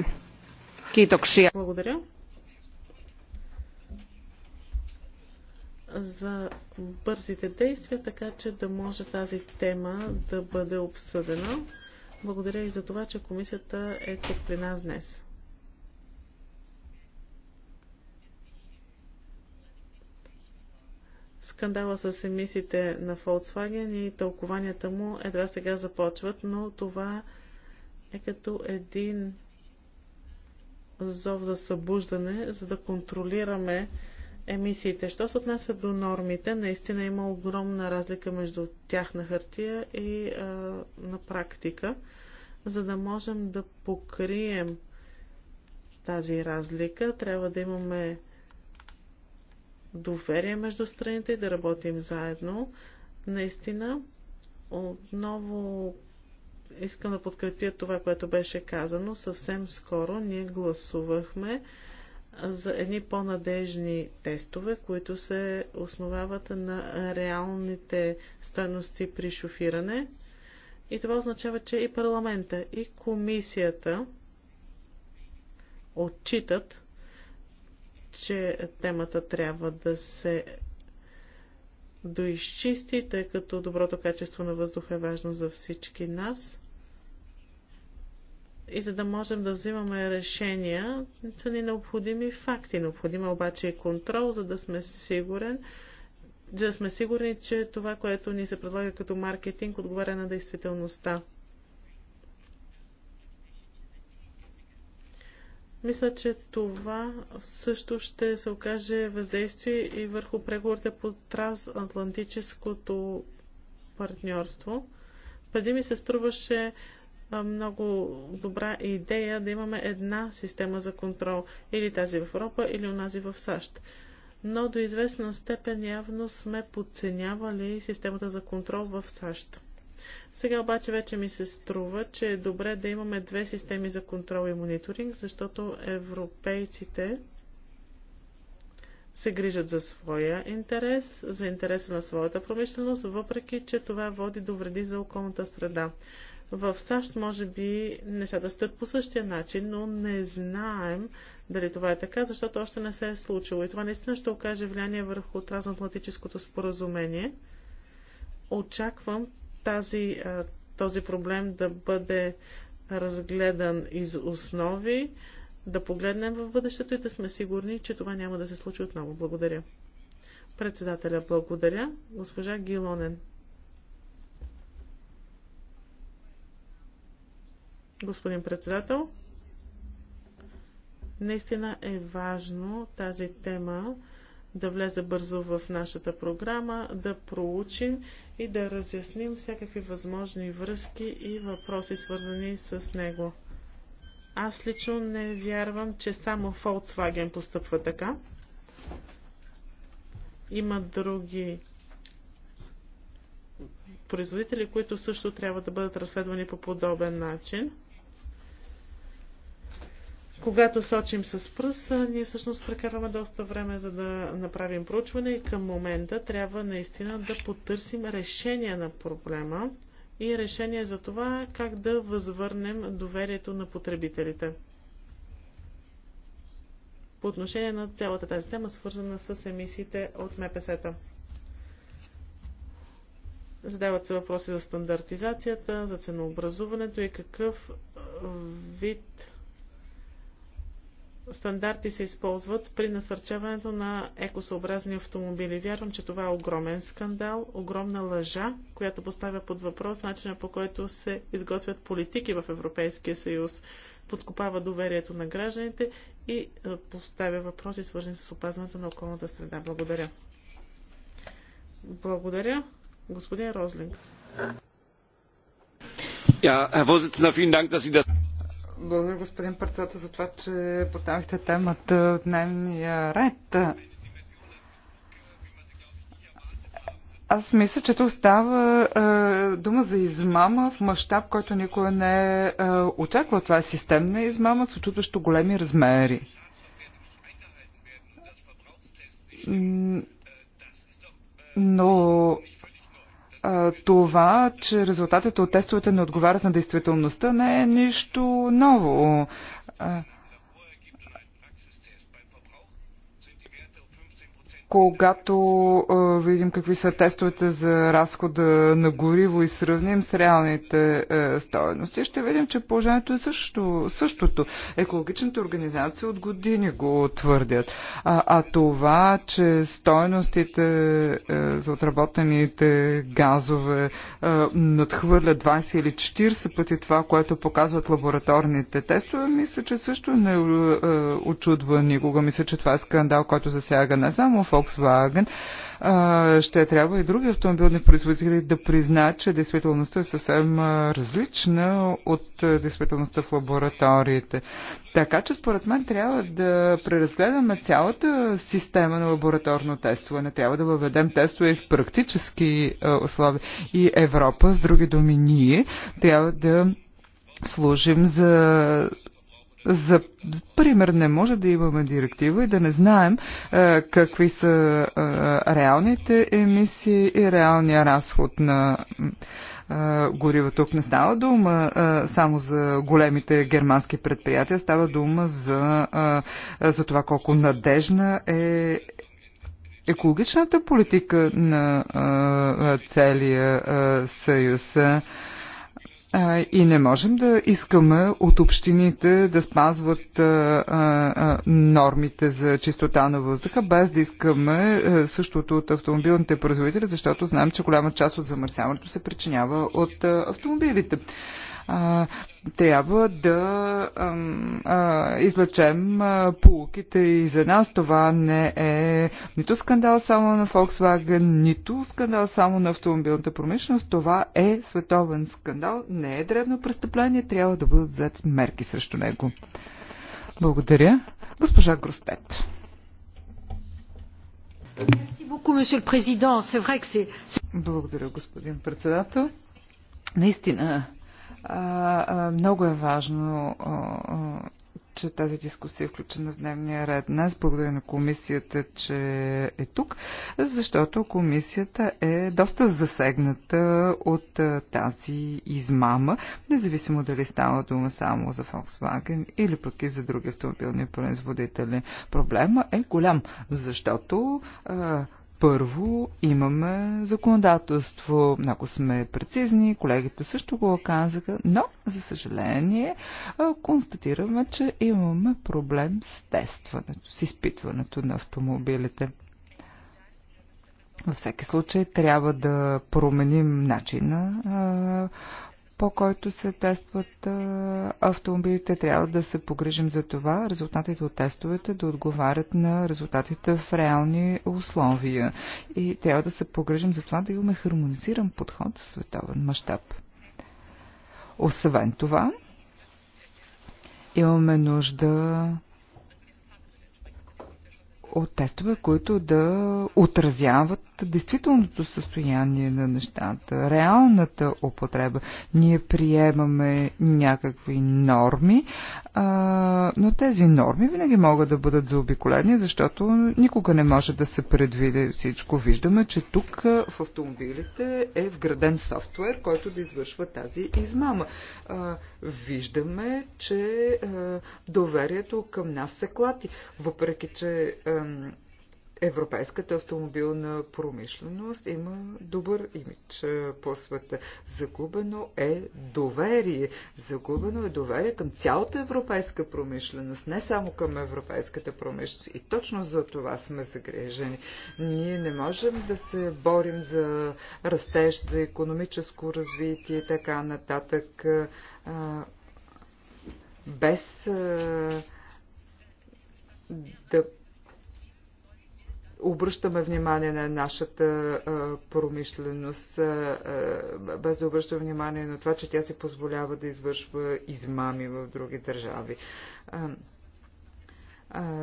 Kiitoksia. Благодаря. за бързите действия, така че да може тази тема да бъде обсъдена. Благодаря и за това, че комисията е тук при нас днес. Скандала с емисиите на Volkswagen и тълкованията му едва сега започват, но това е като един зов за събуждане, за да контролираме емисиите. Що се отнася до нормите, наистина има огромна разлика между тях на хартия и а, на практика, за да можем да покрием тази разлика, трябва да имаме доверие между страните и да работим заедно. Наистина, отново искам да подкрепя това, което беше казано. Съвсем скоро ние гласувахме за едни по-надежни тестове, които се основават на реалните стойности при шофиране. И това означава, че и парламента, и комисията отчитат, че темата трябва да се доизчисти, тъй като доброто качество на въздуха е важно за всички нас. И за да можем да взимаме решения, са ни необходими факти. Необходим е обаче и контрол, за да сме сигурен, да сме сигурни, че това, което ни се предлага като маркетинг, отговаря на действителността. Мисля, че това също ще се окаже въздействие и върху преговорите по трансатлантическото партньорство. Преди ми се струваше много добра идея да имаме една система за контрол, или тази в Европа, или онази в САЩ. Но до известна степен явно сме подценявали системата за контрол в САЩ. Сега обаче вече ми се струва, че е добре да имаме две системи за контрол и мониторинг, защото европейците се грижат за своя интерес, за интереса на своята промишленост, въпреки че това води до вреди за околната среда. В САЩ може би нещата стоят по същия начин, но не знаем дали това е така, защото още не се е случило. И това наистина ще окаже влияние върху трансатлантическото споразумение. Очаквам тази, този проблем да бъде разгледан из основи, да погледнем в бъдещето и да сме сигурни, че това няма да се случи отново. Благодаря. Председателя, благодаря. Госпожа Гилонен. Господин председател, наистина е важно тази тема да влезе бързо в нашата програма, да проучим и да разясним всякакви възможни връзки и въпроси, свързани с него. Аз лично не вярвам, че само Volkswagen постъпва така. Има други производители, които също трябва да бъдат разследвани по подобен начин. Когато сочим с пръст, ние всъщност прекарваме доста време за да направим проучване и към момента трябва наистина да потърсим решение на проблема и решение за това как да възвърнем доверието на потребителите. По отношение на цялата тази тема, свързана с емисиите от МПС-та. Задават се въпроси за стандартизацията, за ценообразуването и какъв вид стандарти се използват при насърчаването на екосъобразни автомобили. Вярвам, че това е огромен скандал, огромна лъжа, която поставя под въпрос начина по който се изготвят политики в Европейския съюз, подкопава доверието на гражданите и е, поставя въпроси, свързани с опазването на околната среда. Благодаря. Благодаря. Господин Розлинг. Ja, Herr Vorsitzender, vielen Dank, dass Sie das благодаря, господин председател, за това, че поставихте темата от дневния ред. Аз мисля, че тук става е, дума за измама в мащаб, който никой не е, очаква. Това е системна измама с очудващо големи размери. Но това, че резултатите от тестовете не отговарят на действителността, не е нищо ново. когато а, видим какви са тестовете за разхода на гориво и сравним с реалните а, стоености, ще видим, че положението е също, същото. Екологичните организации от години го твърдят. А, а това, че стоеностите а, за отработените газове а, надхвърлят 20 или 40 пъти това, което показват лабораторните тестове, мисля, че също не а, очудва никога. Мисля, че това е скандал, който засяга не само в Volkswagen, ще трябва и други автомобилни производители да признаят, че действителността е съвсем различна от действителността в лабораториите. Така че според мен трябва да преразгледаме цялата система на лабораторно тестване. Трябва да въведем тестове в практически условия. И Европа, с други думи ние, трябва да служим за за пример, не може да имаме директива и да не знаем е, какви са е, реалните емисии и реалния разход на е, горива. Тук не става дума е, само за големите германски предприятия, става дума за, е, за това колко надежна е екологичната политика на целия съюз. И не можем да искаме от общините да спазват нормите за чистота на въздуха, без да искаме същото от автомобилните производители, защото знаем, че голяма част от замърсяването се причинява от автомобилите а, трябва да а, а, излечем а, полуките и за нас. Това не е нито скандал само на Volkswagen, нито скандал само на автомобилната промишленост. Това е световен скандал, не е древно престъпление, трябва да бъдат взети мерки срещу него. Благодаря. Госпожа Гростет. Благодаря, господин председател. Наистина, много е важно че тази дискусия е включена в дневния ред днес. Благодаря на комисията, че е тук, защото комисията е доста засегната от тази измама, независимо дали става дума само за Volkswagen или пък и за други автомобилни производители. Проблема е голям, защото а, първо имаме законодателство. ако сме прецизни, колегите също го казаха, но, за съжаление, констатираме, че имаме проблем с тестването, с изпитването на автомобилите. Във всеки случай трябва да променим начина по който се тестват автомобилите. Трябва да се погрижим за това резултатите от тестовете да отговарят на резултатите в реални условия. И трябва да се погрижим за това да имаме хармонизиран подход в световен мащаб. Освен това, имаме нужда от тестове, които да отразяват действителното състояние на нещата, реалната употреба. Ние приемаме някакви норми, а, но тези норми винаги могат да бъдат заобиколени, защото никога не може да се предвиди всичко. Виждаме, че тук в автомобилите е вграден софтуер, който да извършва тази измама. А, виждаме, че а, доверието към нас се клати, въпреки че а, Европейската автомобилна промишленост има добър имидж е, по света. Загубено е доверие. Загубено е доверие към цялата европейска промишленост, не само към европейската промишленост. И точно за това сме загрежени. Ние не можем да се борим за растеж, за економическо развитие и така нататък е, без е, да обръщаме внимание на нашата промишленост, без да обръщаме внимание на това, че тя се позволява да извършва измами в други държави.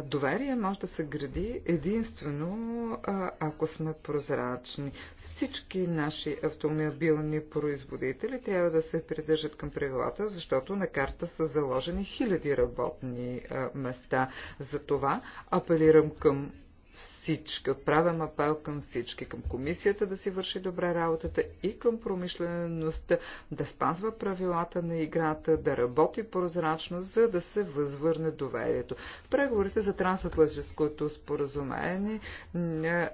Доверие може да се гради единствено, ако сме прозрачни. Всички наши автомобилни производители трябва да се придържат към правилата, защото на карта са заложени хиляди работни места. За това апелирам към всички, отправям апел към всички, към комисията да си върши добре работата и към промишлеността, да спазва правилата на играта, да работи прозрачно, за да се възвърне доверието. Преговорите за трансатлантическото споразумение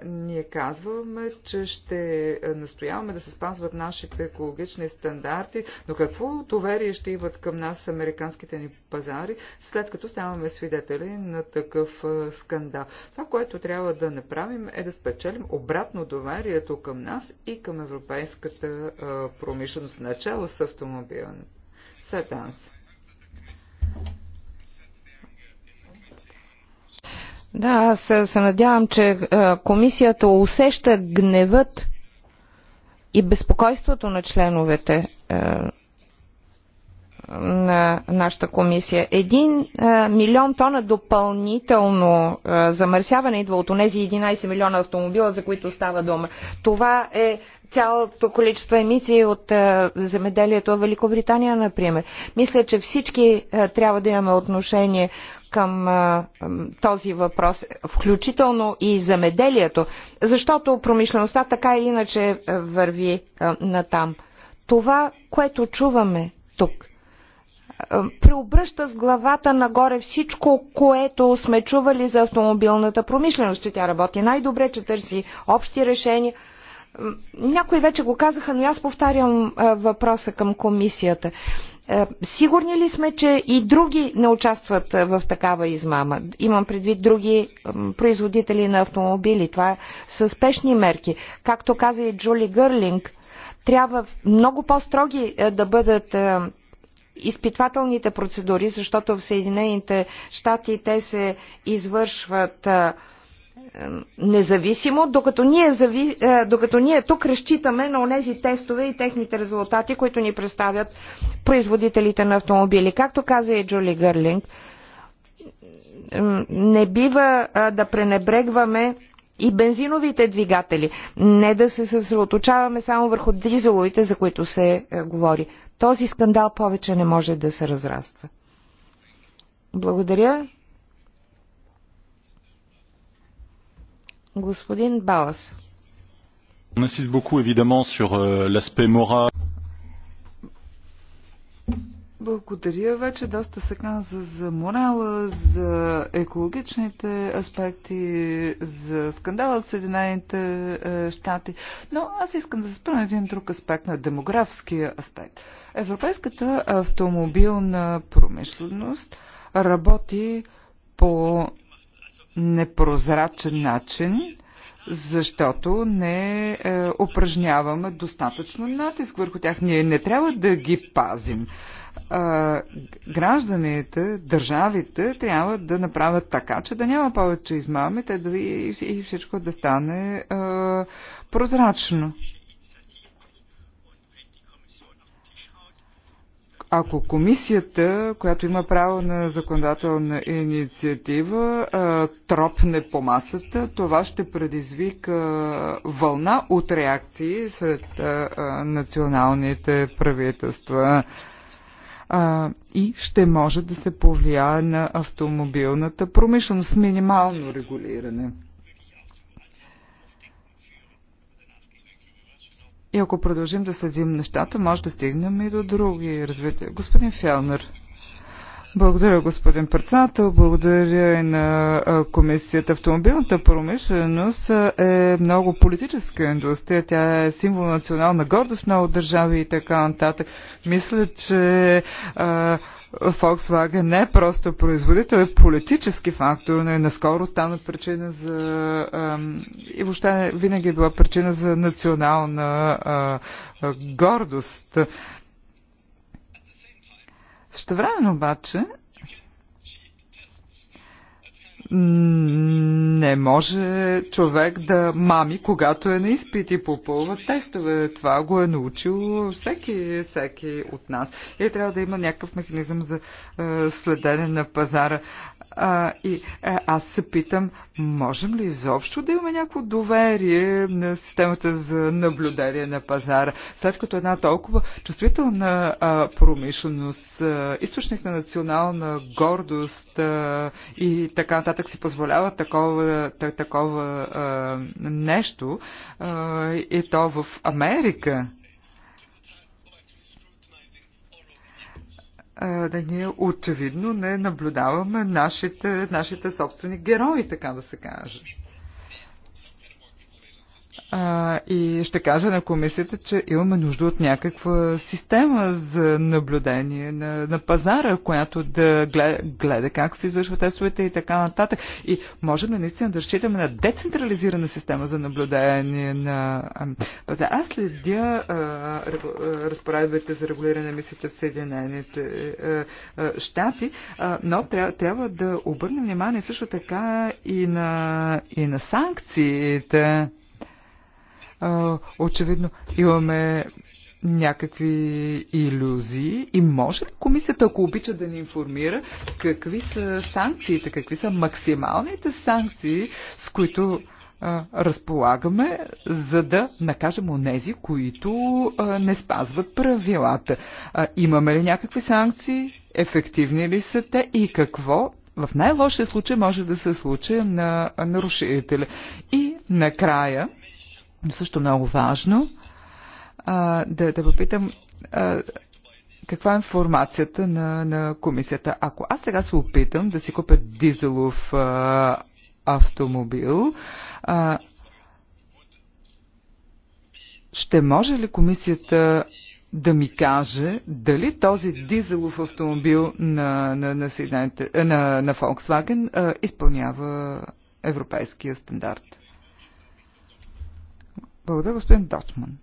ние казваме, че ще настояваме да се спазват нашите екологични стандарти, но какво доверие ще имат към нас американските ни пазари, след като ставаме свидетели на такъв скандал. Това, което трябва да направим е да спечелим обратно доверието към нас и към европейската промишленост. Начало с автомобилна. Сетанс. Да, аз се надявам, че комисията усеща гневът и безпокойството на членовете на нашата комисия. Един милион тона допълнително замърсяване идва от тези 11 милиона автомобила, за които става дума. Това е цялото количество емисии от земеделието в Великобритания, например. Мисля, че всички трябва да имаме отношение към а, този въпрос, включително и земеделието. защото промишлеността така и иначе върви а, натам. Това, което чуваме тук, е, преобръща с главата нагоре всичко, което сме чували за автомобилната промишленост, че тя работи най-добре, че търси общи решения. Някои вече го казаха, но аз повтарям е, въпроса към комисията. Е, сигурни ли сме, че и други не участват в такава измама? Имам предвид други производители на автомобили. Това са спешни мерки. Както каза и Джули Гърлинг, трябва много по-строги да бъдат изпитвателните процедури, защото в Съединените щати те се извършват независимо, докато ние, зави... докато ние тук разчитаме на онези тестове и техните резултати, които ни представят производителите на автомобили. Както каза и Джули Гърлинг, не бива да пренебрегваме и бензиновите двигатели. Не да се съсредоточаваме само върху дизеловите, за които се е, говори. Този скандал повече не може да се разраства. Благодаря. Господин Балас. On insiste beaucoup évidemment sur euh, l'aspect moral. Благодаря. Вече доста се каза за морала, за екологичните аспекти, за скандала в Съединените е, щати, но аз искам да се спра на един друг аспект, на демографския аспект. Европейската автомобилна промишленост работи по непрозрачен начин, защото не е, упражняваме достатъчно натиск върху тях. Ние не трябва да ги пазим гражданите, държавите трябва да направят така, че да няма повече измами те да, и, и всичко да стане а, прозрачно. Ако комисията, която има право на законодателна инициатива, тропне по масата, това ще предизвика вълна от реакции сред националните правителства а, и ще може да се повлияе на автомобилната промишленост с минимално регулиране. И ако продължим да съдим нещата, може да стигнем и до други развития. Господин Фелнер. Благодаря, господин председател. Благодаря и на комисията. Автомобилната промишленост е много политическа индустрия. Тя е символ на национална гордост много държави и така нататък. Мисля, че а, Volkswagen не е просто производител, е политически фактор. но и наскоро стана причина за... и въобще винаги е била причина за национална а, а, гордост. Същевременно обаче не може човек да мами, когато е на изпит и попълва тестове. Това го е научил всеки, всеки от нас. И трябва да има някакъв механизъм за е, следене на пазара. А, и е, аз се питам, можем ли изобщо да имаме някакво доверие на системата за наблюдение на пазара, след като една толкова чувствителна е, промишленост, е, източник на национална гордост е, и така нататък, нататък си позволяват такова, такова а, нещо а, и то в Америка. да ние очевидно не наблюдаваме нашите, нашите собствени герои, така да се каже. А, и ще кажа на комисията, че имаме нужда от някаква система за наблюдение на, на пазара, която да гледа, гледа как се извършват тестовете и така нататък. И можем ли наистина да разчитаме на децентрализирана система за наблюдение на пазара? Аз следя разпоредбите за регулиране на мисията в Съединените щати, но трябва, трябва да обърнем внимание също така и на, и на санкциите очевидно имаме някакви иллюзии и може ли комисията, ако обича да ни информира, какви са санкциите, какви са максималните санкции, с които а, разполагаме, за да накажем онези, които а, не спазват правилата. А, имаме ли някакви санкции? Ефективни ли са те и какво в най-лошия случай може да се случи на нарушителя. И накрая, но също много важно а, да, да попитам а, каква е информацията на, на комисията. Ако аз сега се опитам да си купя дизелов а, автомобил, а, ще може ли комисията да ми каже дали този дизелов автомобил на, на, на, на, на Volkswagen а, изпълнява европейския стандарт? Благодаря, господин Дотман.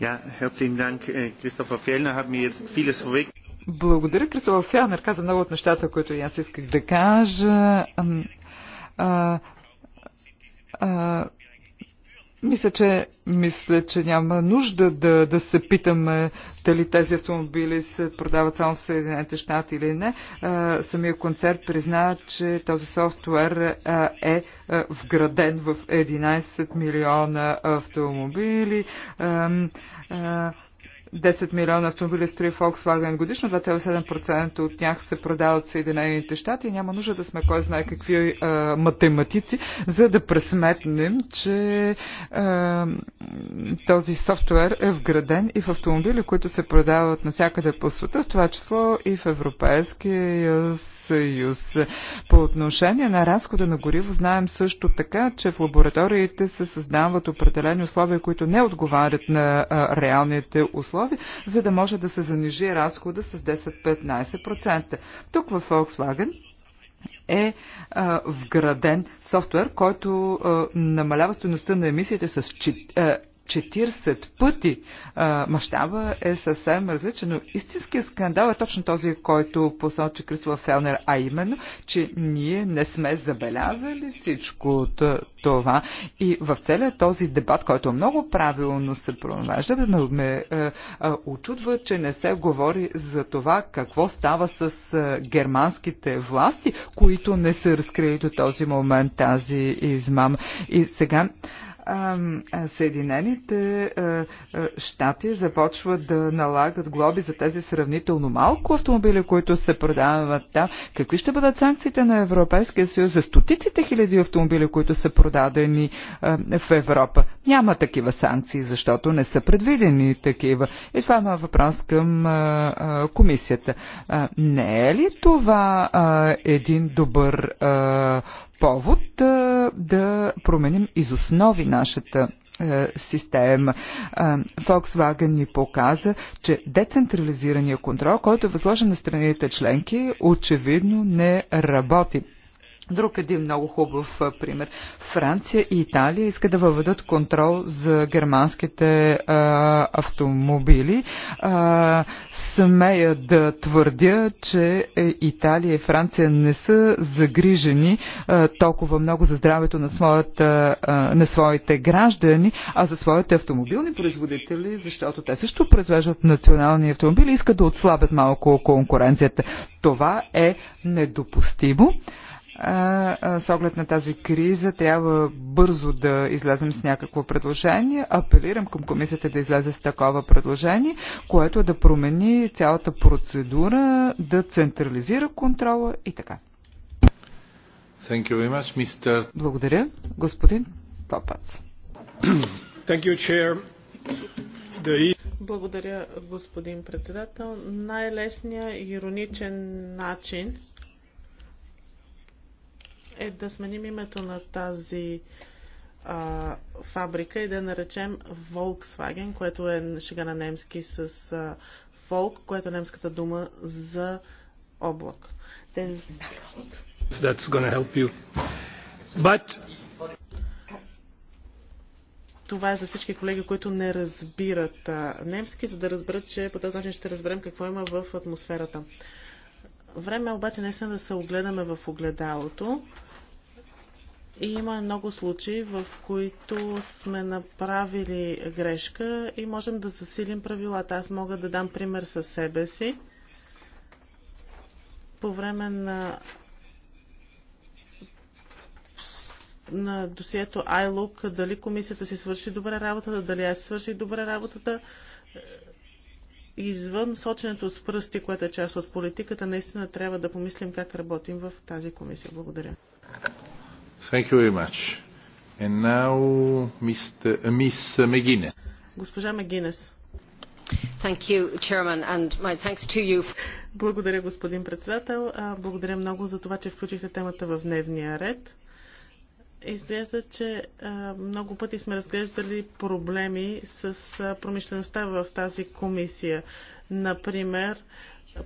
Äh, Благодаря, Кристофа Фянер каза много от нещата, които аз исках да кажа. а, а, мисля, че, мисля, че няма нужда да, да се питаме дали тези автомобили се продават само в Съединените щати или не. А, самия концерт призна, че този софтуер а, е а, вграден в 11 милиона автомобили. А, а, 10 милиона автомобили строи Volkswagen годишно, 2,7% от тях се продават в Съединените щати и няма нужда да сме кой знае какви а, е, математици, за да пресметнем, че а, е, този софтуер е вграден и в автомобили, които се продават навсякъде по света, в това число и в Европейския съюз. По отношение на разхода на гориво знаем също така, че в лабораториите се създават определени условия, които не отговарят на а, е, реалните условия условия, за да може да се занижи разхода с 10-15%. Тук в Volkswagen е а, вграден софтуер, който а, намалява стоеността на емисиите с 40 пъти. Мащаба е съвсем различен, но истинският скандал е точно този, който посочи Кристофа Фелнер, а именно, че ние не сме забелязали всичко това. И в целият този дебат, който много правилно се провежда, ме, ме е, е, очудва, че не се говори за това какво става с е, германските власти, които не са разкрили до този момент тази измама. И сега Съединените щати започват да налагат глоби за тези сравнително малко автомобили, които се продават там. Какви ще бъдат санкциите на Европейския съюз за стотиците хиляди автомобили, които са продадени в Европа? Няма такива санкции, защото не са предвидени такива. И това има е въпрос към комисията. Не е ли това един добър повод да, да променим из основи нашата е, система. Volkswagen ни показа, че децентрализирания контрол, който е възложен на страните членки, очевидно не работи. Друг един много хубав пример. Франция и Италия искат да въведат контрол за германските а, автомобили. А, смея да твърдя, че е, Италия и Франция не са загрижени а, толкова много за здравето на, своята, а, на своите граждани, а за своите автомобилни производители, защото те също произвеждат национални автомобили и искат да отслабят малко конкуренцията. Това е недопустимо а, с оглед на тази криза трябва бързо да излезем с някакво предложение. Апелирам към комисията да излезе с такова предложение, което да промени цялата процедура, да централизира контрола и така. Thank you very much, Mr. Благодаря, господин Топац. Thank you, Chair. The... E- Благодаря, господин председател. Най-лесният ироничен начин е да сменим името на тази а, фабрика и да наречем Volkswagen, което е шега на немски с а, Volk, което е немската дума за облак. Then... That's gonna help you. But... Това е за всички колеги, които не разбират а, немски, за да разберат, че по този начин ще разберем какво има в атмосферата. Време обаче не да се огледаме в огледалото. И има много случаи, в които сме направили грешка и можем да засилим правилата. Аз мога да дам пример със себе си. По време на на досието iLook, дали комисията си свърши добре работата, дали аз свърших добре работата. Извън соченето с пръсти, което е част от политиката, наистина трябва да помислим как работим в тази комисия. Благодаря. Thank you very much. And now, Mr. Uh, McGuinness. Госпожа Магинес. You, chairman, благодаря, господин председател. Благодаря много за това, че включихте темата в дневния ред. Изглежда, че много пъти сме разглеждали проблеми с промишлеността в тази комисия. Например,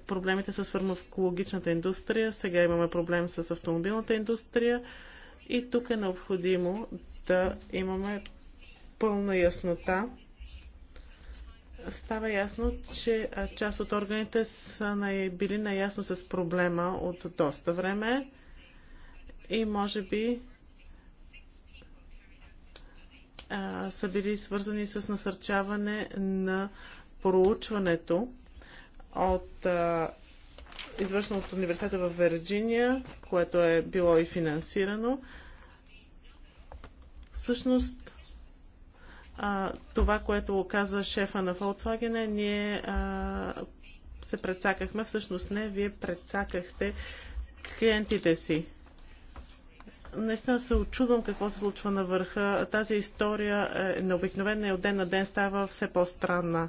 проблемите с фармакологичната индустрия, сега имаме проблем с автомобилната индустрия. И тук е необходимо да имаме пълна яснота. Става ясно, че част от органите са били наясно с проблема от доста време и може би са били свързани с насърчаване на проучването от извършено от университета в Вирджиния, което е било и финансирано. Всъщност, а, това, което каза шефа на Volkswagen, ние а, се предсакахме. Всъщност не, вие предсакахте клиентите си. Наистина се очудвам какво се случва на върха. Тази история е необикновена и от ден на ден става все по-странна.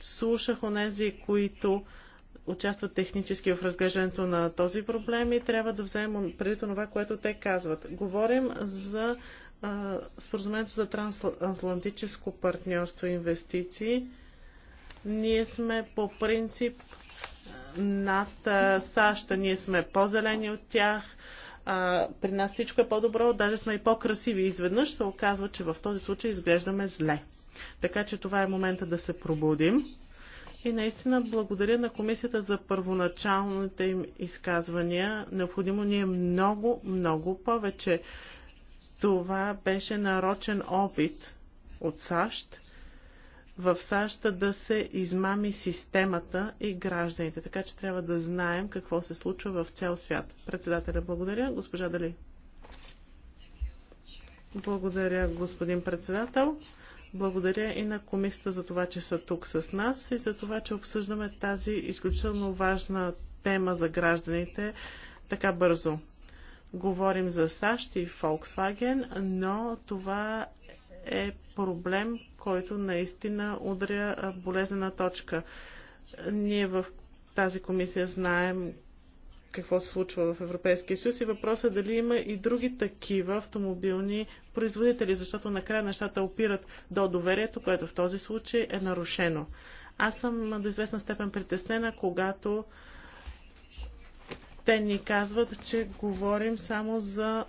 Слушах онези, които участват технически в разглеждането на този проблем и трябва да вземем преди това, което те казват. Говорим за споразумението за трансатлантическо партньорство и инвестиции. Ние сме по принцип над САЩ, ние сме по-зелени от тях, а, при нас всичко е по-добро, даже сме и по-красиви. Изведнъж се оказва, че в този случай изглеждаме зле. Така че това е момента да се пробудим. И наистина благодаря на комисията за първоначалните им изказвания. Необходимо ни е много, много повече. Това беше нарочен опит от САЩ в САЩ да се измами системата и гражданите. Така че трябва да знаем какво се случва в цял свят. Председателя, благодаря. Госпожа Дали. Благодаря, господин председател. Благодаря и на комисията за това, че са тук с нас и за това, че обсъждаме тази изключително важна тема за гражданите така бързо. Говорим за САЩ и Volkswagen, но това е проблем, който наистина удря болезнена точка. Ние в тази комисия знаем какво се случва в Европейския съюз и въпросът е дали има и други такива автомобилни производители, защото накрая нещата опират до доверието, което в този случай е нарушено. Аз съм до известна степен притеснена, когато те ни казват, че говорим само за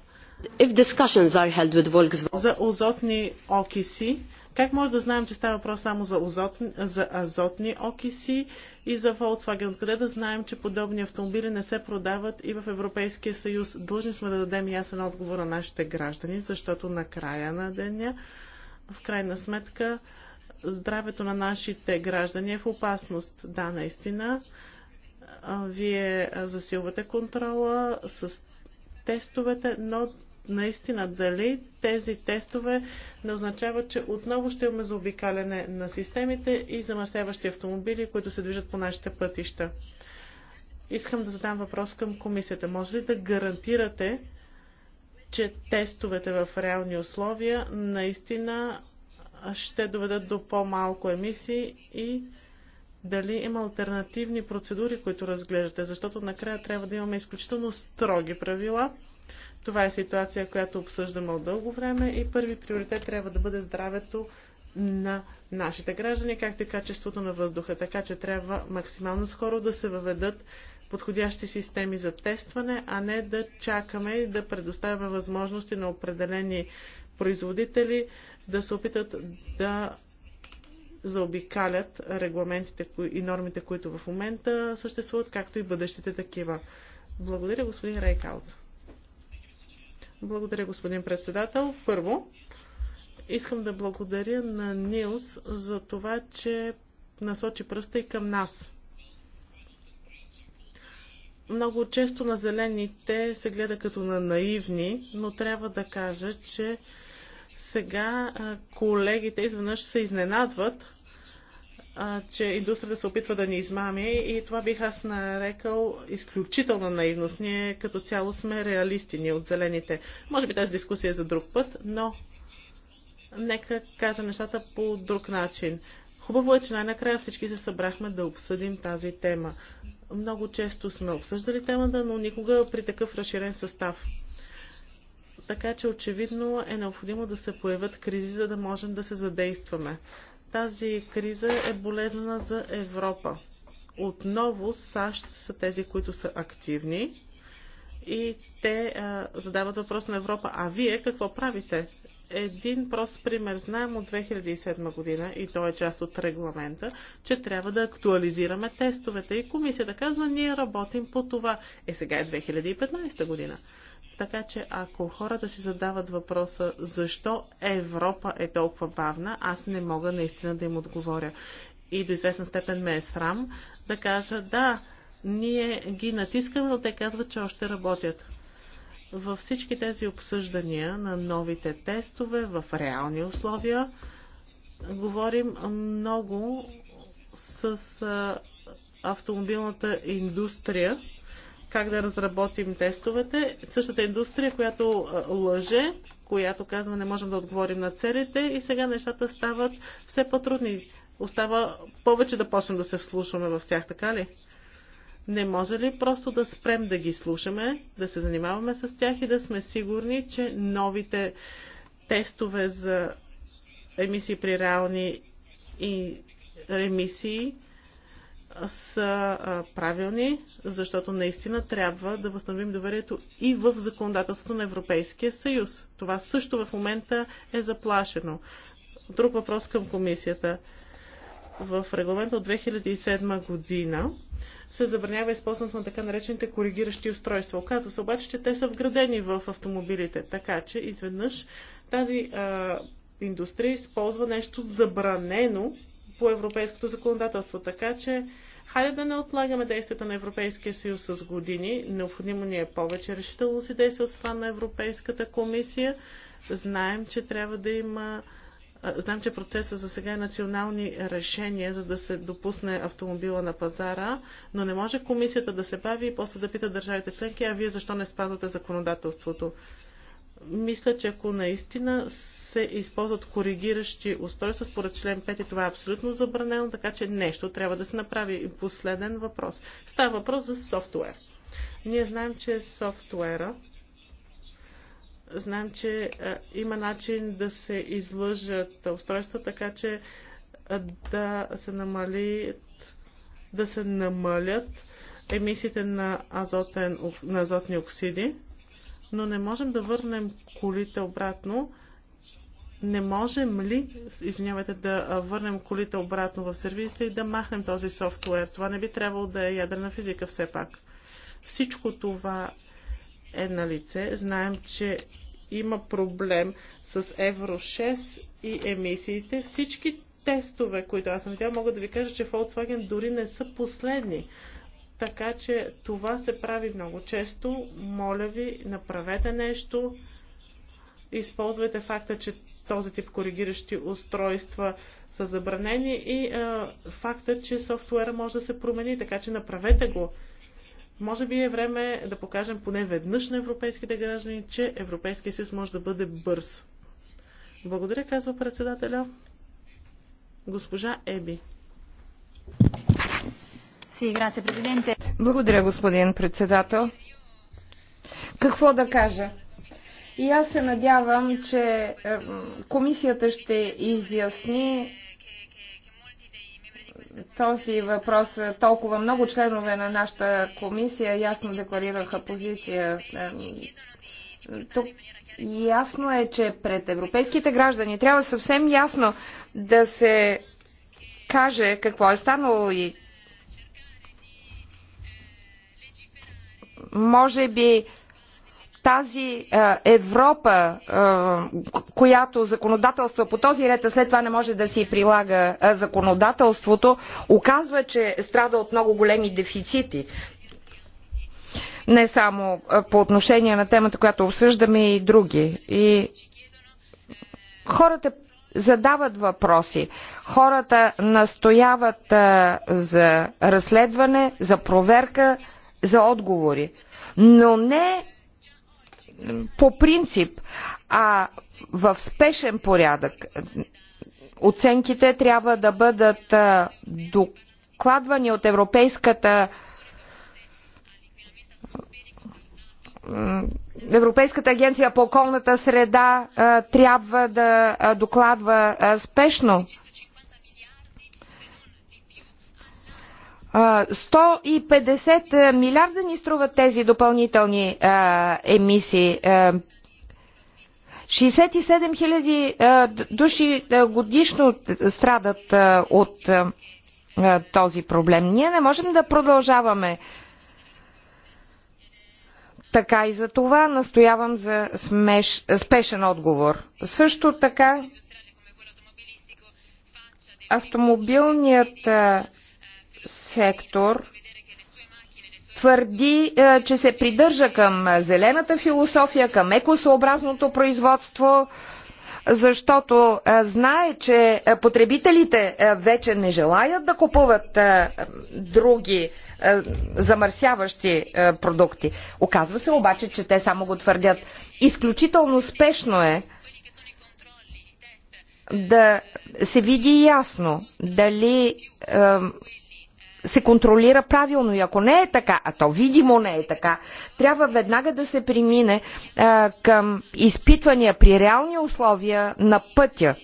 If discussions are held with Volkswagen. за озотни окиси. Как може да знаем, че става въпрос само за, озотни, за азотни окиси и за Volkswagen? Откъде да знаем, че подобни автомобили не се продават и в Европейския съюз? Длъжни сме да дадем ясен отговор на нашите граждани, защото на края на деня, в крайна сметка, здравето на нашите граждани е в опасност. Да, наистина вие засилвате контрола с тестовете, но наистина дали тези тестове не означават, че отново ще имаме заобикаляне на системите и замърсяващи автомобили, които се движат по нашите пътища. Искам да задам въпрос към комисията. Може ли да гарантирате, че тестовете в реални условия наистина ще доведат до по-малко емисии и дали има альтернативни процедури, които разглеждате, защото накрая трябва да имаме изключително строги правила. Това е ситуация, която обсъждаме от дълго време и първи приоритет трябва да бъде здравето на нашите граждани, както и качеството на въздуха. Така че трябва максимално скоро да се въведат подходящи системи за тестване, а не да чакаме и да предоставяме възможности на определени производители да се опитат да заобикалят регламентите и нормите, които в момента съществуват, както и бъдещите такива. Благодаря, господин Рейкалт. Благодаря, господин председател. Първо, искам да благодаря на Нилс за това, че насочи пръста и към нас. Много често на зелените се гледа като на наивни, но трябва да кажа, че сега колегите изведнъж се изненадват че индустрията се опитва да ни измами и това бих аз нарекал изключителна наивност. Ние като цяло сме реалисти, ние от зелените. Може би тази дискусия е за друг път, но нека кажа нещата по друг начин. Хубаво е, че най-накрая всички се събрахме да обсъдим тази тема. Много често сме обсъждали темата, но никога при такъв разширен състав. Така че очевидно е необходимо да се появят кризи, за да можем да се задействаме. Тази криза е болезнена за Европа. Отново САЩ са тези, които са активни и те а, задават въпрос на Европа. А вие какво правите? Един прост пример знаем от 2007 година и то е част от регламента, че трябва да актуализираме тестовете и комисията казва ние работим по това. Е сега е 2015 година. Така че ако хората си задават въпроса защо Европа е толкова бавна, аз не мога наистина да им отговоря. И до известна степен ме е срам да кажа да, ние ги натискаме, но те казват, че още работят. Във всички тези обсъждания на новите тестове в реални условия говорим много с автомобилната индустрия как да разработим тестовете. Същата индустрия, която лъже, която казва не можем да отговорим на целите и сега нещата стават все по-трудни. Остава повече да почнем да се вслушваме в тях, така ли? Не може ли просто да спрем да ги слушаме, да се занимаваме с тях и да сме сигурни, че новите тестове за емисии при реални и емисии са правилни, защото наистина трябва да възстановим доверието и в законодателството на Европейския съюз. Това също в момента е заплашено. Друг въпрос към комисията. В регламента от 2007 година се забранява използването на така наречените коригиращи устройства. Оказва се обаче, че те са вградени в автомобилите, така че изведнъж тази а, индустрия използва нещо забранено по европейското законодателство. Така че Хайде да не отлагаме действията на Европейския съюз с години. Необходимо ни е повече решително си действие от страна на Европейската комисия. Знаем, че трябва да има Знам, че процеса за сега е национални решения, за да се допусне автомобила на пазара, но не може комисията да се бави и после да пита държавите членки, а вие защо не спазвате законодателството? Мисля, че ако наистина се използват коригиращи устройства, според член 5 това е абсолютно забранено, така че нещо трябва да се направи. И последен въпрос. Става въпрос за софтуер. Ние знаем, че софтуера знаем, че а, има начин да се излъжат устройства, така че а, да се намали да се намалят емисиите на, азотен, на азотни оксиди но не можем да върнем колите обратно. Не можем ли, извинявайте, да върнем колите обратно в сервизите и да махнем този софтуер? Това не би трябвало да е ядрена физика все пак. Всичко това е на лице. Знаем, че има проблем с Евро 6 и емисиите. Всички тестове, които аз съм видял, мога да ви кажа, че Volkswagen дори не са последни. Така че това се прави много често. Моля ви, направете нещо. Използвайте факта, че този тип коригиращи устройства са забранени и а, факта, че софтуера може да се промени, така че направете го. Може би е време да покажем поне веднъж на европейските граждани, че Европейския съюз може да бъде бърз. Благодаря, казва председателя. Госпожа Еби. Благодаря, господин председател. Какво да кажа? И аз се надявам, че комисията ще изясни този въпрос. Толкова много членове на нашата комисия ясно декларираха позиция. Тук ясно е, че пред европейските граждани трябва съвсем ясно да се каже какво е станало и може би тази е, Европа, е, която законодателства по този ред, а след това не може да си прилага е, законодателството, оказва, че страда от много големи дефицити. Не само по отношение на темата, която обсъждаме и други. И хората задават въпроси. Хората настояват за разследване, за проверка, за отговори, но не по принцип, а в спешен порядък. Оценките трябва да бъдат докладвани от Европейската Европейската агенция по околната среда трябва да докладва спешно 150 милиарда ни струват тези допълнителни емисии. 67 хиляди души годишно страдат от този проблем. Ние не можем да продължаваме така и за това настоявам за смеш... спешен отговор. Също така автомобилният а, сектор твърди, е, че се придържа към зелената философия, към екосъобразното производство, защото е, знае, че е, потребителите вече не желаят да купуват други замърсяващи продукти. Оказва се обаче, че те само го твърдят. Изключително спешно е да се види ясно дали се контролира правилно. И ако не е така, а то видимо не е така, трябва веднага да се премине а, към изпитвания при реални условия на пътя.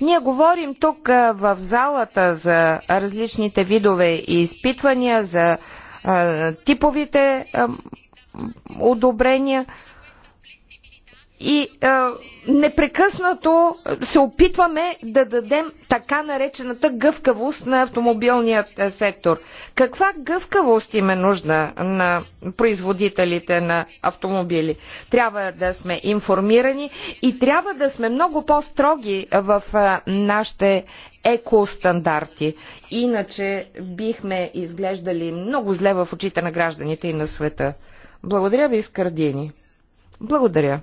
Ние говорим тук а, в залата за различните видове и изпитвания, за а, типовите а, одобрения. И е, непрекъснато се опитваме да дадем така наречената гъвкавост на автомобилния сектор. Каква гъвкавост им е нужна на производителите на автомобили? Трябва да сме информирани и трябва да сме много по-строги в е, нашите екостандарти. Иначе бихме изглеждали много зле в очите на гражданите и на света. Благодаря ви, Скардини. Благодаря.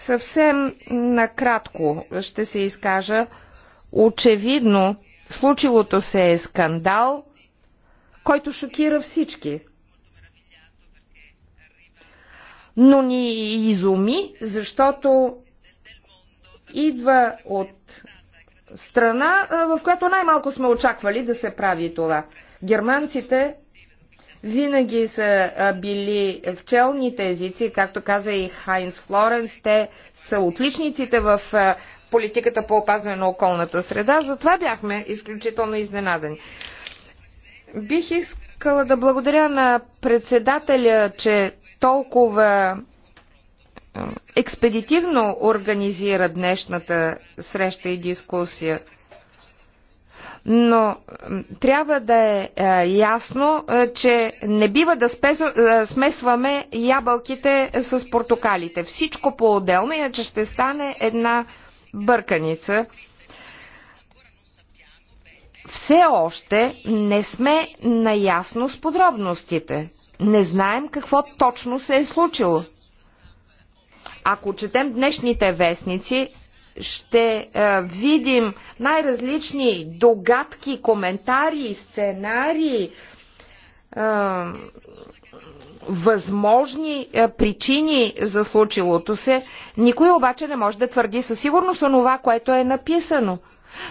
Съвсем накратко ще се изкажа. Очевидно, случилото се е скандал, който шокира всички. Но ни изуми, защото идва от страна, в която най-малко сме очаквали да се прави това. Германците винаги са били челните езици, както каза и Хайнс Флоренс, те са отличниците в политиката по опазване на околната среда, затова бяхме изключително изненадани. Бих искала да благодаря на председателя, че толкова експедитивно организира днешната среща и дискусия но трябва да е, е ясно, е, че не бива да е, смесваме ябълките с портокалите. Всичко по-отделно, иначе ще стане една бърканица. Все още не сме наясно с подробностите. Не знаем какво точно се е случило. Ако четем днешните вестници, ще е, видим най-различни догадки, коментари, сценарии, е, възможни е, причини за случилото се. Никой обаче не може да твърди със сигурност онова, което е написано.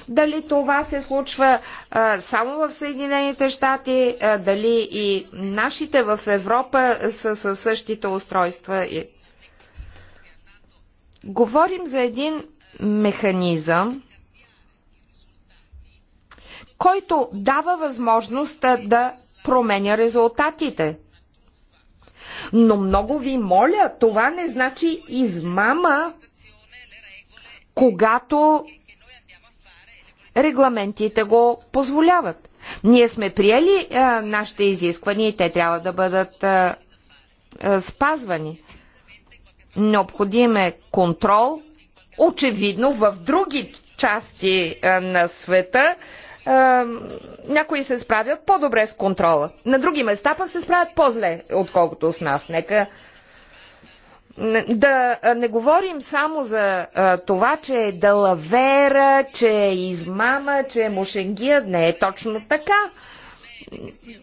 Дали това се случва а, само в Съединените щати, а, дали и нашите в Европа са със същите устройства. Говорим за един механизъм, който дава възможност да променя резултатите. Но много ви моля, това не значи измама, когато регламентите го позволяват. Ние сме приели а, нашите изисквания и те трябва да бъдат а, а, спазвани. Необходим е контрол, Очевидно в други части на света някои се справят по-добре с контрола. На други места пък се справят по-зле, отколкото с нас. Нека да не говорим само за това, че е далавера, че е измама, че е мушенгия. Не е точно така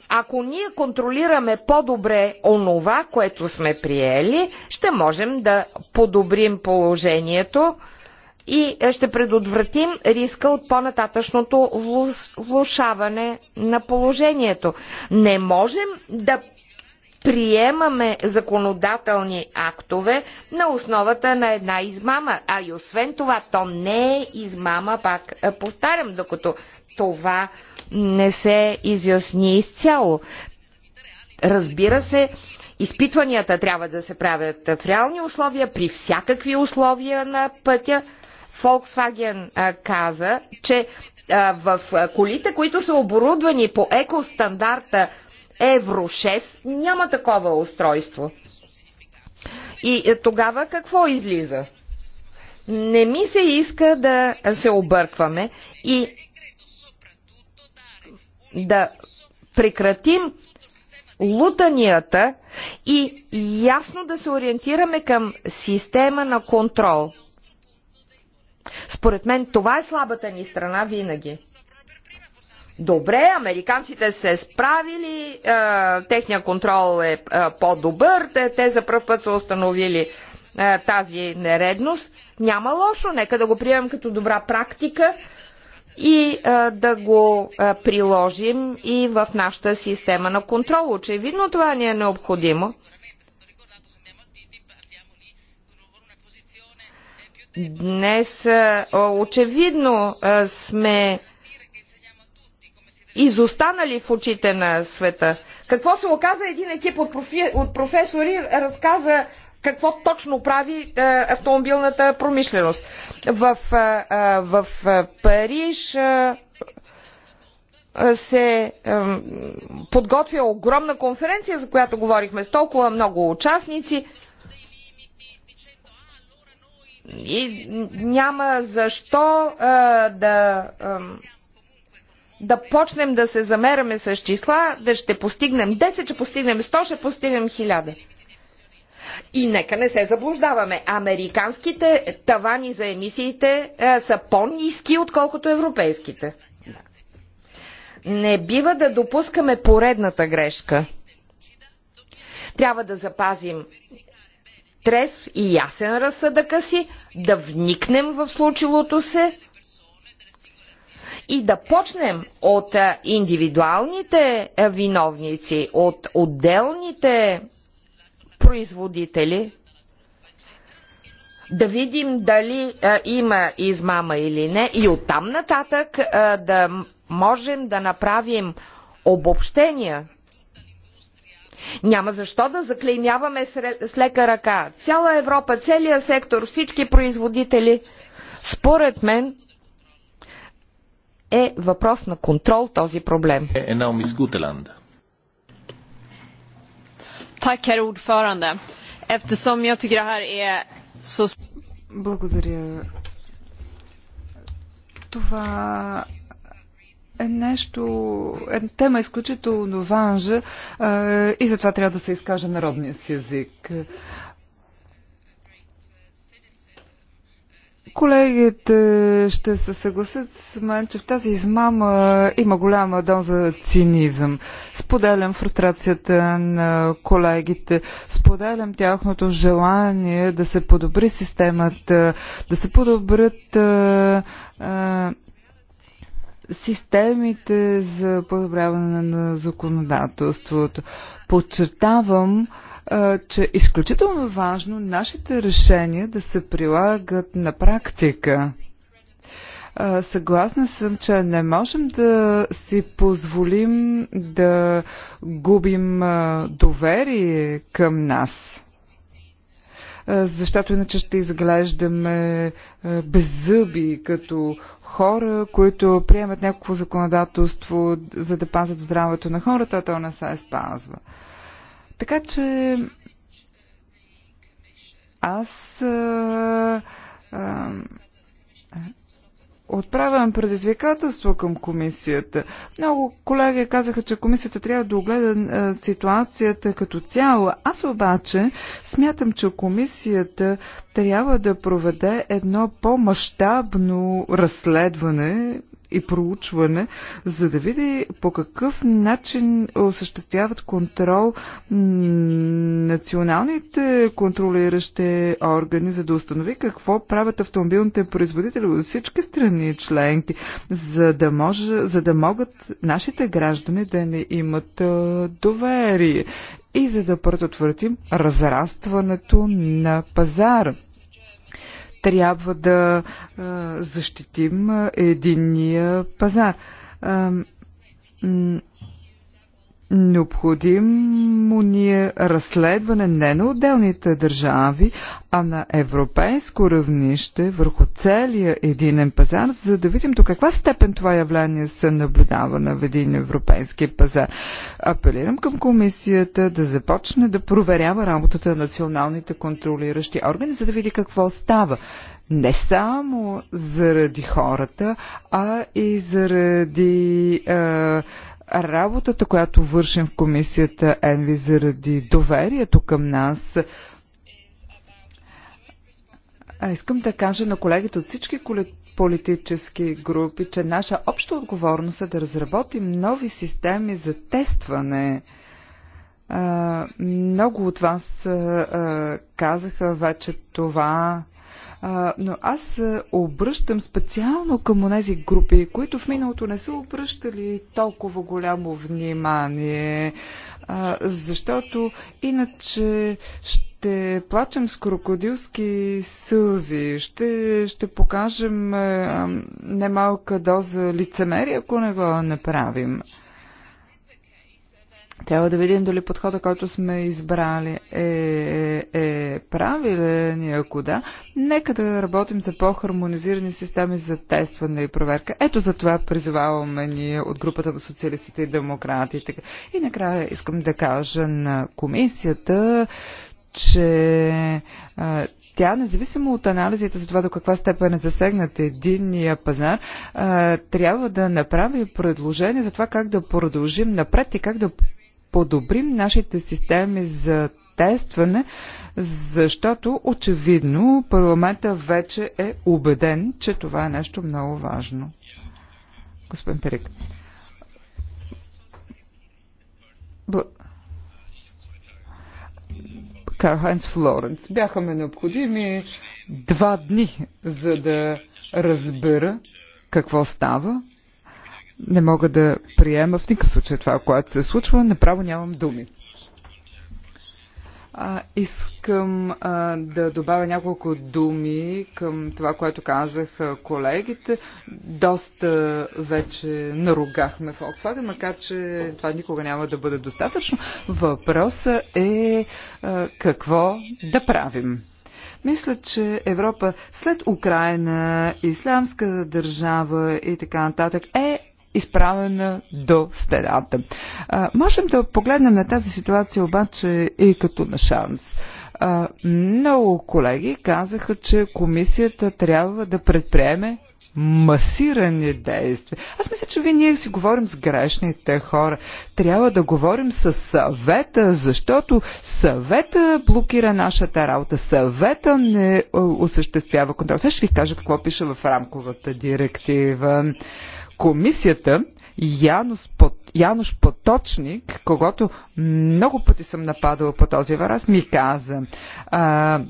ако ние контролираме по-добре онова, което сме приели, ще можем да подобрим положението и е, ще предотвратим риска от по-нататъчното влушаване на положението. Не можем да приемаме законодателни актове на основата на една измама. А и освен това, то не е измама, пак е, повтарям, докато това не се изясни изцяло. Разбира се, изпитванията трябва да се правят в реални условия, при всякакви условия на пътя. Volkswagen каза, че в колите, които са оборудвани по екостандарта Евро 6, няма такова устройство. И е, тогава какво излиза? Не ми се иска да се объркваме и да прекратим лутанията и ясно да се ориентираме към система на контрол. Според мен това е слабата ни страна винаги. Добре, американците се справили, е, техния контрол е, е по-добър, те, те за първ път са установили е, тази нередност. Няма лошо, нека да го приемем като добра практика и а, да го а, приложим и в нашата система на контрол. Очевидно това ни е необходимо. Днес а, очевидно а, сме изостанали в очите на света. Какво се оказа един екип от, профи, от професори разказа какво точно прави е, автомобилната промишленост. В, е, е, в Париж се подготвя огромна конференция, за която говорихме с толкова много участници. И няма защо да да почнем да се замеряме с числа, да ще постигнем 10, ще постигнем 100, ще постигнем 1000. И нека не се заблуждаваме. Американските тавани за емисиите а, е, са по-низки, отколкото европейските. Не бива да допускаме поредната грешка. Трябва да запазим трезв и ясен разсъдъка си, да вникнем в случилото се и да почнем от е, индивидуалните е, виновници, от отделните производители, да видим дали а, има измама или не и оттам нататък а, да можем да направим обобщения. Няма защо да заклеймяваме с лека ръка цяла Европа, целият сектор, всички производители. Според мен е въпрос на контрол този проблем. Е, една herr Eftersom jag tycker det här är så... Благодаря. Това е нещо, е тема изключително важна и затова трябва да се изкаже народния си език. Колегите ще се съгласят с мен, че в тази измама има голяма доза цинизъм. Споделям фрустрацията на колегите, споделям тяхното желание да се подобри системата, да се подобрят а, а, системите за подобряване на законодателството. Подчертавам, а, че е изключително важно нашите решения да се прилагат на практика. Съгласна съм, че не можем да си позволим да губим доверие към нас, защото иначе ще изглеждаме беззъби, като хора, които приемат някакво законодателство, за да пазят здравето на хората, а то не се спазва. Е така че аз а, а, отправям предизвикателство към комисията. Много колеги казаха, че комисията трябва да огледа ситуацията като цяло. Аз обаче смятам, че комисията трябва да проведе едно по-масштабно разследване и проучване, за да види по какъв начин осъществяват контрол националните контролиращи органи, за да установи какво правят автомобилните производители от всички страни членки, за да, може, за да могат нашите граждани да не имат доверие и за да предотвратим разрастването на пазара трябва да защитим единния пазар. Необходимо ни е разследване не на отделните държави, а на европейско равнище върху целия единен пазар, за да видим до каква степен това явление се наблюдава на един европейски пазар. Апелирам към комисията да започне да проверява работата на националните контролиращи органи, за да види какво става не само заради хората, а и заради е, работата, която вършим в комисията Енви заради доверието към нас, а искам да кажа на колегите от всички политически групи, че наша обща отговорност е да разработим нови системи за тестване. А, много от вас а, казаха вече това. А, но аз е, обръщам специално към тези групи, които в миналото не са обръщали толкова голямо внимание, а, защото иначе ще плачем с крокодилски сълзи, ще, ще покажем е, а, немалка доза лицемерие, ако не го направим. Трябва да видим дали подхода, който сме избрали е, е, е правилен и ако да, нека да работим за по-хармонизирани системи за тестване и проверка. Ето за това призоваваме ние от групата на социалистите и демократите. И накрая искам да кажа на комисията, че а, тя, независимо от анализите за това до каква степен е засегнат единния пазар, а, трябва да направи предложение за това как да продължим напред и как да подобрим нашите системи за тестване, защото очевидно парламента вече е убеден, че това е нещо много важно. Господин Перик. Бл... Флоренц. Бяха ми необходими два дни, за да разбера какво става. Не мога да приема в никакъв случай това, което се случва. Направо нямам думи. А, искам а, да добавя няколко думи към това, което казах колегите. Доста вече наругахме Volkswagen, макар че това никога няма да бъде достатъчно. Въпросът е а, какво да правим. Мисля, че Европа след Украина, ислямска държава и така нататък е изправена до стената. Можем да погледнем на тази ситуация обаче и като на шанс. Много колеги казаха, че комисията трябва да предприеме масирани действия. Аз мисля, че вие ние си говорим с грешните хора. Трябва да говорим с съвета, защото съвета блокира нашата работа. Съвета не осъществява контрол. Сега ще ви кажа какво пише в рамковата директива. Комисията Янус Пот, Януш Поточник, когато много пъти съм нападала по този въраз, ми каза а,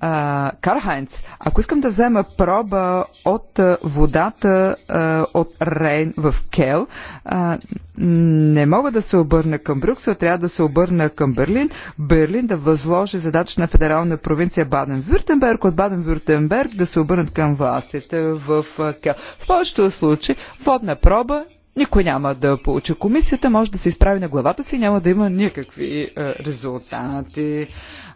а, Кархайнц, ако искам да взема проба от водата от Рейн в Кел, не мога да се обърна към Брюксел, трябва да се обърна към Берлин. Берлин да възложи задача на федерална провинция Баден-Вюртенберг, от Баден-Вюртенберг да се обърнат към властите в Кел. В повечето случаи водна проба никой няма да получи. Комисията може да се изправи на главата си, няма да има никакви резултати.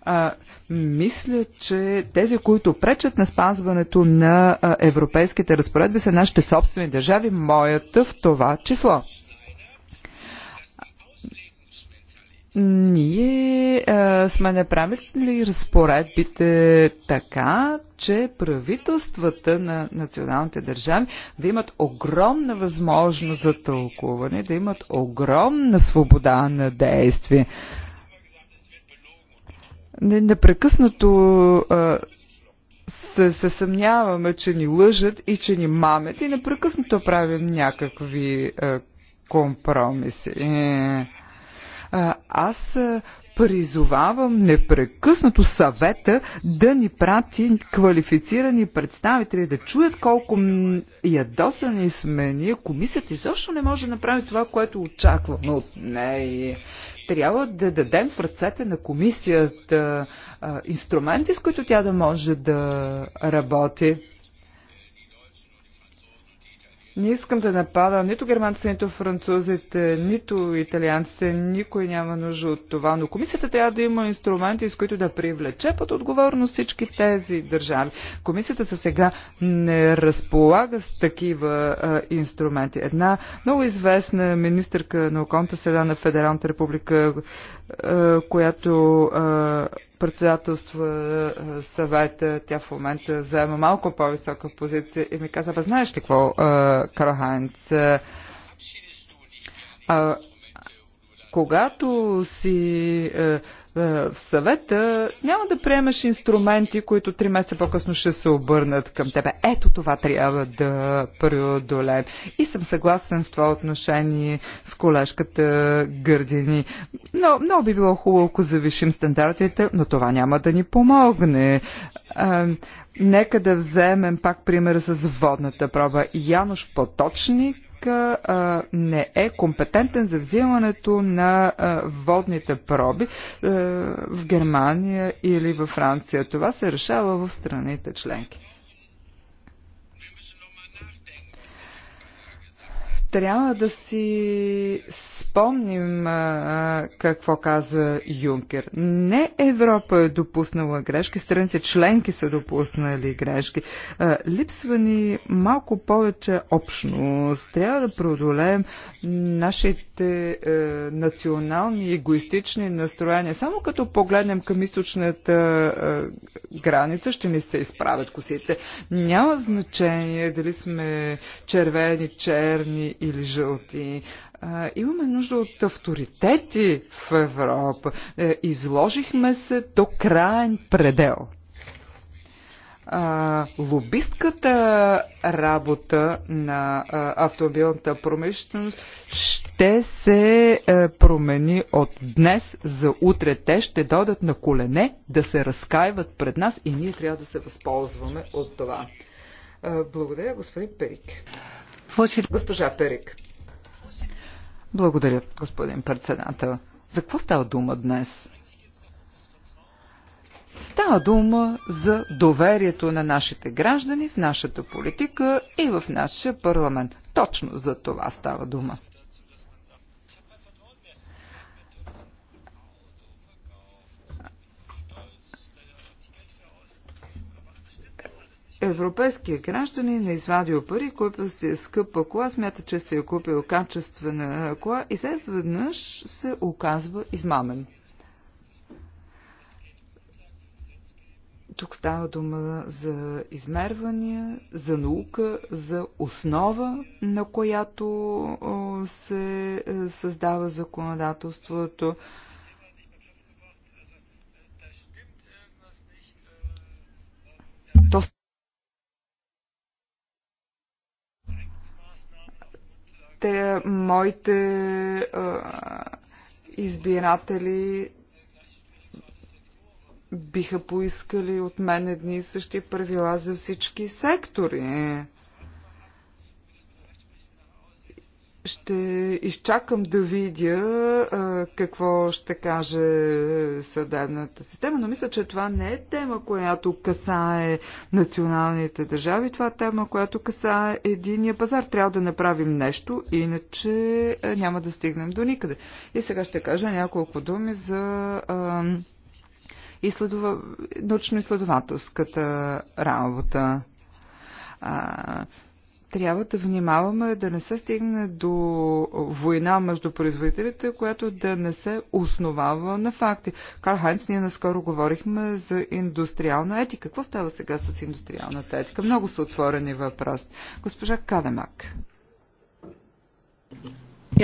А, мисля, че тези, които пречат на спазването на европейските разпоредби, са нашите собствени държави, моята в това число. Ние а, сме направили разпоредбите така, че правителствата на националните държави да имат огромна възможност за тълкуване, да имат огромна свобода на действие непрекъснато се, се съмняваме, че ни лъжат и че ни мамят и непрекъснато правим някакви а, компромиси. Е, а, аз призовавам непрекъснато съвета да ни прати квалифицирани представители, да чуят колко ядосани сме ние. Комисията изобщо не може да направи това, което очакваме от нея трябва да дадем в ръцете на комисията инструменти, с които тя да може да работи. Не искам да напада нито германците, нито французите, нито италианците. Никой няма нужда от това. Но комисията трябва да има инструменти, с които да привлече под отговорност всички тези държави. Комисията за сега не разполага с такива а, инструменти. Една много известна министърка на околната среда на Федералната република е, която е, председателства е, съвета, тя в момента заема малко по-висока позиция и ми каза, знаеш ли какво, Карл Хайнц, когато си е, е, в съвета, няма да приемеш инструменти, които три месеца по-късно ще се обърнат към тебе. Ето това трябва да преодолеем. И съм съгласен с това отношение с колежката Гърдини. Но много би било хубаво, ако завишим стандартите, но това няма да ни помогне. Е, нека да вземем пак пример с водната проба. Януш Поточник сметка а, не е компетентен за взимането на а, водните проби а, в Германия или във Франция. Това се решава в страните членки. трябва да си спомним а, какво каза Юнкер. Не Европа е допуснала грешки, страните членки са допуснали грешки. А, липсва ни малко повече общност. Трябва да преодолеем нашите а, национални егоистични настроения. Само като погледнем към източната а, граница, ще ни се изправят косите. Няма значение дали сме червени, черни или жълти. Имаме нужда от авторитети в Европа. Е, изложихме се до краен предел. А, лобистката работа на а, автомобилната промишленост ще се а, е, промени от днес за утре. Те ще дойдат на колене да се разкаиват пред нас и ние трябва да се възползваме от това. А, благодаря, господин Перик. Госпожа Перик. Благодаря, господин председател. За какво става дума днес? Става дума за доверието на нашите граждани в нашата политика и в нашия парламент. Точно за това става дума. Европейският гражданин е извадил пари, купил си е скъпа кола, смята, че си е купил качествена кола и след веднъж се оказва измамен. Тук става дума за измервания, за наука, за основа, на която се създава законодателството. те, моите а, избиратели биха поискали от мен едни и същи правила за всички сектори. Ще изчакам да видя а, какво ще каже съдебната система, но мисля, че това не е тема, която касае националните държави, това е тема, която касае единия пазар. Трябва да направим нещо, иначе няма да стигнем до никъде. И сега ще кажа няколко думи за. А, изследова... научно-изследователската работа. А, трябва да внимаваме да не се стигне до война между производителите, която да не се основава на факти. Карл Хайнц, ние наскоро говорихме за индустриална етика. Какво става сега с индустриалната етика? Много са отворени въпроси. Госпожа Кадемак.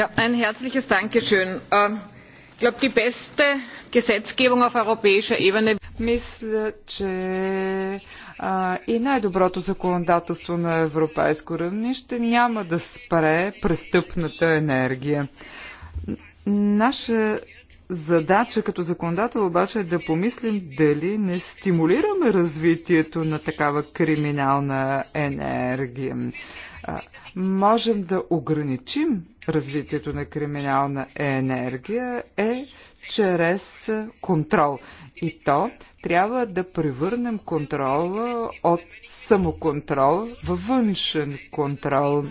Ja, ein herzliches Dankeschön. Uh glaube, die beste мисля, че а, и най-доброто законодателство на европейско равнище няма да спре престъпната енергия. Наша задача като законодател обаче е да помислим дали не стимулираме развитието на такава криминална енергия. Можем да ограничим развитието на криминална енергия е чрез контрол. И то трябва да превърнем контрола от самоконтрол във външен контрол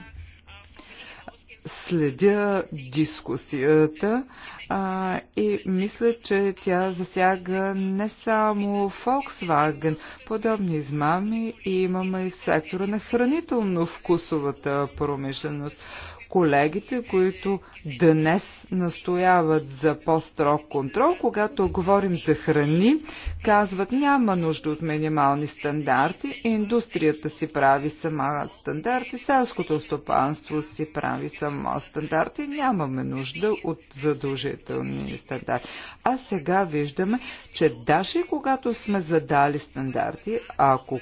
следя дискусията а, и мисля, че тя засяга не само Volkswagen. Подобни измами имаме и в сектора на хранително-вкусовата промишленост колегите, които днес настояват за по-строг контрол. Когато говорим за храни, казват няма нужда от минимални стандарти, индустрията си прави сама стандарти, селското стопанство си прави само стандарти, нямаме нужда от задължителни стандарти. А сега виждаме, че даже когато сме задали стандарти, ако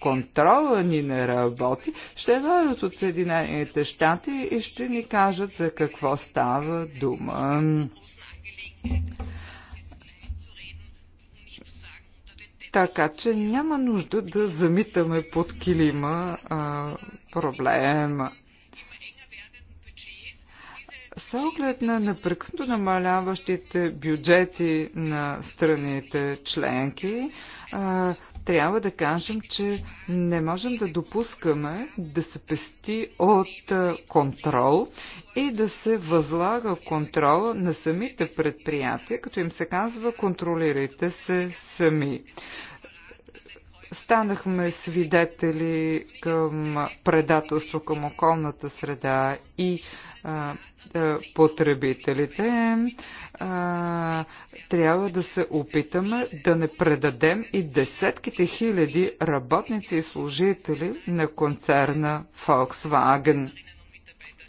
контрола ни не работи, ще дойдат от Съединените щати и ще ни кажат за какво става дума. Така че няма нужда да замитаме под килима а, проблема. С оглед на непрекъснато намаляващите бюджети на страните членки, а, трябва да кажем, че не можем да допускаме да се пести от контрол и да се възлага контрол на самите предприятия, като им се казва контролирайте се сами. Станахме свидетели към предателство към околната среда и а, а, потребителите. А, трябва да се опитаме да не предадем и десетките хиляди работници и служители на концерна Volkswagen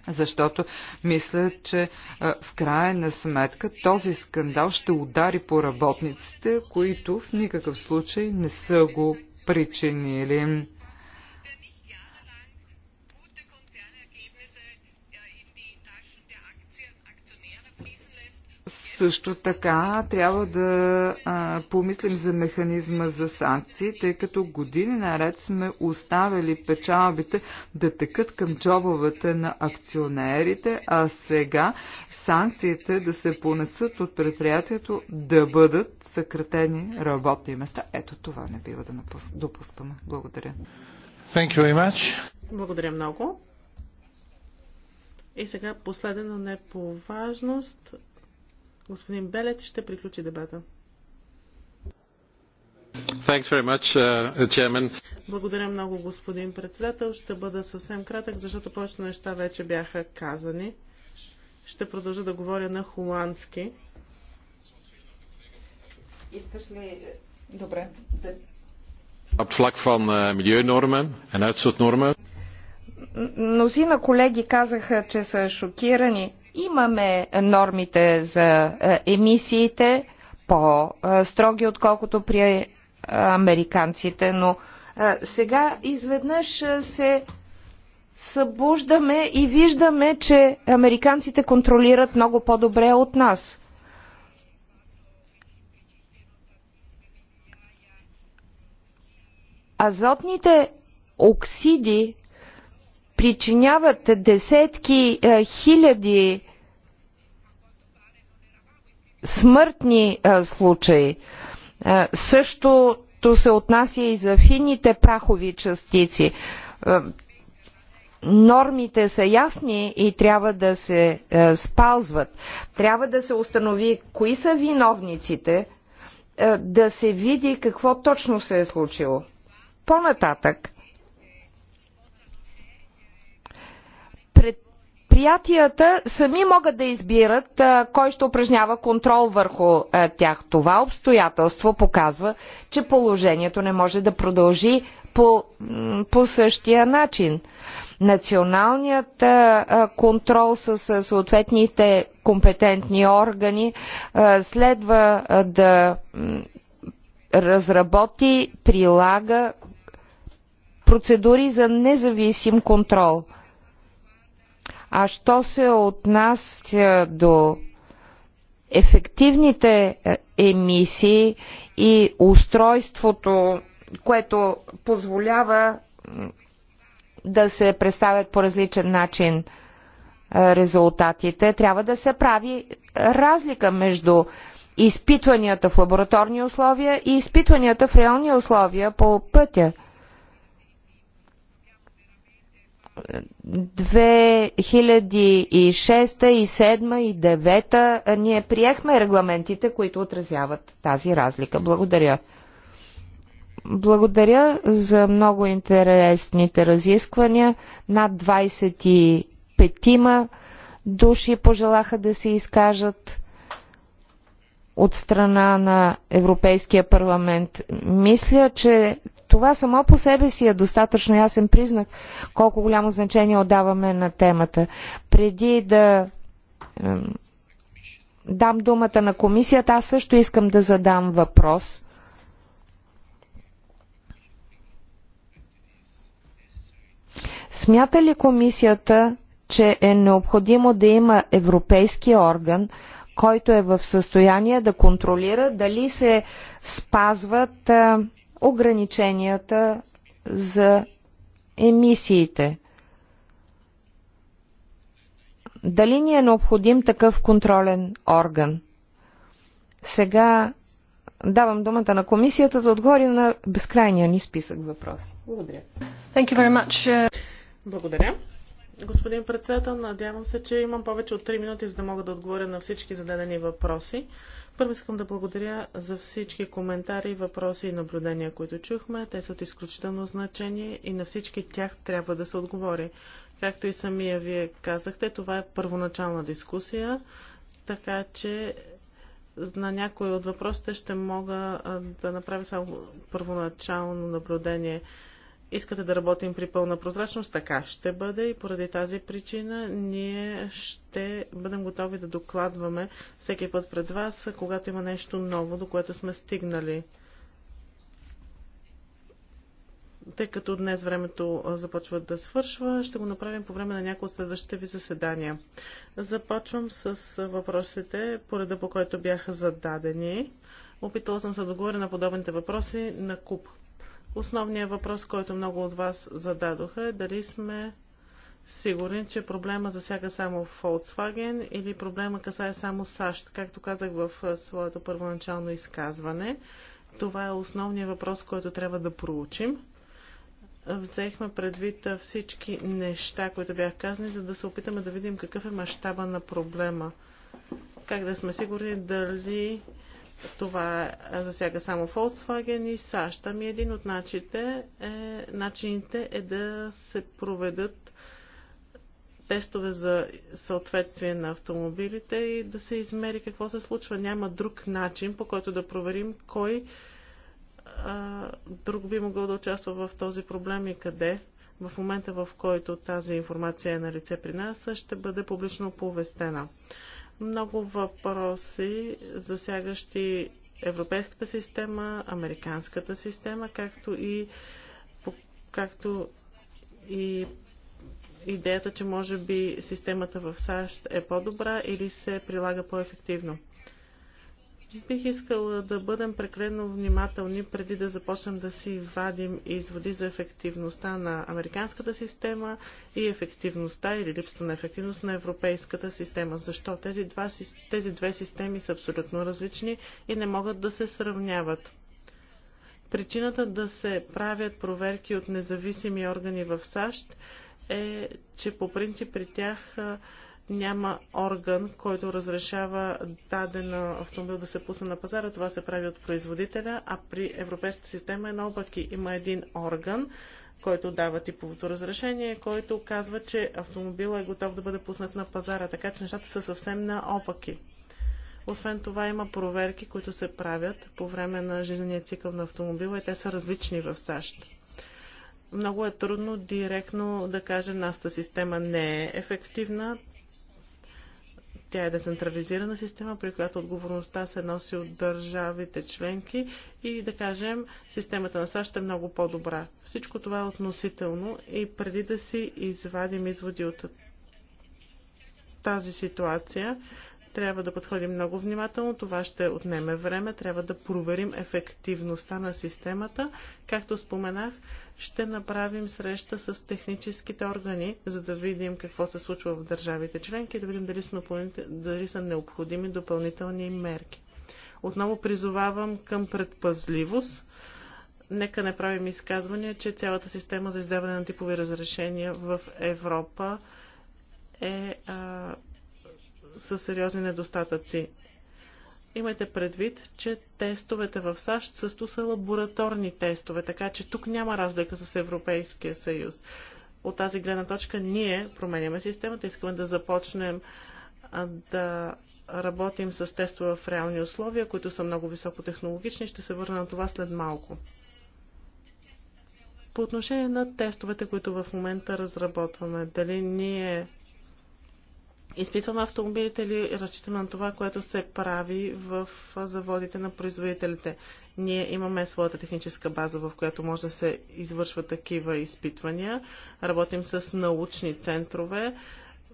защото мисля, че в крайна сметка този скандал ще удари по работниците, които в никакъв случай не са го причинили. Също така трябва да а, помислим за механизма за санкции, тъй като години наред сме оставили печалбите да текат към джобовете на акционерите, а сега санкциите да се понесат от предприятието да бъдат съкратени работни места. Ето това не бива да допускаме. Благодаря. Thank you very much. Благодаря много. И сега последено не по важност. Господин Белет ще приключи дебата. Much, uh, Благодаря много, господин председател. Ще бъда съвсем кратък, защото повечето неща вече бяха казани. Ще продължа да говоря на холандски. Искаш ли... Е, добре. Op vlak van eh, milieunormen en uitstootnormen. Мнозина колеги казаха, че са шокирани. Имаме нормите за е, емисиите, по-строги, отколкото при е, американците, но сега изведнъж се събуждаме и виждаме, че американците контролират много по-добре от нас. Азотните оксиди причиняват десетки е, хиляди смъртни е, случаи. Е, същото се отнася и за фините прахови частици е, нормите са ясни и трябва да се е, спазват. Трябва да се установи кои са виновниците, е, да се види какво точно се е случило. По-нататък, предприятията сами могат да избират е, кой ще упражнява контрол върху е, тях. Това обстоятелство показва, че положението не може да продължи по, по същия начин националният контрол с съответните компетентни органи следва да разработи, прилага процедури за независим контрол. А що се отнася до ефективните емисии и устройството, което позволява да се представят по различен начин е, резултатите. Трябва да се прави разлика между изпитванията в лабораторни условия и изпитванията в реални условия по пътя. 2006 и 2007 и 2009 ние приехме регламентите, които отразяват тази разлика. Благодаря. Благодаря за много интересните разисквания. Над 25 души пожелаха да се изкажат от страна на Европейския парламент. Мисля, че това само по себе си е достатъчно ясен признак колко голямо значение отдаваме на темата. Преди да дам думата на комисията, аз също искам да задам въпрос – Смята ли комисията, че е необходимо да има европейски орган, който е в състояние да контролира дали се спазват ограниченията за емисиите? Дали ни е необходим такъв контролен орган? Сега давам думата на комисията да отговори на безкрайния ни списък въпроси. Благодаря. Thank you very much. Uh, благодаря. Господин председател, надявам се, че имам повече от 3 минути, за да мога да отговоря на всички зададени въпроси. Първо искам да благодаря за всички коментари, въпроси и наблюдения, които чухме. Те са от изключително значение и на всички тях трябва да се отговори. Както и самия вие казахте, това е първоначална дискусия, така че на някои от въпросите ще мога да направя само първоначално наблюдение искате да работим при пълна прозрачност, така ще бъде и поради тази причина ние ще бъдем готови да докладваме всеки път пред вас, когато има нещо ново, до което сме стигнали. Тъй като днес времето започва да свършва, ще го направим по време на някои от следващите ви заседания. Започвам с въпросите по реда, по който бяха зададени. Опитала съм се да отговоря на подобните въпроси на куп. Основният въпрос, който много от вас зададоха е дали сме сигурни, че проблема засяга само Volkswagen или проблема касае само САЩ. Както казах в своето първоначално изказване, това е основният въпрос, който трябва да проучим. Взехме предвид всички неща, които бях казани, за да се опитаме да видим какъв е мащаба на проблема. Как да сме сигурни дали това засяга само Volkswagen и САЩ. Ами един от начините е, начините е да се проведат тестове за съответствие на автомобилите и да се измери какво се случва. Няма друг начин, по който да проверим кой а, друг би могъл да участва в този проблем и къде. В момента, в който тази информация е на лице при нас, ще бъде публично повестена много въпроси, засягащи европейската система, американската система, както и, както и идеята, че може би системата в САЩ е по-добра или се прилага по-ефективно. Бих искала да бъдем прекалено внимателни преди да започнем да си вадим изводи за ефективността на американската система и ефективността или липсата на ефективност на европейската система. Защо? Тези, два, тези две системи са абсолютно различни и не могат да се сравняват. Причината да се правят проверки от независими органи в САЩ е, че по принцип при тях няма орган, който разрешава даден автомобил да се пусне на пазара. Това се прави от производителя, а при европейската система е наопаки. Има един орган, който дава типовото разрешение, който казва, че автомобилът е готов да бъде пуснат на пазара. Така че нещата са съвсем наопаки. Освен това има проверки, които се правят по време на жизнения цикъл на автомобила и те са различни в САЩ. Много е трудно директно да кажем, нашата система не е ефективна. Тя е децентрализирана система, при която отговорността се носи от държавите членки и, да кажем, системата на САЩ е много по-добра. Всичко това е относително и преди да си извадим изводи от тази ситуация, трябва да подходим много внимателно, това ще отнеме време, трябва да проверим ефективността на системата. Както споменах, ще направим среща с техническите органи, за да видим какво се случва в държавите членки и да видим дали са, дали са необходими допълнителни мерки. Отново призовавам към предпазливост нека не правим изказвания, че цялата система за издаване на типови разрешения в Европа е а, са сериозни недостатъци. Имайте предвид, че тестовете в САЩ също са лабораторни тестове, така че тук няма разлика с Европейския съюз. От тази гледна точка ние променяме системата, искаме да започнем да работим с тестове в реални условия, които са много високотехнологични. Ще се върна на това след малко. По отношение на тестовете, които в момента разработваме, дали ние изпитваме автомобилите ли разчитаме на това, което се прави в заводите на производителите. Ние имаме своята техническа база, в която може да се извършват такива изпитвания. Работим с научни центрове.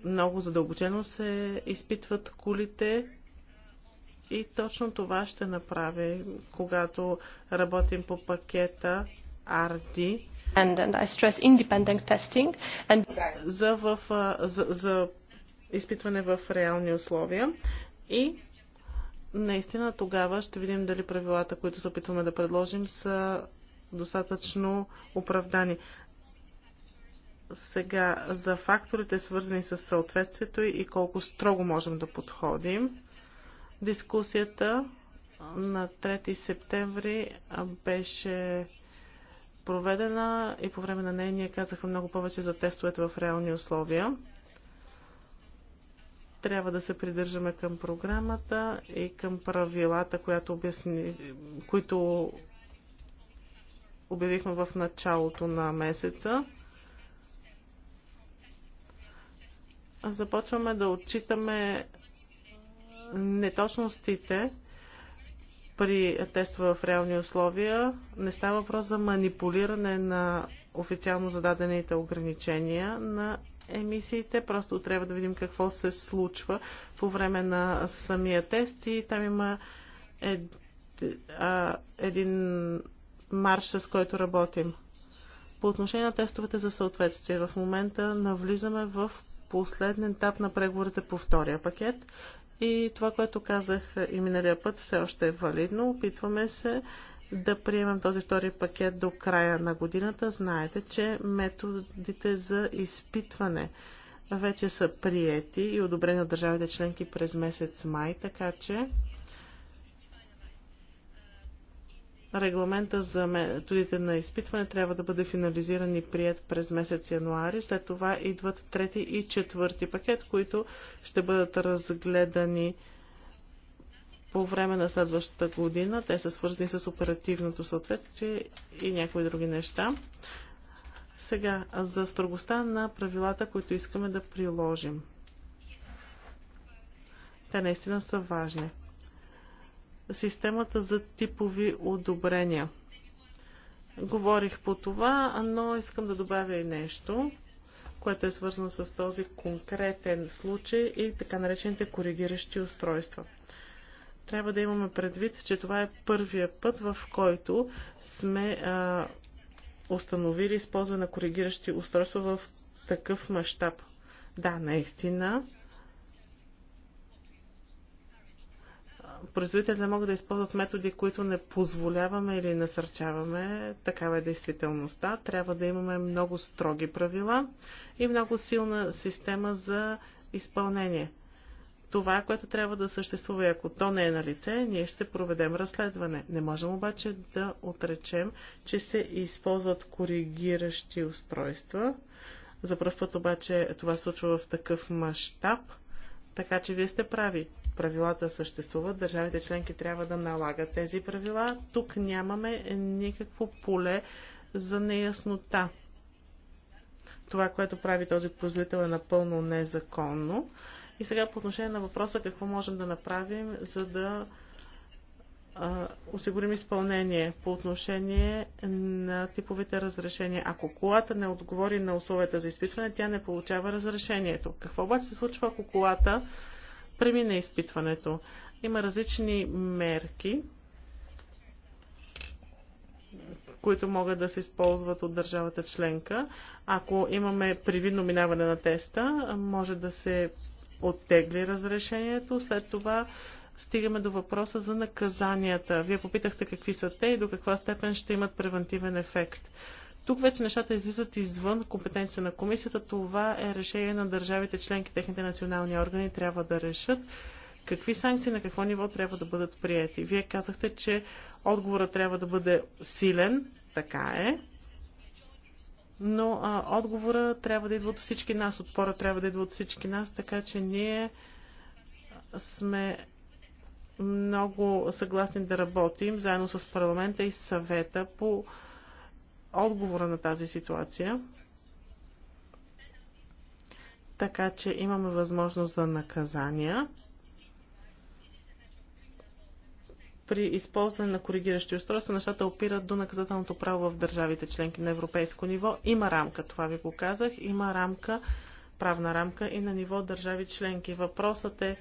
Много задълбочено се изпитват колите и точно това ще направи, когато работим по пакета RD. And, and I stress independent testing. And... За, в, за, за изпитване в реални условия и наистина тогава ще видим дали правилата, които се опитваме да предложим, са достатъчно оправдани. Сега за факторите, свързани с съответствието и колко строго можем да подходим. Дискусията на 3 септември беше проведена и по време на нея ние казаха много повече за тестовете в реални условия. Трябва да се придържаме към програмата и към правилата, която обясни, които обявихме в началото на месеца. Започваме да отчитаме неточностите при тестове в реални условия. Не става въпрос за манипулиране на официално зададените ограничения на емисиите. Просто трябва да видим какво се случва по време на самия тест и там има ед, а, един марш, с който работим. По отношение на тестовете за съответствие, в момента навлизаме в последен етап на преговорите по втория пакет и това, което казах и миналия път, все още е валидно. Опитваме се да приемем този втори пакет до края на годината. Знаете, че методите за изпитване вече са приети и одобрени от държавите членки през месец май, така че регламента за методите на изпитване трябва да бъде финализиран и прият през месец януари. След това идват трети и четвърти пакет, които ще бъдат разгледани по време на следващата година. Те са свързани с оперативното съответствие и някои други неща. Сега, за строгостта на правилата, които искаме да приложим. Те наистина са важни. Системата за типови одобрения. Говорих по това, но искам да добавя и нещо, което е свързано с този конкретен случай и така наречените коригиращи устройства трябва да имаме предвид, че това е първия път, в който сме а, установили използване на коригиращи устройства в такъв мащаб. Да, наистина. Производителите могат да използват методи, които не позволяваме или насърчаваме. Такава е действителността. Трябва да имаме много строги правила и много силна система за изпълнение това, което трябва да съществува. И ако то не е на лице, ние ще проведем разследване. Не можем обаче да отречем, че се използват коригиращи устройства. За първ път обаче това се случва в такъв мащаб, така че вие сте прави. Правилата съществуват, държавите членки трябва да налагат тези правила. Тук нямаме никакво поле за неяснота. Това, което прави този производител е напълно незаконно и сега по отношение на въпроса какво можем да направим, за да а, осигурим изпълнение по отношение на типовите разрешения. Ако колата не отговори на условията за изпитване, тя не получава разрешението. Какво обаче се случва, ако колата премине изпитването? Има различни мерки, които могат да се използват от държавата членка. Ако имаме привидно минаване на теста, може да се оттегли разрешението. След това стигаме до въпроса за наказанията. Вие попитахте какви са те и до каква степен ще имат превентивен ефект. Тук вече нещата излизат извън компетенция на комисията. Това е решение на държавите членки. Техните национални органи трябва да решат какви санкции на какво ниво трябва да бъдат приети. Вие казахте, че отговорът трябва да бъде силен. Така е но а, отговора трябва да идва от всички нас, отпора трябва да идва от всички нас, така че ние сме много съгласни да работим заедно с парламента и съвета по отговора на тази ситуация. Така че имаме възможност за наказания. при използване на коригиращи устройства нещата опират до наказателното право в държавите членки на европейско ниво. Има рамка, това ви го казах. Има рамка, правна рамка и на ниво държави членки. Въпросът е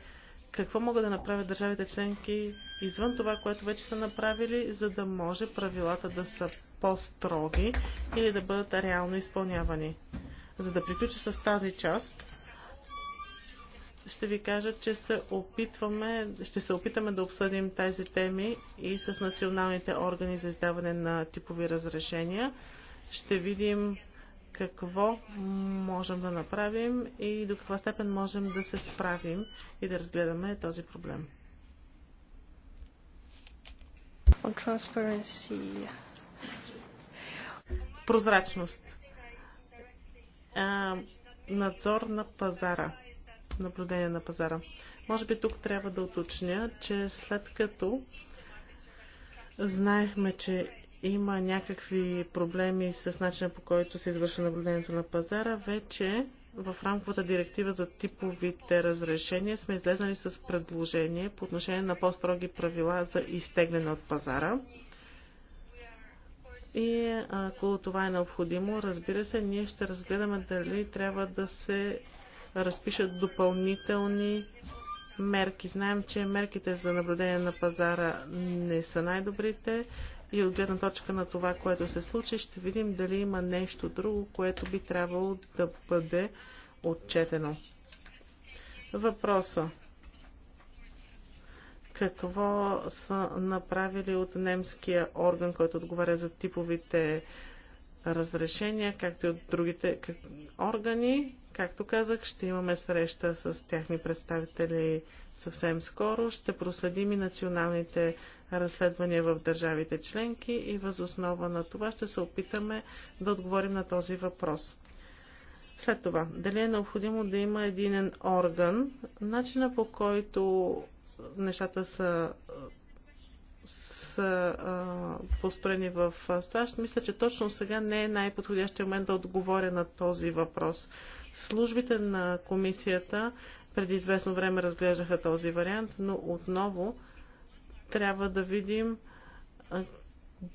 какво могат да направят държавите членки извън това, което вече са направили, за да може правилата да са по-строги или да бъдат реално изпълнявани. За да приключа с тази част, ще ви кажа, че се опитваме, ще се опитаме да обсъдим тези теми и с националните органи за издаване на типови разрешения. Ще видим какво можем да направим и до каква степен можем да се справим и да разгледаме този проблем. Прозрачност. А, надзор на пазара наблюдение на пазара. Може би тук трябва да уточня, че след като знаехме, че има някакви проблеми с начина по който се извършва наблюдението на пазара, вече в рамковата директива за типовите разрешения сме излезнали с предложение по отношение на по-строги правила за изтегляне от пазара. И ако това е необходимо, разбира се, ние ще разгледаме дали трябва да се разпишат допълнителни мерки. Знаем, че мерките за наблюдение на пазара не са най-добрите и от гледна точка на това, което се случи, ще видим дали има нещо друго, което би трябвало да бъде отчетено. Въпроса. Какво са направили от немския орган, който отговаря за типовите разрешения, както и от другите органи? Както казах, ще имаме среща с тяхни представители съвсем скоро. Ще проследим и националните разследвания в държавите членки и възоснова на това ще се опитаме да отговорим на този въпрос. След това, дали е необходимо да има единен орган, начина по който нещата са са построени в САЩ, мисля, че точно сега не е най-подходящия момент да отговоря на този въпрос. Службите на комисията преди известно време разглеждаха този вариант, но отново трябва да видим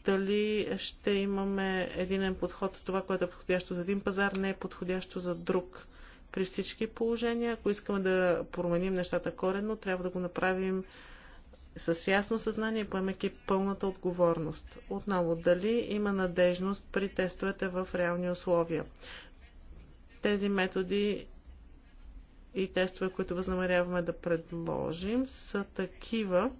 дали ще имаме единен подход. Това, което е подходящо за един пазар, не е подходящо за друг. При всички положения, ако искаме да променим нещата коренно, трябва да го направим с ясно съзнание, поемайки пълната отговорност. Отново, дали има надежност при тестовете в реални условия? Тези методи и тестове, които възнамеряваме да предложим, са такива,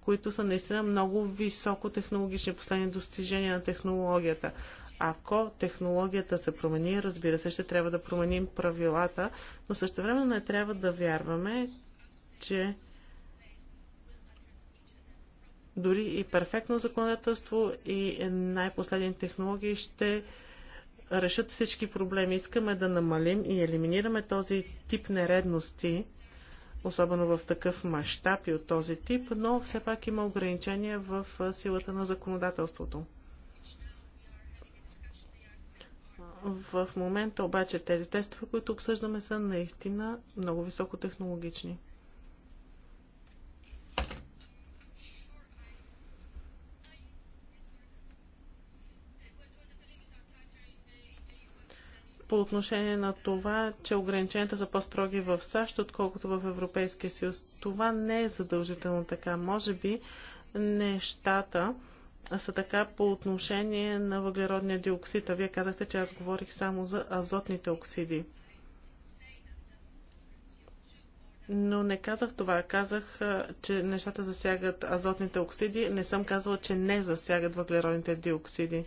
които са наистина много високо технологични последни достижения на технологията. Ако технологията се промени, разбира се, ще трябва да променим правилата, но също време не трябва да вярваме, че дори и перфектно законодателство и най-последни технологии ще решат всички проблеми. Искаме да намалим и елиминираме този тип нередности, особено в такъв мащаб и от този тип, но все пак има ограничения в силата на законодателството. В момента обаче тези тестове, които обсъждаме, са наистина много високотехнологични. по отношение на това, че ограниченията са по-строги в САЩ, отколкото в Европейския съюз. Това не е задължително така. Може би нещата са така по отношение на въглеродния диоксид. А вие казахте, че аз говорих само за азотните оксиди. Но не казах това. Казах, че нещата засягат азотните оксиди. Не съм казала, че не засягат въглеродните диоксиди.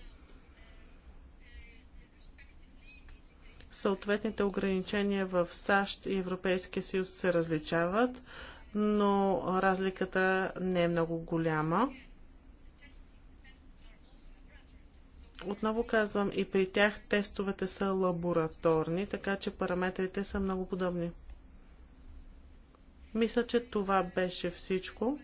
Съответните ограничения в САЩ и Европейския съюз се различават, но разликата не е много голяма. Отново казвам, и при тях тестовете са лабораторни, така че параметрите са много подобни. Мисля, че това беше всичко.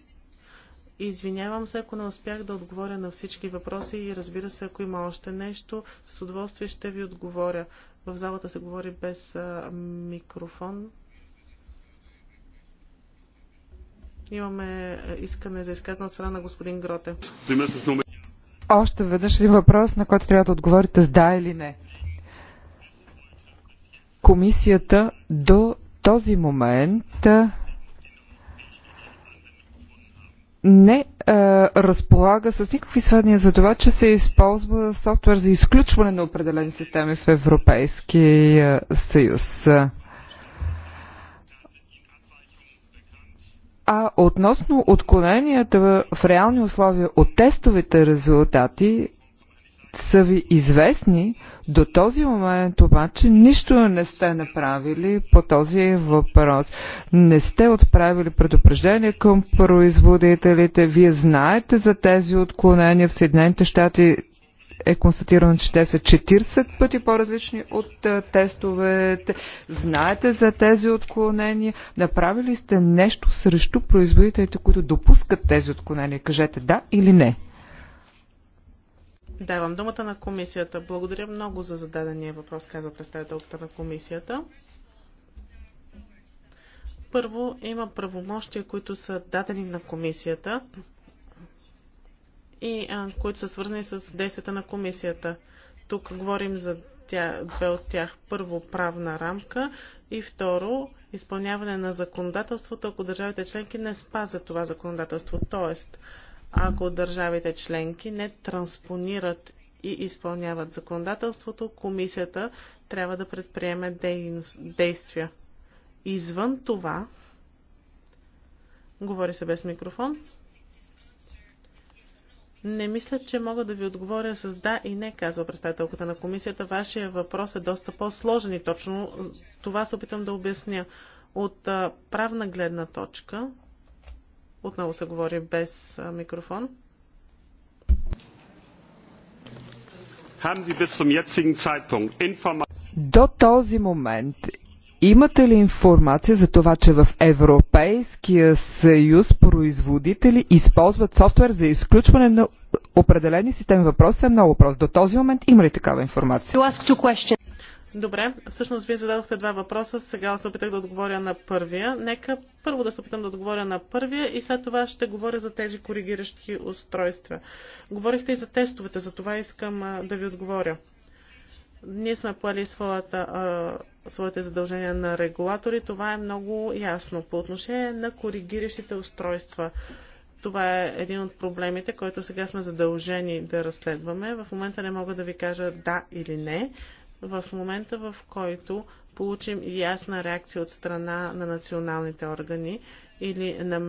Извинявам се, ако не успях да отговоря на всички въпроси и разбира се, ако има още нещо, с удоволствие ще ви отговоря. В залата се говори без микрофон. Имаме искане за изказване от страна на господин Гроте. Още веднъж един въпрос, на който трябва да отговорите с да или не. Комисията до този момент не а, е, разполага с никакви сведения за това, че се използва софтуер за изключване на определени системи в Европейския е, съюз. А относно отклоненията в реални условия от тестовите резултати, са ви известни. До този момент обаче нищо не сте направили по този въпрос. Не сте отправили предупреждение към производителите. Вие знаете за тези отклонения в Съединените щати е констатирано, че те са 40 пъти по-различни от тестовете. Знаете за тези отклонения. Направили сте нещо срещу производителите, които допускат тези отклонения? Кажете да или не. Давам думата на комисията. Благодаря много за зададения въпрос, казва представителката на комисията. Първо, има правомощия, които са дадени на комисията и а, които са свързани с действията на комисията. Тук говорим за тя, две от тях. Първо, правна рамка и второ, изпълняване на законодателството, ако държавите членки не спазят това законодателство. Тоест, ако държавите членки не транспонират и изпълняват законодателството, комисията трябва да предприеме действия. Извън това, говори се без микрофон, не мисля, че мога да ви отговоря с да и не, казва представителката на комисията. Вашия въпрос е доста по-сложен и точно това се опитам да обясня. От правна гледна точка, отново се говори без микрофон. До този момент Имате ли информация за това, че в Европейския съюз производители използват софтуер за изключване на определени системи? Въпросът е много въпрос. До този момент има ли такава информация? Добре, всъщност вие зададохте два въпроса, сега се опитах да отговоря на първия. Нека първо да се опитам да отговоря на първия и след това ще говоря за тези коригиращи устройства. Говорихте и за тестовете, за това искам да ви отговоря. Ние сме поели своята, своите задължения на регулатори, това е много ясно. По отношение на коригиращите устройства, това е един от проблемите, който сега сме задължени да разследваме. В момента не мога да ви кажа да или не, в момента в който получим ясна реакция от страна на националните органи или на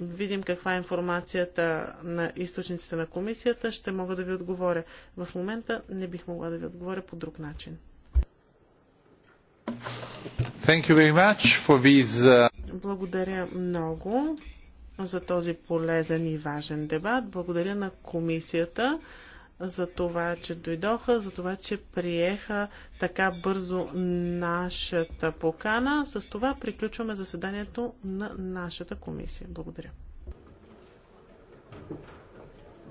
видим каква е информацията на източниците на комисията, ще мога да ви отговоря. В момента не бих могла да ви отговоря по друг начин. Thank you very much for uh... Благодаря много за този полезен и важен дебат. Благодаря на комисията за това, че дойдоха, за това, че приеха така бързо нашата покана. С това приключваме заседанието на нашата комисия. Благодаря.